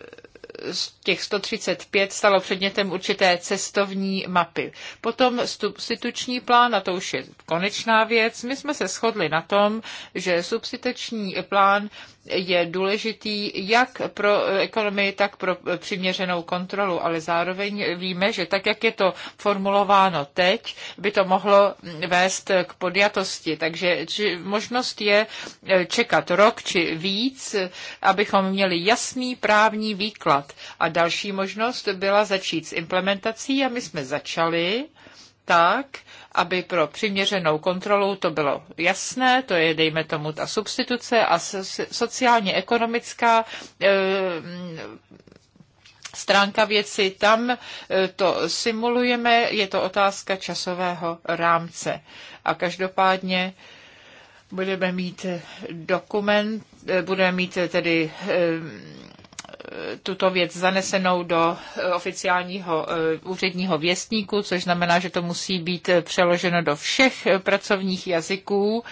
z těch 135 stalo předmětem určité cestovní mapy. Potom substituční plán, a to už je konečná věc, my jsme se shodli na tom, že substituční plán je důležitý jak pro ekonomii, tak pro přiměřenou kontrolu, ale zároveň víme, že tak, jak je to formulováno teď, by to mohlo vést k podjatosti. Takže možnost je eh, čekat rok či víc, abychom měli jasný právní výklad. A další možnost byla začít s implementací a my jsme začali tak, aby pro přiměřenou kontrolu to bylo jasné, to je, dejme tomu, ta substituce a sociálně ekonomická e, mm, stránka věci, tam e, to simulujeme, je to otázka časového rámce. A každopádně budeme mít dokument, e, budeme mít tedy tuto věc zanesenou do eh, oficiálního eh, úředního věstníku, což znamená, že to musí být eh, přeloženo do všech pracovních jazyků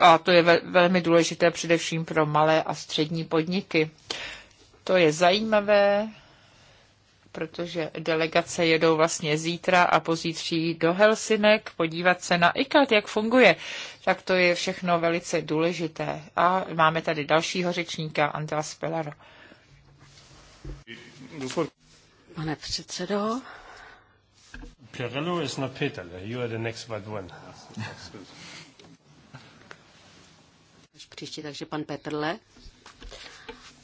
a to je velmi důležité především pro malé a střední podniky. To je zajímavé, protože delegace jedou vlastně zítra a pozítří do Helsinek podívat se na ikat, jak funguje. Tak to je všechno velice důležité. A máme tady dalšího řečníka, András Pelaro. Pane předsedo. Pirello is not Peterle. You are the next bad one. Až příště, takže pan Petrle.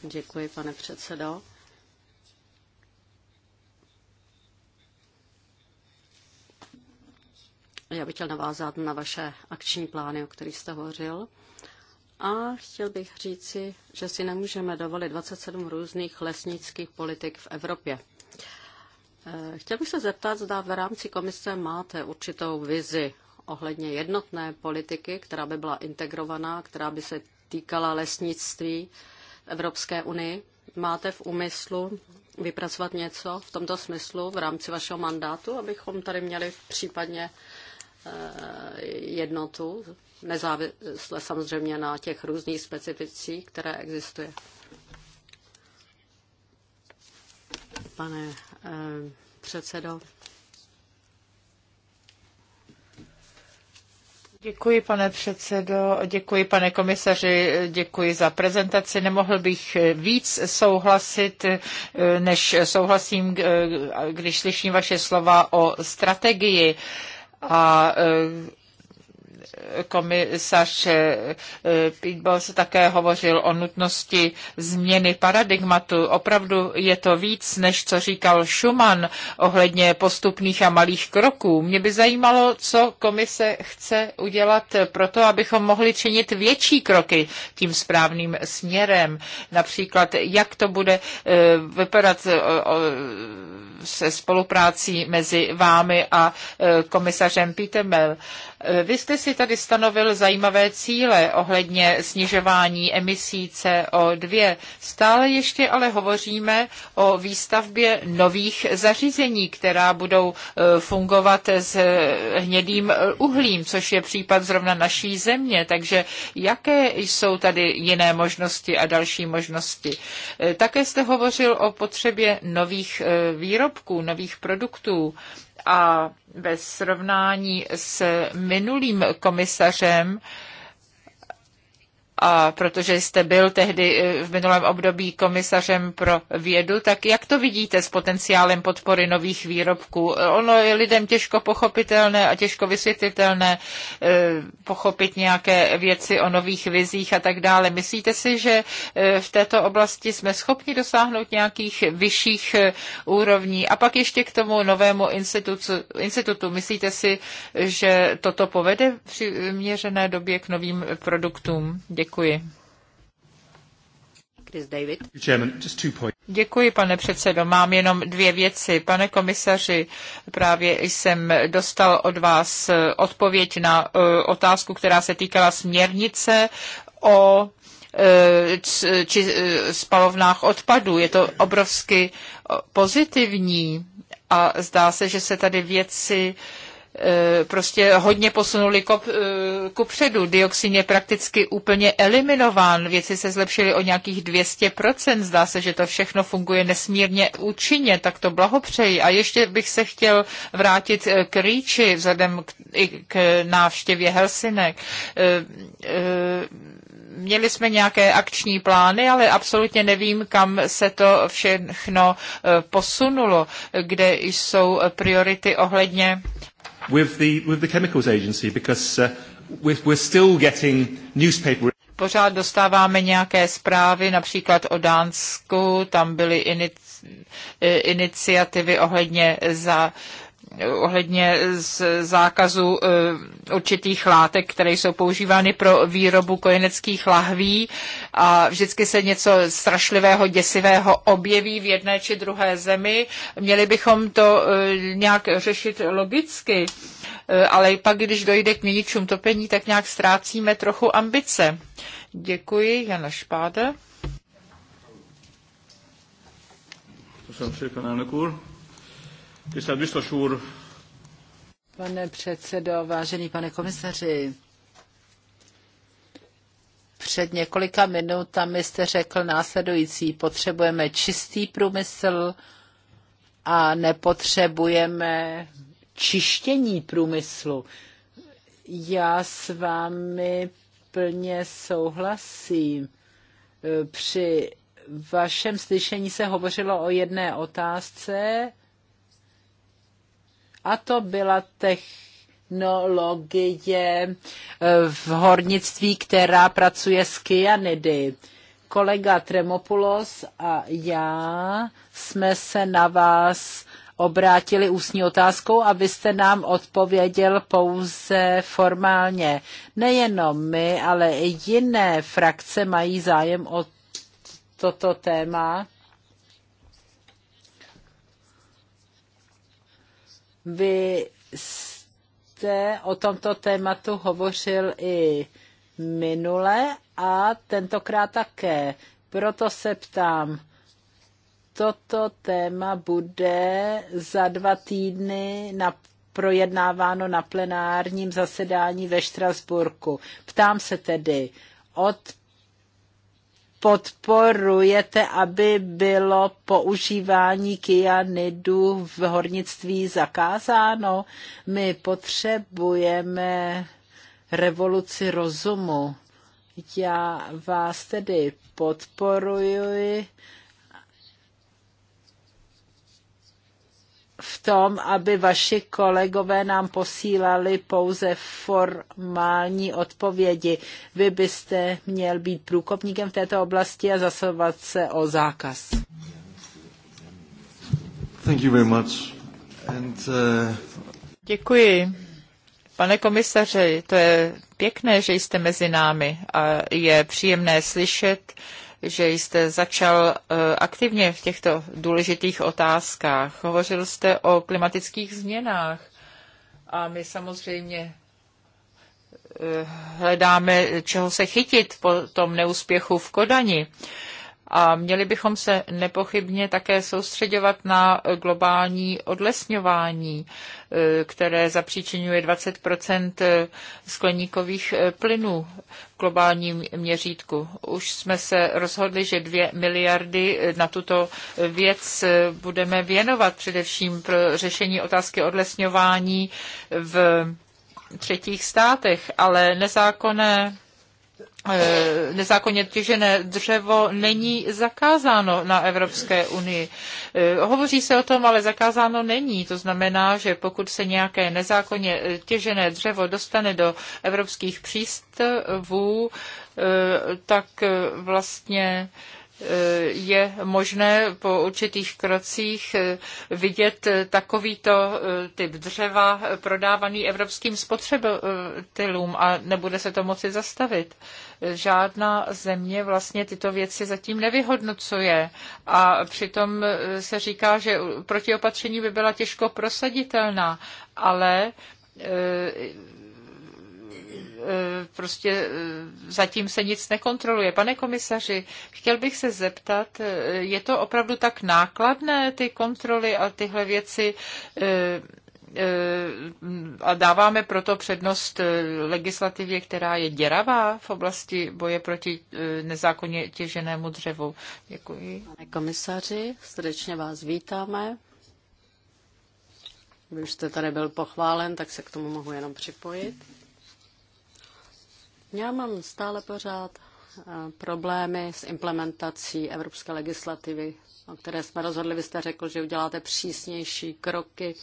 Děkuji, pane předsedo. Já bych chtěl navázat na vaše akční plány, o kterých jste hovořil. A chtěl bych říci, že si nemůžeme dovolit 27 různých lesnických politik v Evropě. Eh, chtěl bych se zeptat, zda v rámci komise máte určitou vizi ohledně jednotné politiky, která by byla integrovaná, která by se týkala lesnictví v Evropské unii. Máte v úmyslu vypracovat něco v tomto smyslu v rámci vašeho mandátu, abychom tady měli případně Eh, jednotu, nezávisle samozřejmě na těch různých specificích, které existuje. Pane eh, předsedo. Děkuji, pane předsedo, děkuji, pane komisaři, děkuji za prezentaci. Nemohl bych víc souhlasit, eh, než souhlasím, když slyším vaše slova o strategii a komisař eh, eh, Pitbos také hovořil o nutnosti změny paradigmatu. Opravdu je to víc, než co říkal Schumann ohledně postupných a malých kroků. Mě by zajímalo, co komise chce udělat pro to, abychom mohli činit větší kroky tím správným směrem. Například, jak to bude eh, vypadat se spoluprácí mezi vámi a komisařem Pitemel. Eh, vy jste si tady stanovil zajímavé cíle ohledně snižování emisí CO2. Stále ještě ale hovoříme o výstavbě nových zařízení, která budou eh, fungovat s hnědým eh, uhlím, což je případ zrovna naší země. Takže jaké jsou tady jiné možnosti a další možnosti? Také jste hovořil o potřebě nových výrobků, nových produktů a ve srovnání s minulým komisařem a protože jste byl tehdy eh, v minulém období komisařem pro vědu, tak jak to vidíte s potenciálem podpory nových výrobků? Ono je lidem těžko pochopitelné a těžko vysvětlitelné eh, pochopit nějaké věci o nových vizích a tak dále. Myslíte si, že eh, v této oblasti jsme schopni dosáhnout nějakých vyšších úrovní? A pak ještě k tomu novému institutu. institutu. Myslíte si, že toto povede v přiměřené době k novým produktům? Děkuji. Děkuji. Děkuji, pane předsedo. Mám jenom dvě věci. Pane komisaři, právě jsem dostal od vás eh, odpověď na eh, otázku, která se týkala směrnice o eh, či spalovnách odpadů. Je to obrovsky pozitivní a zdá se, že se tady věci uh, Eh, prostě hodně posunuli kop, eh, ku předu. Dioxin je prakticky úplně eliminován. Věci se zlepšily o nějakých 200%. Zdá se, že to všechno funguje nesmírně účinně, tak to blahopřeji. A ještě bych se chtěl vrátit eh, k Rýči vzhledem k, k návštěvě Helsinek. Měli jsme nějaké akční plány, ale absolutně nevím, kam se to všechno posunulo, kde jsou priority ohledně with the, with the chemicals agency because uh, we're, we're still getting newspaper pořád dostáváme nějaké zprávy, například o Dánsku, tam byly inici, eh, iniciativy ohledně za uh, ohledně z zákazu eh, určitých látek, které jsou používány pro výrobu kojeneckých lahví a vždycky se něco strašlivého, děsivého objeví v jedné či druhé zemi. Měli bychom to eh, nějak řešit logicky, eh, ale pak, když dojde k měničům topení, tak nějak ztrácíme trochu ambice. Děkuji, Jana Špáda. Köszönöm szépen, elnök Tisztelt biztos úr! Pane předsedo, vážený pane komisaři, před několika minutami jste řekl následující, potřebujeme čistý průmysl a nepotřebujeme čištění průmyslu. Já s vámi plně souhlasím. Při vašem slyšení se hovořilo o jedné otázce, a to byla technologie eh, v hornictví, která pracuje s kyanidy. Kolega Tremopulos a já jsme se na vás obrátili ústní otázkou a vy jste nám odpověděl pouze formálně. Nejenom my, ale i jiné frakce mají zájem o toto téma Vy jste o tomto tématu hovořil i minule a tentokrát také. Proto se ptám, toto téma bude za dva týdny na projednáváno na plenárním zasedání ve Štrasburku. Ptám se tedy, od podporujete, aby bylo používání kyanidu v hornictví zakázáno? My potřebujeme revoluci rozumu. Já vás tedy podporuji v tom, aby vaši kolegové nám posílali pouze formální odpovědi. Vy byste měl být průkopníkem v této oblasti a zasovat se o zákaz. Thank you very much. And, uh... Děkuji. Pane komisaři, to je pěkné, že jste mezi námi a je příjemné slyšet, že jste začal eh, aktivně v těchto důležitých otázkách. Hovořil jste o klimatických změnách a my samozřejmě eh, hledáme, čeho se chytit po tom neúspěchu v Kodani. A měli bychom se nepochybně také soustředovat na globální odlesňování, e, které zapříčinuje 20 skleníkových e, plynů v globálním měřítku. Už jsme se rozhodli, že dvě miliardy e, na tuto věc budeme věnovat především pro řešení otázky odlesňování v třetích státech, ale nezákonné Eh, nezákonně těžené dřevo není zakázáno na Evropské unii. Eh, hovoří se o tom, ale zakázáno není. To znamená, že pokud se nějaké nezákonně eh, těžené dřevo dostane do evropských přístavů, tak vlastně je možné po určitých krocích eh, vidět eh, takovýto eh, typ dřeva prodávaný evropským spotřebitelům a nebude se to moci zastavit. Žádná země vlastně tyto věci zatím nevyhodnocuje a přitom se říká, že protiopatření by byla těžko prosaditelná, ale Eh, prostě eh, zatím se nic nekontroluje. Pane komisaři, chtěl bych se zeptat, eh, je to opravdu tak nákladné, ty kontroly a tyhle věci? a dáváme proto přednost legislativě, která je děravá v oblasti boje proti nezákonně těženému dřevu. Děkuji. Pane komisaři, srdečně vás vítáme. Vy už jste tady byl pochválen, tak se k tomu mohu jenom připojit. Já mám stále pořád eh, problémy s implementací evropské legislativy, o které jsme rozhodli. Vy jste řekl, že uděláte přísnější kroky.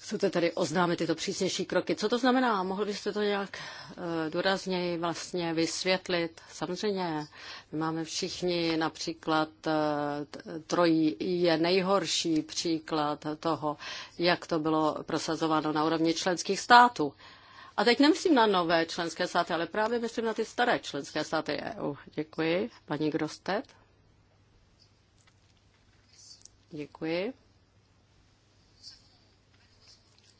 Chcete tedy oznámit tyto přísnější kroky. Co to znamená? Mohl byste to nějak eh, důrazněji vlastně vysvětlit? Samozřejmě, my máme všichni například eh, trojí je nejhorší příklad toho, jak to bylo prosazováno na úrovni členských států. A teď nemyslím na nové členské státy, ale právě myslím na ty staré členské státy EU. Děkuji. Paní Grostet. Děkuji.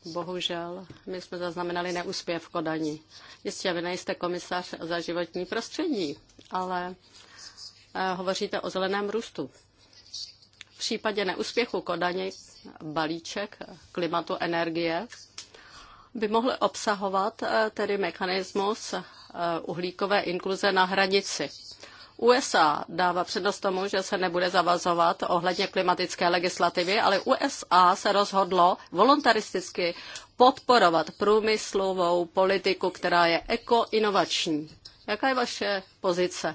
Bohužel, my jsme zaznamenali neúspěch v Kodani. Jistě, vy nejste komisař za životní prostředí, ale eh, hovoříte o zeleném růstu. V případě neúspěchu Kodani balíček klimatu energie by mohl obsahovat eh, tedy mechanismus eh, uhlíkové inkluze na hranici. USA dává přednost tomu, že se nebude zavazovat ohledně klimatické legislativy, ale USA se rozhodlo voluntaristicky podporovat průmyslovou politiku, která je ekoinovační. Jaká je vaše pozice?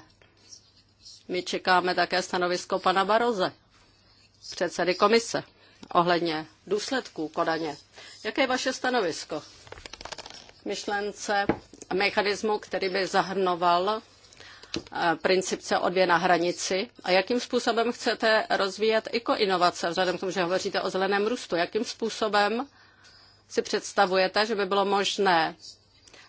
My čekáme také stanovisko pana Baroze, předsedy komise ohledně důsledků Kodaně. Jaké je vaše stanovisko k myšlence mechanismu, který by zahrnoval eh, princip CO2 na hranici a jakým způsobem chcete rozvíjet inovace, vzhledem k tomu, že hovoříte o zeleném růstu, jakým způsobem si představujete, že by bylo možné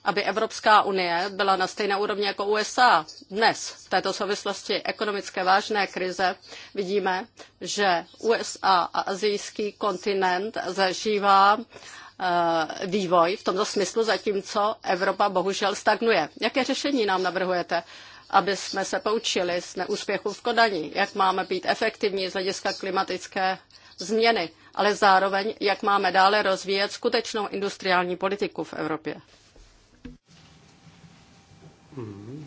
aby Evropská unie byla na stejné úrovni jako USA. Dnes v této souvislosti ekonomické vážné krize vidíme, že USA a azijský kontinent zažívá eh, vývoj v tomto smyslu, zatímco Evropa bohužel stagnuje. Jaké řešení nám navrhujete? aby jsme se poučili z neúspěchu v Kodani, jak máme být efektivní z hlediska klimatické změny, ale zároveň, jak máme dále rozvíjet skutečnou industriální politiku v Evropě. Mm,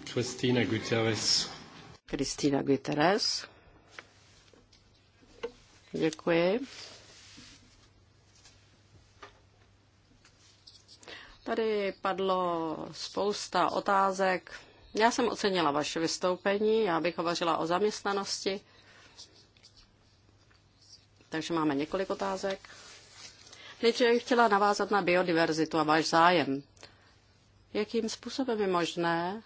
Guterres. Kristýna Guterres. Děkuji. Tady padlo spousta otázek. Já jsem ocenila vaše vystoupení, já bych hovořila o zaměstnanosti. Takže máme několik otázek. Nejdříve bych chtěla navázat na biodiverzitu a váš zájem jakým způsobem je možné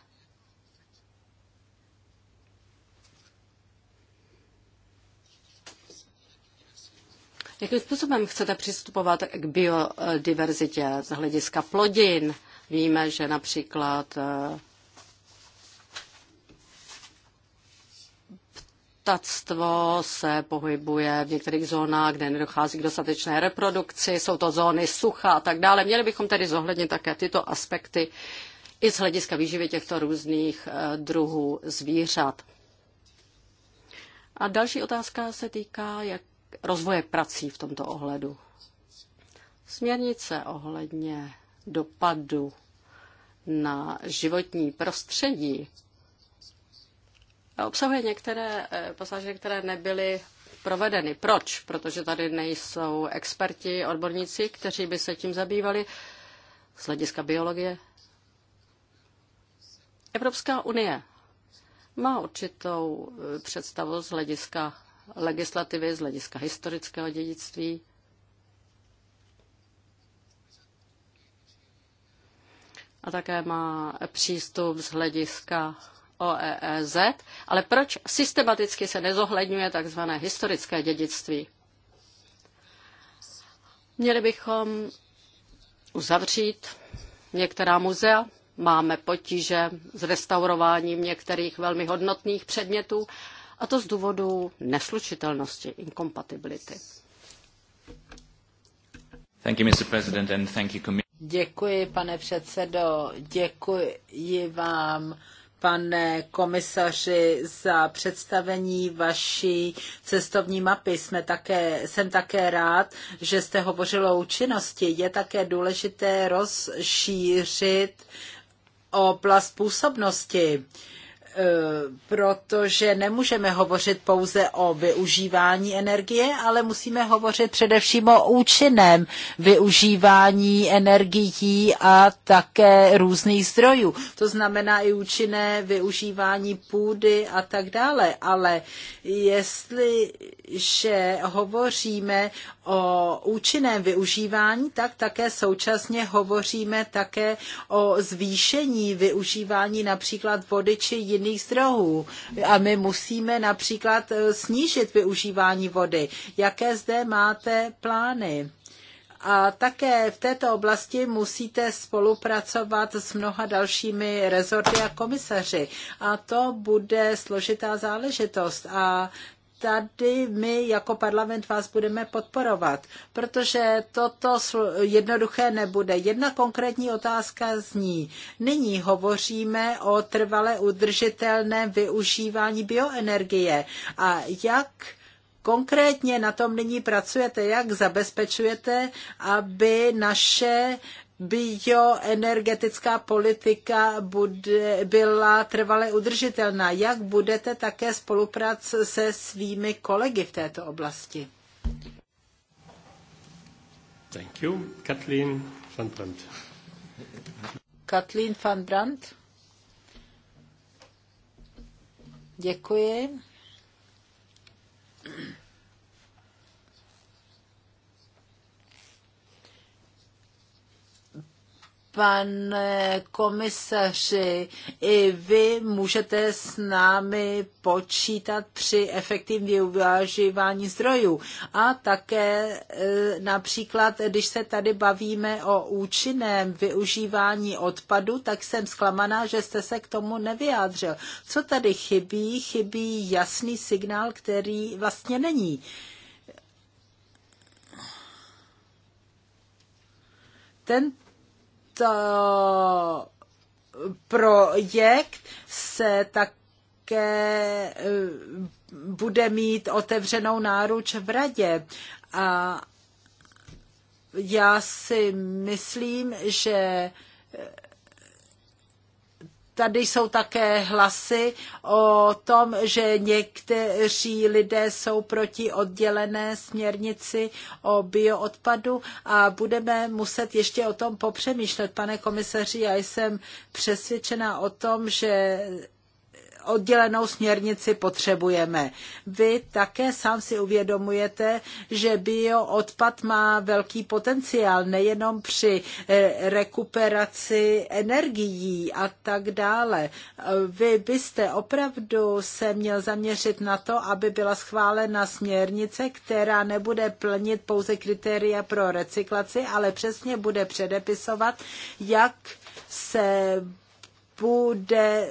Jakým způsobem chcete přistupovat k biodiverzitě z hlediska plodin? Víme, že například eh, Ptactvo se pohybuje v některých zónách, kde nedochází k dostatečné reprodukci, jsou to zóny sucha a tak dále. Měli bychom tedy zohlednit také tyto aspekty i z hlediska výživy těchto různých eh, druhů zvířat. A další otázka se týká jak rozvoje prací v tomto ohledu. Směrnice ohledně dopadu na životní prostředí obsahuje některé eh, pasáže, které nebyly provedeny. Proč? Protože tady nejsou experti, odborníci, kteří by se tím zabývali z hlediska biologie. Evropská unie má určitou eh, představu z hlediska legislativy, z hlediska historického dědictví. A také má přístup z hlediska OEZ, e ale proč systematicky se nezohledňuje tzv. historické dědictví? Měli bychom uzavřít některá muzea, máme potíže s restaurováním některých velmi hodnotných předmětů, a to z důvodu neslučitelnosti, inkompatibility. Thank you, Mr. President, and thank you, Děkuji, pane předsedo, děkuji vám pane komisaři, za představení vaší cestovní mapy. Jsme také, jsem také rád, že jste hovořil o účinnosti. Je také důležité rozšířit oblast působnosti. Uh, E, protože nemůžeme hovořit pouze o využívání energie, ale musíme hovořit především o účinném využívání energií a také různých zdrojů. To znamená i účinné využívání půdy a tak dále. Ale jestliže hovoříme o účinném využívání, tak také současně hovoříme také o zvýšení využívání například vody či jiných zdrojů. A my musíme například e, snížit využívání vody. Jaké zde máte plány? A také v této oblasti musíte spolupracovat s mnoha dalšími rezorty a komisaři. A to bude složitá záležitost. A tady my jako parlament vás budeme podporovat, protože toto jednoduché nebude. Jedna konkrétní otázka zní. Nyní hovoříme o trvale udržitelném využívání bioenergie a jak konkrétně na tom nyní pracujete, jak zabezpečujete, aby naše bioenergetická politika bude, byla trvale udržitelná. Jak budete také spolupracovat se svými kolegy v této oblasti? Thank you. Kathleen van Brandt. Kathleen van Brandt. Děkuji. Pane komisaři, i vy můžete s námi počítat při efektivním využívání zdrojů. A také e, například, když se tady bavíme o účinném využívání odpadu, tak jsem zklamaná, že jste se k tomu nevyjádřil. Co tady chybí? Chybí jasný signál, který vlastně není. Ten Eh, projekt se také eh, bude mít otevřenou náruč v radě. A já si myslím, že tady jsou také hlasy o tom, že někteří lidé jsou proti oddělené směrnici o bioodpadu a budeme muset ještě o tom popřemýšlet, pane komisaři. Já jsem přesvědčena o tom, že oddělenou směrnici potřebujeme. Vy také sám si uvědomujete, že bioodpad má velký potenciál nejenom při eh, rekuperaci energií a tak dále. Vy byste opravdu se měl zaměřit na to, aby byla schválena směrnice, která nebude plnit pouze kritéria pro recyklaci, ale přesně bude předepisovat, jak se bude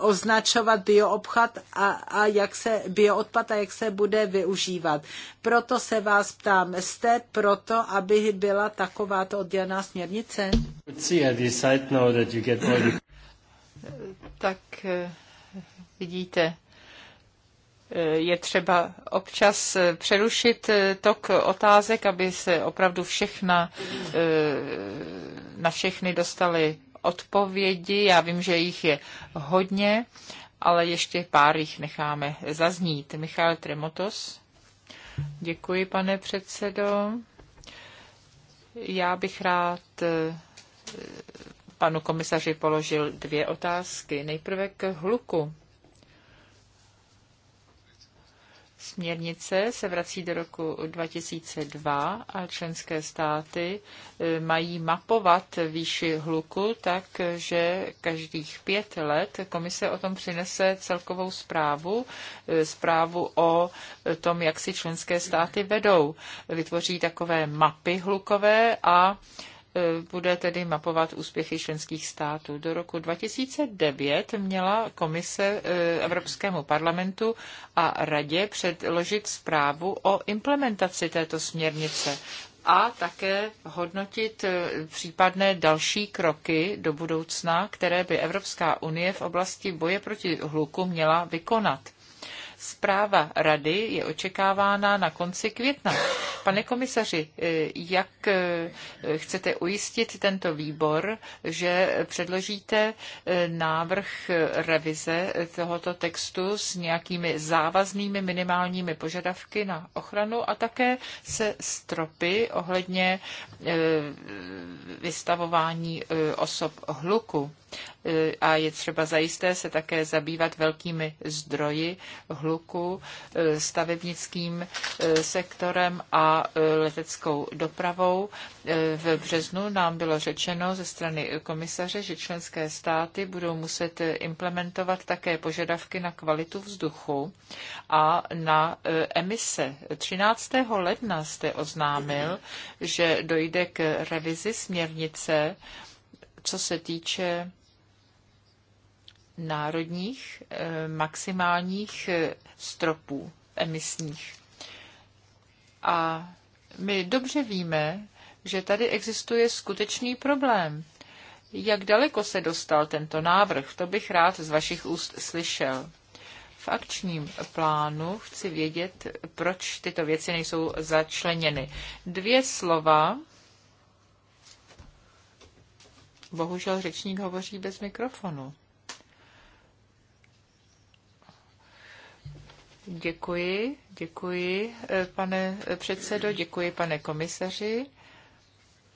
označovat bioobchod a, a jak se bioodpad a jak se bude využívat. Proto se vás ptám, jste proto, aby byla takováto oddělená směrnice? Tak eh, vidíte, eh, je třeba občas eh, přerušit tok otázek, aby se opravdu všechna, na všechny dostali odpovědi. Já vím, že jich je hodně, ale ještě pár jich necháme zaznít. Michal Tremotos. Děkuji, pane předsedo. Já bych rád eh, panu komisaři položil dvě otázky. Nejprve k hluku. Směrnice se vrací do roku 2002 a členské státy e, mají mapovat výši hluku tak, že každých pět let komise o tom přinese celkovou zprávu, e, zprávu o tom, jak si členské státy vedou. Vytvoří takové mapy hlukové a Eh, bude tedy mapovat úspěchy členských států. Do roku 2009 měla komise eh, Evropskému parlamentu a radě předložit zprávu o implementaci této směrnice a také hodnotit eh, případné další kroky do budoucna, které by Evropská unie v oblasti boje proti hluku měla vykonat. Zpráva rady je očekávána na konci května. Pane komisaři, eh, jak eh, chcete ujistit tento výbor, že předložíte eh, návrh revize tohoto textu s nějakými závaznými minimálními požadavky na ochranu a také se stropy ohledně vystavování osob hluku. A je třeba zajisté se také zabývat velkými zdroji hluku hluku eh, stavebnickým eh, sektorem a eh, leteckou dopravou. V březnu nám bylo řečeno ze strany komisaře, že členské státy budou muset implementovat také požadavky na kvalitu vzduchu a na emise. 13. ledna jste oznámil, že dojde k revizi směrnice, co se týče národních eh, maximálních eh, stropů emisních. A my dobře víme, že tady existuje skutečný problém. Jak daleko se dostal tento návrh, to bych rád z vašich úst slyšel. V akčním plánu chci vědět, proč tyto věci nejsou začleněny. Dvě slova. Bohužel řečník hovoří bez mikrofonu. Děkuji, děkuji, eh, pane předsedo, děkuji, pane komisaři.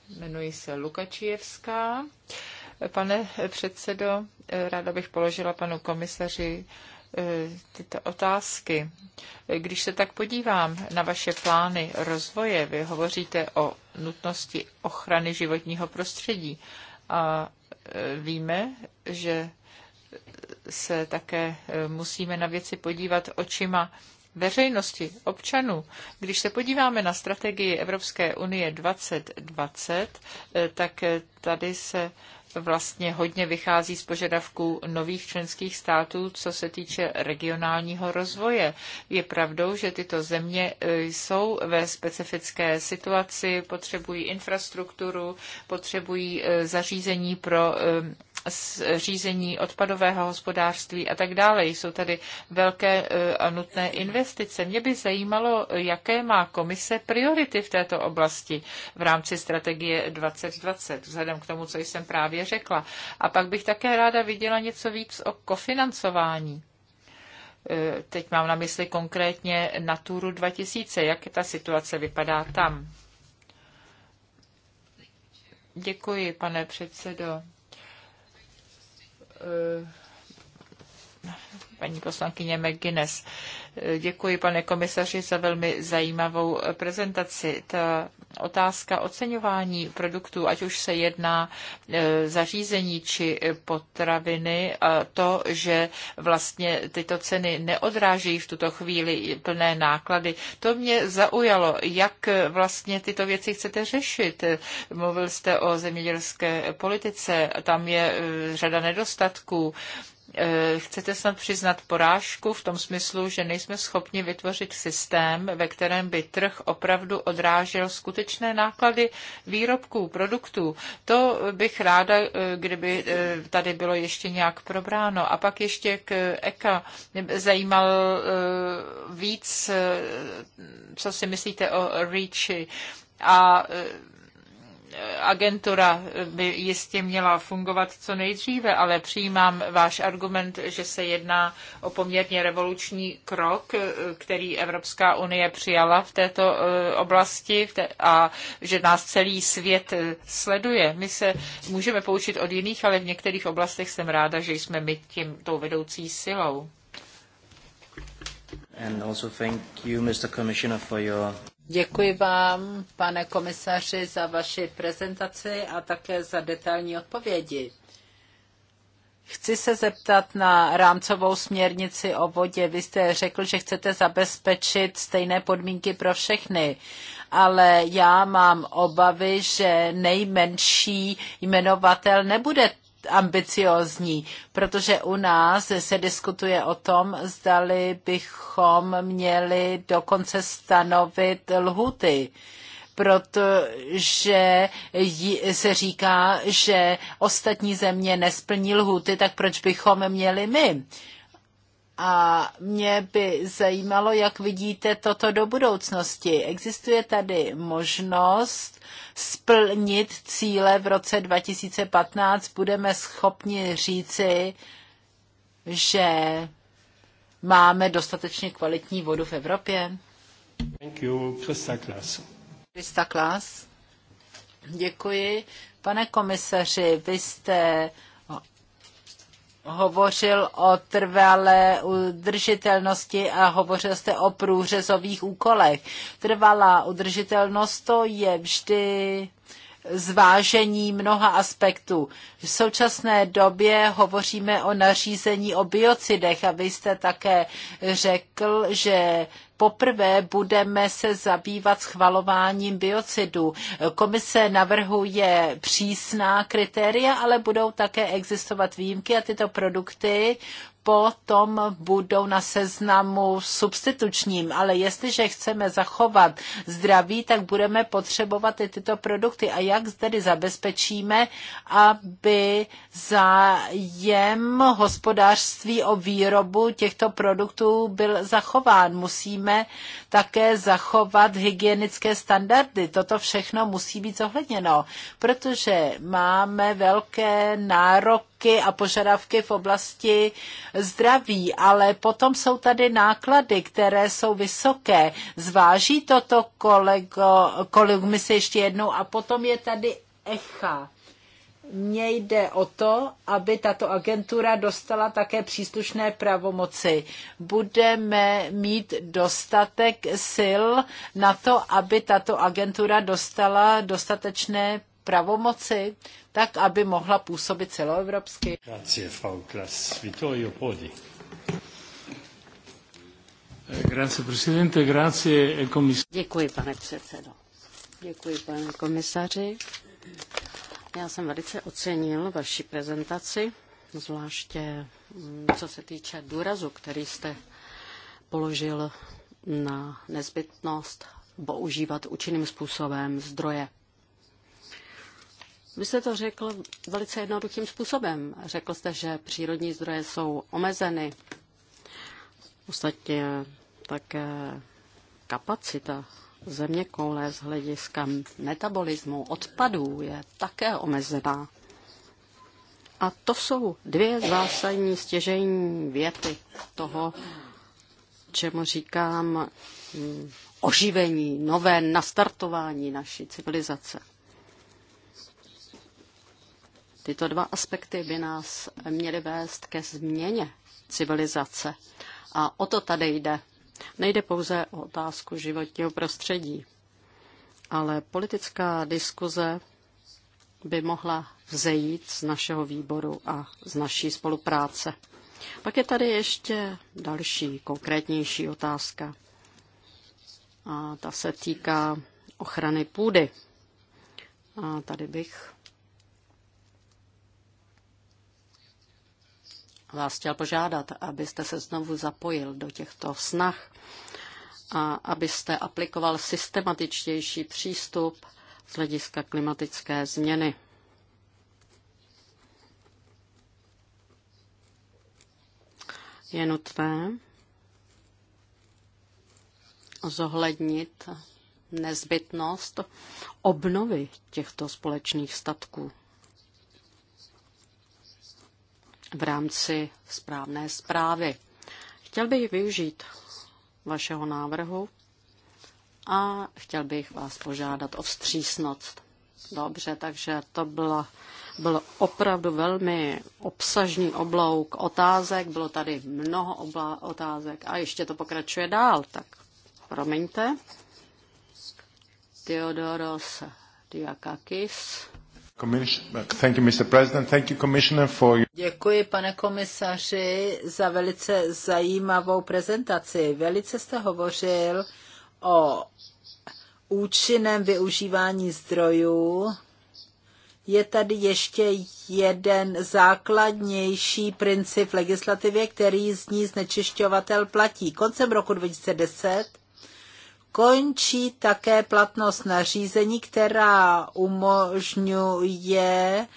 Jmenuji se Lukačijevská. Pane předsedo, eh, ráda bych položila panu komisaři eh, tyto otázky. Když se tak podívám na vaše plány rozvoje, vy hovoříte o nutnosti ochrany životního prostředí a víme, že se také eh, musíme na věci podívat očima veřejnosti, občanů. Když se podíváme na strategii Evropské unie 2020, eh, tak eh, tady se vlastně hodně vychází z požadavků nových členských států, co se týče regionálního rozvoje. Je pravdou, že tyto země jsou ve specifické situaci, potřebují infrastrukturu, potřebují zařízení pro řízení odpadového hospodářství a tak dále. Jsou tady velké eh, a nutné investice. Mě by zajímalo, jaké má komise priority v této oblasti v rámci strategie 2020, vzhledem k tomu, co jsem právě řekla. A pak bych také ráda viděla něco víc o kofinancování eh, teď mám na mysli konkrétně Naturu 2000, jak ta situace vypadá tam. Děkuji, pane předsedo. Eh, paní poslankyně McGuinness. Děkuji, pane komisaři, za velmi zajímavou prezentaci. Ta otázka oceňování produktů, ať už se jedná e, zařízení či potraviny, a to, že vlastně tyto ceny neodrážejí v tuto chvíli plné náklady, to mě zaujalo, jak vlastně tyto věci chcete řešit. Mluvil jste o zemědělské politice, tam je e, řada nedostatků Eh, chcete snad přiznat porážku v tom smyslu, že nejsme schopni vytvořit systém, ve kterém by trh opravdu odrážel skutečné náklady výrobků, produktů. To bych ráda, eh, kdyby eh, tady bylo ještě nějak probráno. A pak ještě k EKA. zajímal víc, co si myslíte o REACHi. A agentura by jistě měla fungovat co nejdříve, ale přijímám váš argument, že se jedná o poměrně revoluční krok, který Evropská unie přijala v této eh, oblasti a že nás celý svět eh, sleduje. My se můžeme poučit od jiných, ale v některých oblastech jsem ráda, že jsme my tím tou vedoucí silou. And also thank you, Mr. Commissioner, for your Děkuji vám, pane komisaři, za vaši prezentaci a také za detailní odpovědi. Chci se zeptat na rámcovou směrnici o vodě. Vy jste řekl, že chcete zabezpečit stejné podmínky pro všechny, ale já mám obavy, že nejmenší jmenovatel nebude ambiciozní, protože u nás se diskutuje o tom, zdali bychom měli dokonce stanovit lhuty protože se říká, že ostatní země nesplní lhuty, tak proč bychom měli my? A mě by zajímalo, jak vidíte toto do budoucnosti. Existuje tady možnost splnit cíle v roce 2015? Budeme schopni říci, že máme dostatečně kvalitní vodu v Evropě? Thank you, Krista Klas. Krista Klas. Děkuji. Pane komisaři, vy jste hovořil o trvalé udržitelnosti a hovořil jste o průřezových úkolech. Trvalá udržitelnost to je vždy zvážení mnoha aspektů. V současné době hovoříme o nařízení o biocidech a vy jste také řekl, že poprvé budeme se zabývat schvalováním biocidů. Komise navrhuje přísná kritéria, ale budou také existovat výjimky a tyto produkty potom budou na seznamu substitučním, ale jestliže chceme zachovat zdraví, tak budeme potřebovat i tyto produkty. A jak tedy zabezpečíme, aby zájem hospodářství o výrobu těchto produktů byl zachován? Musíme také zachovat hygienické standardy. Toto všechno musí být zohledněno, protože máme velké nároky prvky a požadavky v oblasti zdraví, ale potom jsou tady náklady, které jsou vysoké. Zváží toto kolego, my se ještě jednou a potom je tady echa. Mně jde o to, aby tato agentura dostala také příslušné pravomoci. Budeme mít dostatek sil na to, aby tato agentura dostala dostatečné pravomoci, tak aby mohla působit celoevropsky. Grazie, Frau Vittorio eh, Grazie, presidente, grazie, komisaři. Eh, Děkuji, pane předsedo. Děkuji, pane komisaři. Já jsem velice ocenil vaši prezentaci, zvláště mm, co se týče důrazu, který jste položil na nezbytnost používat účinným způsobem zdroje. Vy jste to řekl velice jednoduchým způsobem. Řekl jste, že přírodní zdroje jsou omezeny. Ostatně také kapacita země koule z hlediska metabolismu odpadů je také omezená. A to jsou dvě zásadní stěžejní věty toho, čemu říkám mm, oživení, nové nastartování naší civilizace. Tyto dva aspekty by nás měly vést ke změně civilizace. A o to tady jde. Nejde pouze o otázku životního prostředí, ale politická diskuze by mohla vzejít z našeho výboru a z naší spolupráce. Pak je tady ještě další konkrétnější otázka. A ta se týká ochrany půdy. A tady bych vás chtěl požádat, abyste se znovu zapojil do těchto snah a abyste aplikoval systematičtější přístup z hlediska klimatické změny. Je nutné zohlednit nezbytnost obnovy těchto společných statků v rámci správné zprávy. Chtěl bych využít vašeho návrhu a chtěl bych vás požádat o vstřísnost. Dobře, takže to bylo byl opravdu velmi obsažný oblouk otázek. Bylo tady mnoho obla, otázek a ještě to pokračuje dál, tak promiňte. Theodoros Diakakis Děkuji, pane komisaři, za velice zajímavou prezentaci. Velice jste hovořil o účinném využívání zdrojů. Je tady ještě jeden základnější princip v legislativě, který zní znečišťovatel platí. Koncem roku 2010 končí také platnost nařízení, která umožňuje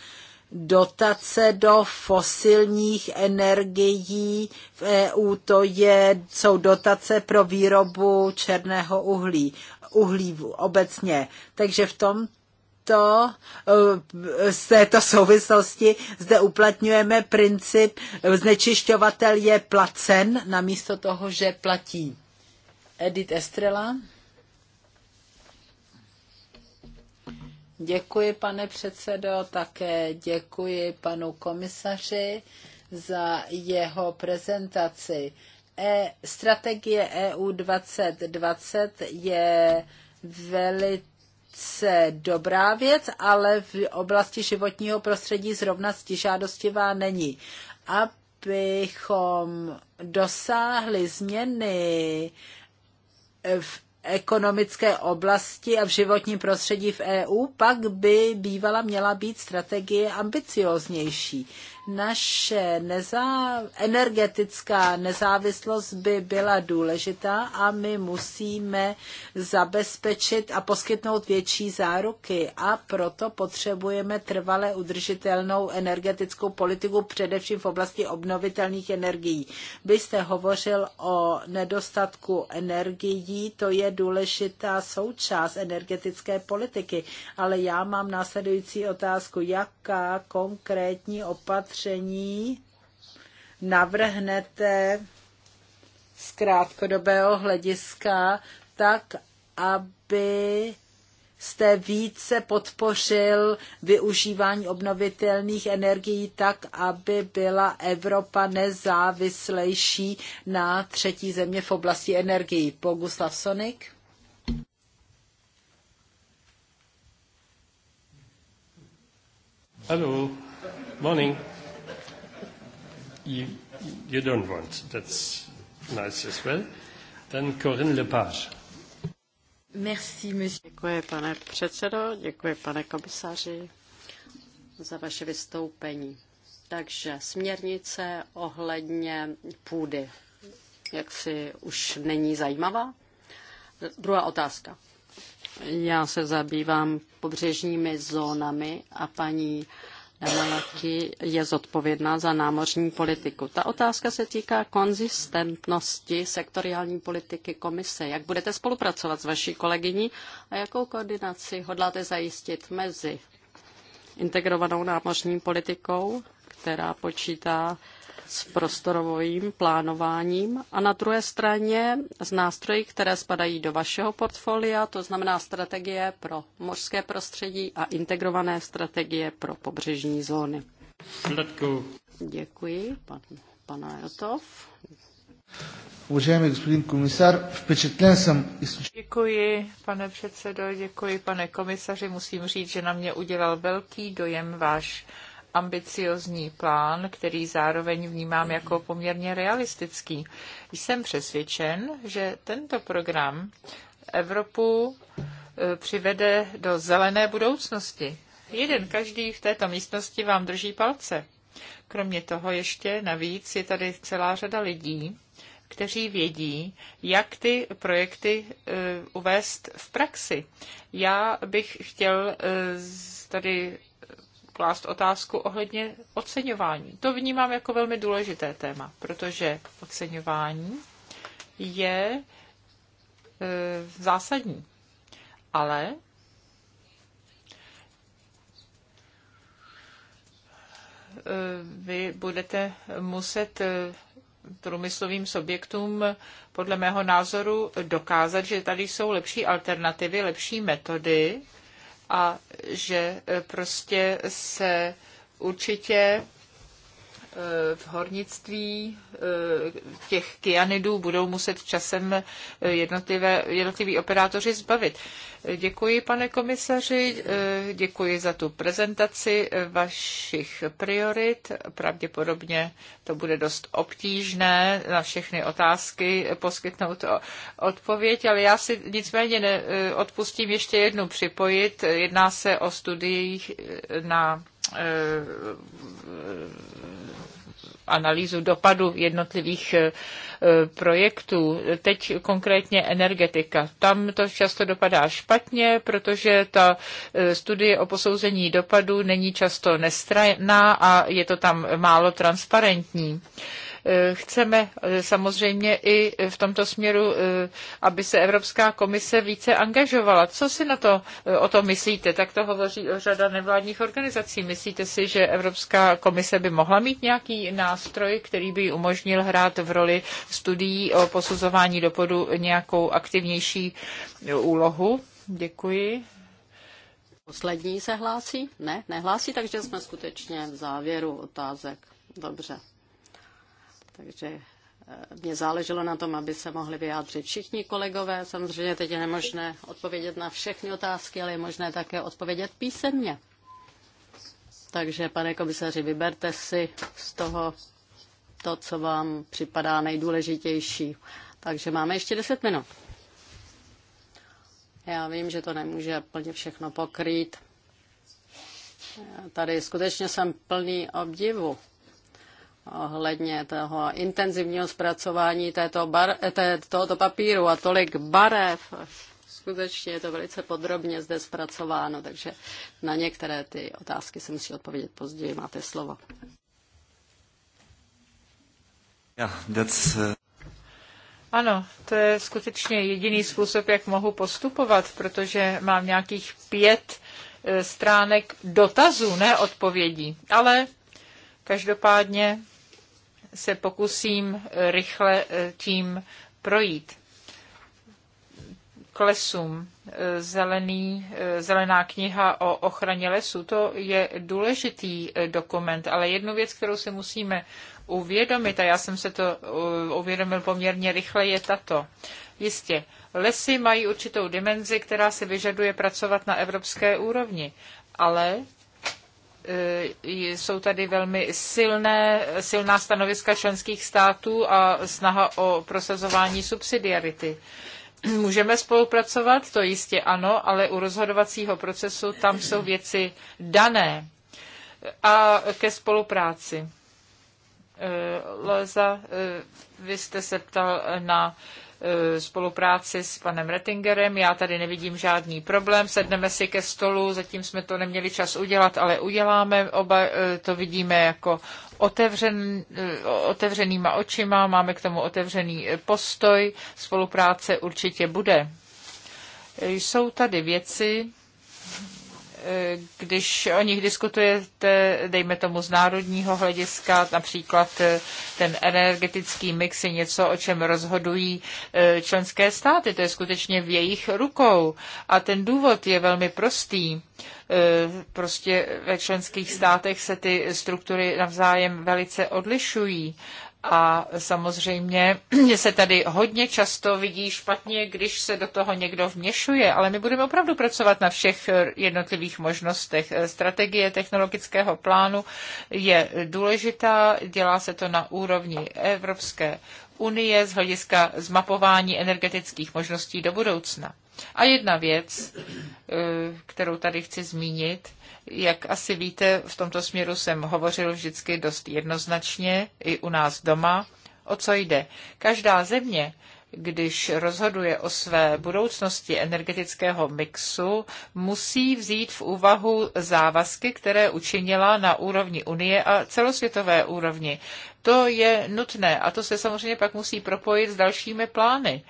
dotace do fosilních energií v EU, to je, jsou dotace pro výrobu černého uhlí, uhlí obecně. Takže v tom to eh, z této souvislosti zde uplatňujeme princip eh, znečišťovatel je placen namísto toho, že platí. Edith Estrela. Děkuji, pane předsedo, také děkuji panu komisaři za jeho prezentaci. E, strategie EU 2020 je velice dobrá věc, ale v oblasti životního prostředí zrovna stižádostivá není. Abychom dosáhli změny v ekonomické oblasti a v životním prostředí v EU, pak by bývala měla být strategie ambicioznější. Naše nezá, energetická nezávislost by byla důležitá a my musíme zabezpečit a poskytnout větší záruky a proto potřebujeme trvale udržitelnou energetickou politiku především v oblasti obnovitelných energií. Vy jste hovořil o nedostatku energií, to je důležitá součást energetické politiky, ale já mám následující otázku, jaká konkrétní opatření opatření navrhnete z krátkodobého hlediska tak, aby jste více podpořil využívání obnovitelných energií tak, aby byla Evropa nezávislejší na třetí země v oblasti energií. Boguslav Sonik. Hello. Morning. You, you don't want. That's nice as well. Then Corinne Lepage. Merci, monsieur. Děkuji, pane předsedo, děkuji, pane komisaři, za vaše vystoupení. Takže směrnice ohledně půdy, jak si už není zajímavá? Druhá otázka. Já se zabývám pobřežními zónami a paní Damanaki je zodpovědná za námořní politiku. Ta otázka se týká konzistentnosti sektoriální politiky komise. Jak budete spolupracovat s vaší kolegyní a jakou koordinaci hodláte zajistit mezi integrovanou námořní politikou, která počítá s prostorovým plánováním a na druhé straně s nástroji, které spadají do vašeho portfolia, to znamená strategie pro mořské prostředí a integrované strategie pro pobřežní zóny. Letko. Děkuji, pan, pana Jotov. Уважаеми господин комисар, jsem. Děkuji, pane předsedo, děkuji, pane komisaři. Musím říct, že na mě udělal velký dojem váš ambiciozní plán, který zároveň vnímám jako poměrně realistický. Jsem přesvědčen, že tento program Evropu e, přivede do zelené budoucnosti. Jeden každý v této místnosti vám drží palce. Kromě toho ještě navíc je tady celá řada lidí, kteří vědí, jak ty projekty e, uvést v praxi. Já bych chtěl e, tady klást otázku ohledně oceňování. To vnímám jako velmi důležité téma, protože oceňování je e, zásadní. Ale vy budete muset e, průmyslovým subjektům podle mého názoru dokázat, že tady jsou lepší alternativy, lepší metody, a že e, prostě se určitě Eh, v hornictví eh, těch kyanidů budou muset časem eh, jednotlivé, jednotliví operátoři zbavit. Děkuji, pane komisaři, děkuji za tu prezentaci vašich priorit. Pravděpodobně to bude dost obtížné na všechny otázky poskytnout odpověď, ale já si nicméně odpustím ještě jednu připojit. Jedná se o studiích na Eh, analýzu dopadu jednotlivých eh, projektů. Teď konkrétně energetika. Tam to často dopadá špatně, protože ta eh, studie o posouzení dopadu není často nestraná a je to tam málo transparentní. Eh, chceme eh, samozřejmě i v tomto směru, eh, aby se Evropská komise více angažovala. Co si na to o to myslíte? Tak to hovoří řada nevládních organizací. Myslíte si, že Evropská komise by mohla mít nějaký nástroj, který by umožnil hrát v roli studií o posuzování dopadu nějakou aktivnější úlohu? Děkuji. Poslední se hlásí? Ne, nehlásí, takže jsme skutečně v závěru otázek. Dobře takže eh, mě záleželo na tom, aby se mohli vyjádřit všichni kolegové. Samozřejmě teď je nemožné odpovědět na všechny otázky, ale je možné také odpovědět písemně. Takže, pane komisaři, vyberte si z toho to, co vám připadá nejdůležitější. Takže máme ještě 10 minut. Já vím, že to nemůže plně všechno pokrýt. Tady skutečně jsem plný obdivu ohledně toho intenzivního zpracování této bar, eh, té, tohoto papíru a tolik barev. Skutečně je to velice podrobně zde zpracováno, takže na některé ty otázky se musí odpovědět později. Máte slovo. that's, uh... Ano, to je skutečně jediný způsob, jak mohu postupovat, protože mám nějakých pět eh, stránek dotazů, ne odpovědí. Ale každopádně se pokusím eh, rychle eh, tím projít. K lesům. Eh, zelený, zelená kniha o ochraně lesů, to je důležitý dokument, ale jednu věc, kterou si musíme uvědomit, a já jsem se to uvědomil poměrně rychle, je tato. Jistě, lesy mají určitou dimenzi, která si vyžaduje pracovat na evropské úrovni, ale jsou tady velmi silné, silná stanoviska členských států a snaha o prosazování subsidiarity. Můžeme spolupracovat, to jistě ano, ale u rozhodovacího procesu tam jsou věci dané. A ke spolupráci. Eh, Leza, eh, vy jste se ptal na E, spolupráci s panem Rettingerem. Já tady nevidím žádný problém. Sedneme si ke stolu, zatím jsme to neměli čas udělat, ale uděláme. Oba e, to vidíme jako otevřen, e, otevřenýma očima, máme k tomu otevřený postoj. Spolupráce určitě bude. Jsou tady věci, když o nich diskutujete, dejme tomu z národního hlediska, například eh, ten energetický mix je něco, o čem rozhodují eh, členské státy, to je skutečně v jejich rukou. A ten důvod je velmi prostý. Eh, prostě ve členských státech se ty struktury navzájem velice odlišují a samozřejmě *clears throat* se tady hodně často vidí špatně, když se do toho někdo vměšuje, ale my budeme opravdu pracovat na všech jednotlivých možnostech. Strategie technologického plánu je důležitá, dělá se to na úrovni Evropské unie z hlediska zmapování energetických možností do budoucna. A jedna věc, eh, kterou tady chci zmínit, jak asi víte, v tomto směru jsem hovořil vždycky dost jednoznačně i u nás doma, o co jde. Každá země, když rozhoduje o své budoucnosti energetického mixu, musí vzít v úvahu závazky, které učinila na úrovni Unie a celosvětové úrovni. To je nutné a to se samozřejmě pak musí propojit s dalšími plány.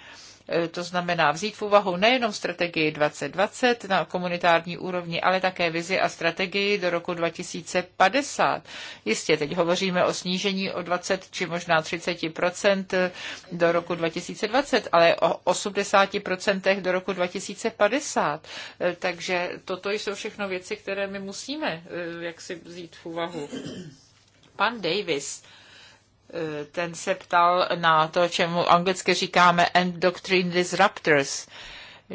E, to znamená vzít v úvahu nejenom strategii 2020 na komunitární úrovni, ale také vizi a strategii do roku 2050. Jistě, teď hovoříme o snížení o 20 či možná 30 do roku 2020, ale o 80 do roku 2050. E, takže toto jsou všechno věci, které my musíme e, jak si vzít v úvahu. Pan Davis Eh, ten se ptal na to, čemu anglicky říkáme doctrine disruptors.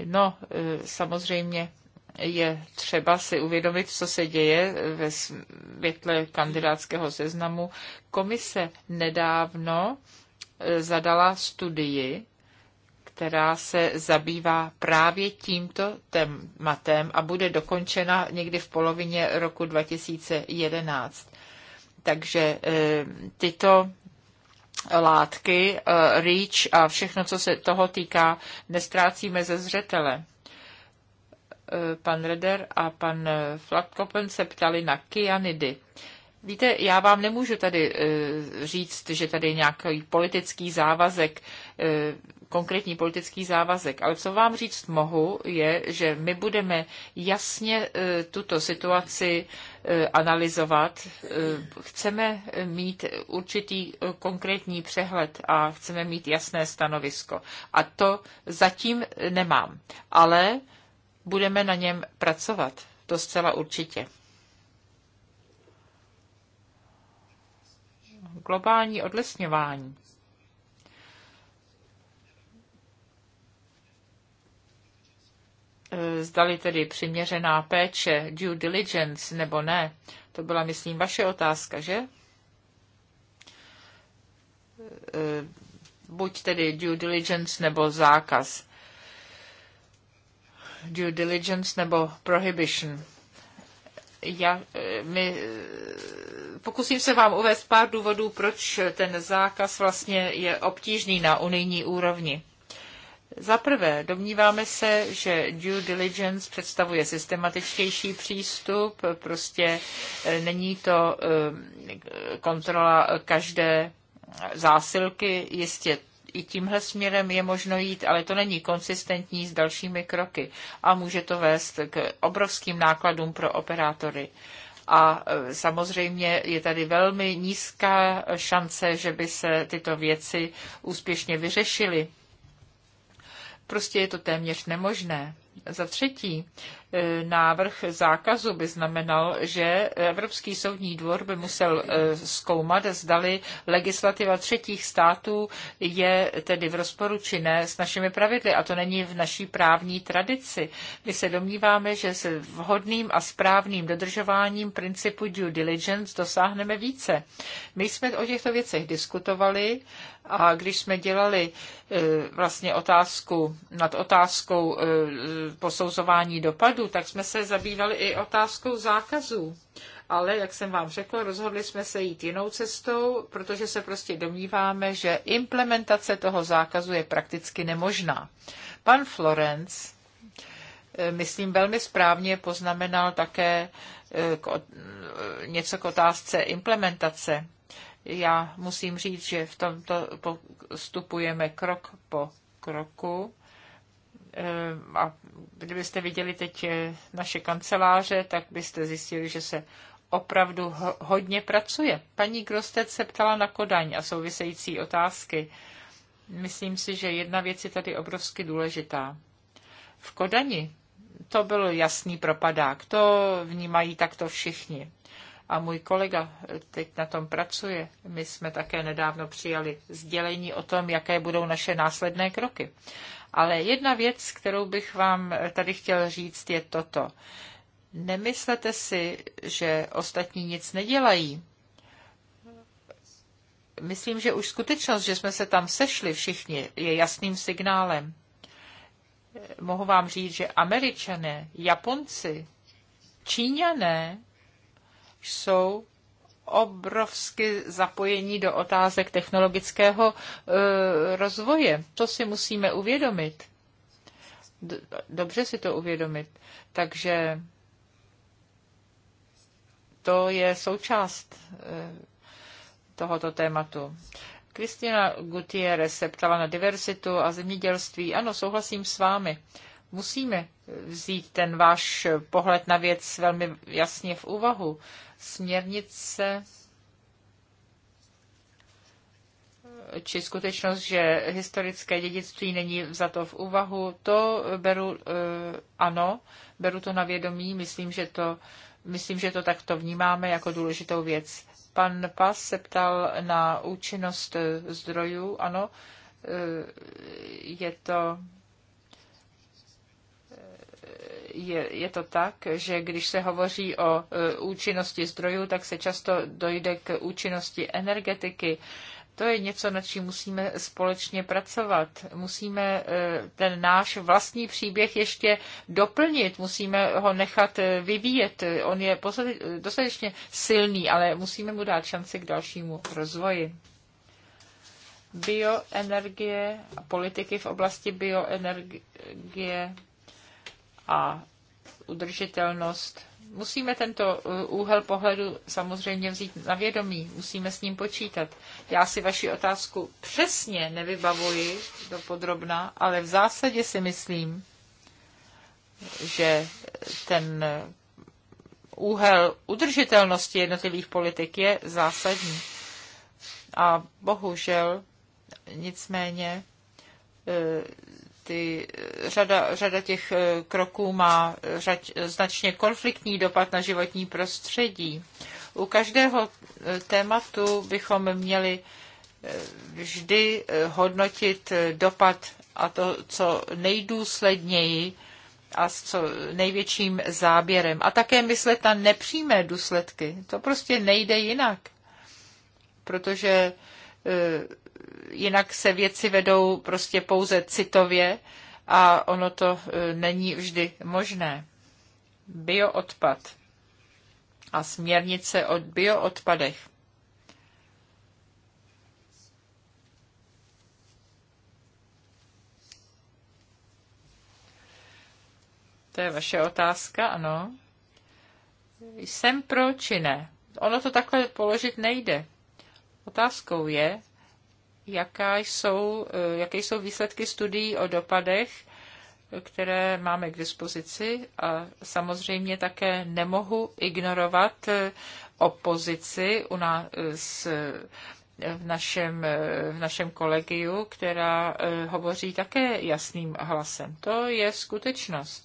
No, eh, samozřejmě je třeba si uvědomit, co se děje ve světle kandidátského seznamu. Komise nedávno eh, zadala studii, která se zabývá právě tímto tématem a bude dokončena někdy v polovině roku 2011. Takže tyto látky, eh, REACH a všechno, co se toho týká, nestrácíme ze zřetele. Eh, pan Reder a pan eh, Flatkopen se ptali na kyanidy. Víte, já vám nemůžu tady říct, že tady je nějaký politický závazek, konkrétní politický závazek, ale co vám říct mohu, je, že my budeme jasně tuto situaci Eh, analyzovat. Eh, chceme mít určitý eh, konkrétní přehled a chceme mít jasné stanovisko. A to zatím nemám, ale budeme na něm pracovat. To zcela určitě. Globální odlesňování. zdali tedy přiměřená péče, due diligence nebo ne, to byla, myslím, vaše otázka, že? E, buď tedy due diligence nebo zákaz. Due diligence nebo prohibition. Já, e, my, e, pokusím se vám uvést pár důvodů, proč ten zákaz vlastně je obtížný na unijní úrovni. Za prvé, domníváme se, že due diligence představuje systematičtější přístup, prostě e, není to e, kontrola každé zásilky, jistě i tímhle směrem je možno jít, ale to není konsistentní s dalšími kroky a může to vést k obrovským nákladům pro operátory. A e, samozřejmě je tady velmi nízká šance, že by se tyto věci úspěšně vyřešily Prostě je to téměř nemožné. Za třetí, E, návrh zákazu by znamenal, že Evropský soudní dvor by musel e, zkoumat, zdali legislativa třetích států je tedy v rozporu či ne s našimi pravidly. A to není v naší právní tradici. My se domníváme, že se vhodným a správným dodržováním principu due diligence dosáhneme více. My jsme o těchto věcech diskutovali a když jsme dělali e, vlastně otázku nad otázkou posouzování dopadů, produktů, tak jsme se zabývali i otázkou zákazů. Ale, jak jsem vám řekl, rozhodli jsme se jít jinou cestou, protože se prostě domníváme, že implementace toho zákazu je prakticky nemožná. Pan Florence, eh, myslím, velmi správně poznamenal také eh, eh, něco k otázce implementace. Já musím říct, že v tomto postupujeme krok po kroku Eh, a kdybyste viděli teď eh, naše kanceláře, tak byste zjistili, že se opravdu hodně pracuje. Paní Grostec se ptala na Kodaň a související otázky. Myslím si, že jedna věc je tady obrovsky důležitá. V Kodani to byl jasný propadák, to vnímají takto všichni. A můj kolega teď na tom pracuje. My jsme také nedávno přijali sdělení o tom, jaké budou naše následné kroky. Ale jedna věc, kterou bych vám tady chtěl říct, je toto. Nemyslete si, že ostatní nic nedělají. Myslím, že už skutečnost, že jsme se tam sešli všichni, je jasným signálem. Mohu vám říct, že američané, Japonci, Číňané jsou obrovsky zapojení do otázek technologického eh, rozvoje. To si musíme uvědomit. Dobře si to uvědomit. Takže to je součást eh, tohoto tématu. Kristina Gutierrez se ptala na diversitu a zemědělství. Ano, souhlasím s vámi. Musíme vzít ten váš pohled na věc velmi jasně v úvahu směrnice či skutečnost, že historické dědictví není za to v úvahu, to beru, eh, ano, beru to na vědomí, myslím, že to, myslím, že to takto vnímáme jako důležitou věc. Pan Pas se ptal na účinnost zdrojů, ano, eh, je to je, je to tak, že když se hovoří o e, účinnosti zdrojů, tak se často dojde k účinnosti energetiky. To je něco, nad čím musíme společně pracovat. Musíme e, ten náš vlastní příběh ještě doplnit, musíme ho nechat e, vyvíjet. On je dostatečně silný, ale musíme mu dát šanci k dalšímu rozvoji. Bioenergie a politiky v oblasti bioenergie a udržitelnost. Musíme tento uh, úhel pohledu samozřejmě vzít na vědomí, musíme s ním počítat. Já si vaši otázku přesně nevybavuji do podrobna, ale v zásadě si myslím, že ten úhel udržitelnosti jednotlivých politik je zásadní. A bohužel nicméně eh, ty, řada, řada těch eh, kroků má eh, řad, eh, značně konfliktní dopad na životní prostředí. U každého tématu bychom měli vždy hodnotit dopad a to, co nejdůsledněji a s co největším záběrem. A také myslet na nepřímé důsledky. To prostě nejde jinak, protože jinak se věci vedou prostě pouze citově a ono to e, není vždy možné. Bioodpad a směrnice o bioodpadech. To je vaše otázka, ano. Jsem pro či ne? Ono to takhle položit nejde. Otázkou je, jaká jsou, eh, jaké jsou výsledky studií o dopadech, které máme k dispozici a samozřejmě také nemohu ignorovat eh, opozici u nás eh, v našem, v našem kolegiu, která hovoří také jasným hlasem. To je skutečnost.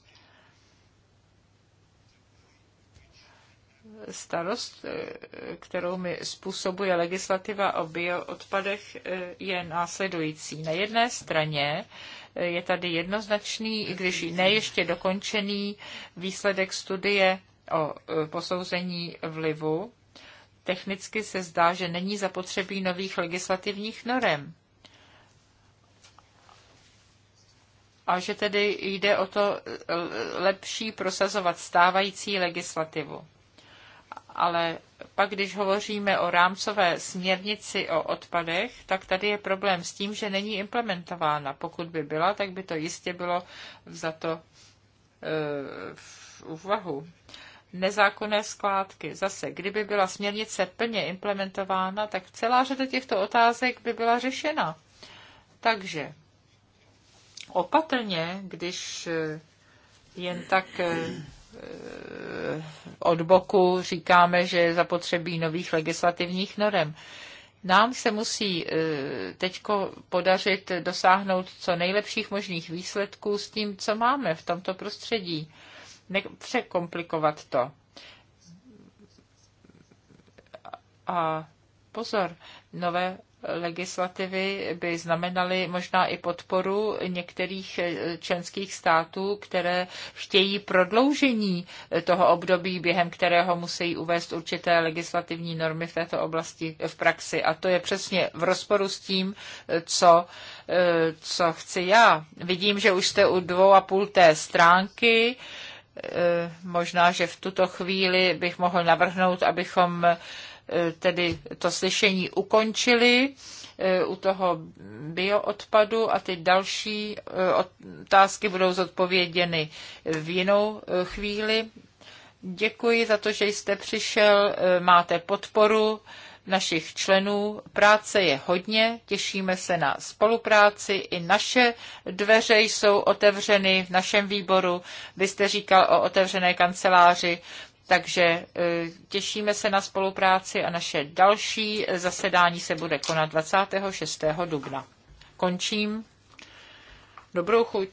starost, eh, kterou mi způsobuje legislativa o bioodpadech, eh, je následující. Na jedné straně eh, je tady jednoznačný, i když ne ještě dokončený, výsledek studie o posouzení vlivu. Technicky se zdá, že není zapotřebí nových legislativních norem. a že tedy jde o to lepší prosazovat stávající legislativu ale pak, když hovoříme o rámcové směrnici o odpadech, tak tady je problém s tím, že není implementována. Pokud by byla, tak by to jistě bylo za e, v úvahu. Nezákonné skládky. Zase, kdyby byla směrnice plně implementována, tak celá řada těchto otázek by byla řešena. Takže opatrně, když e, jen tak e, od boku říkáme, že je zapotřebí nových legislativních norem. Nám se musí eh, teď podařit dosáhnout co nejlepších možných výsledků s tím, co máme v tomto prostředí. Nepřekomplikovat to. A pozor, nové legislativy by znamenaly možná i podporu některých eh, členských států, které chtějí prodloužení eh, toho období, během kterého musí uvést určité legislativní normy v této oblasti eh, v praxi. A to je přesně v rozporu s tím, co, co chci já. Vidím, že už jste u dvou a půl té stránky možná, že v tuto chvíli bych mohl navrhnout, abychom tedy to slyšení ukončili eh, u toho bioodpadu a ty další eh, otázky budou zodpověděny v jinou eh, chvíli. Děkuji za to, že jste přišel, máte podporu našich členů. Práce je hodně, těšíme se na spolupráci. I naše dveře jsou otevřeny v našem výboru. Vy jste říkal o otevřené kanceláři. Takže e, těšíme se na spolupráci a naše další zasedání se bude konat 26. dubna. Končím. Dobrou chuť.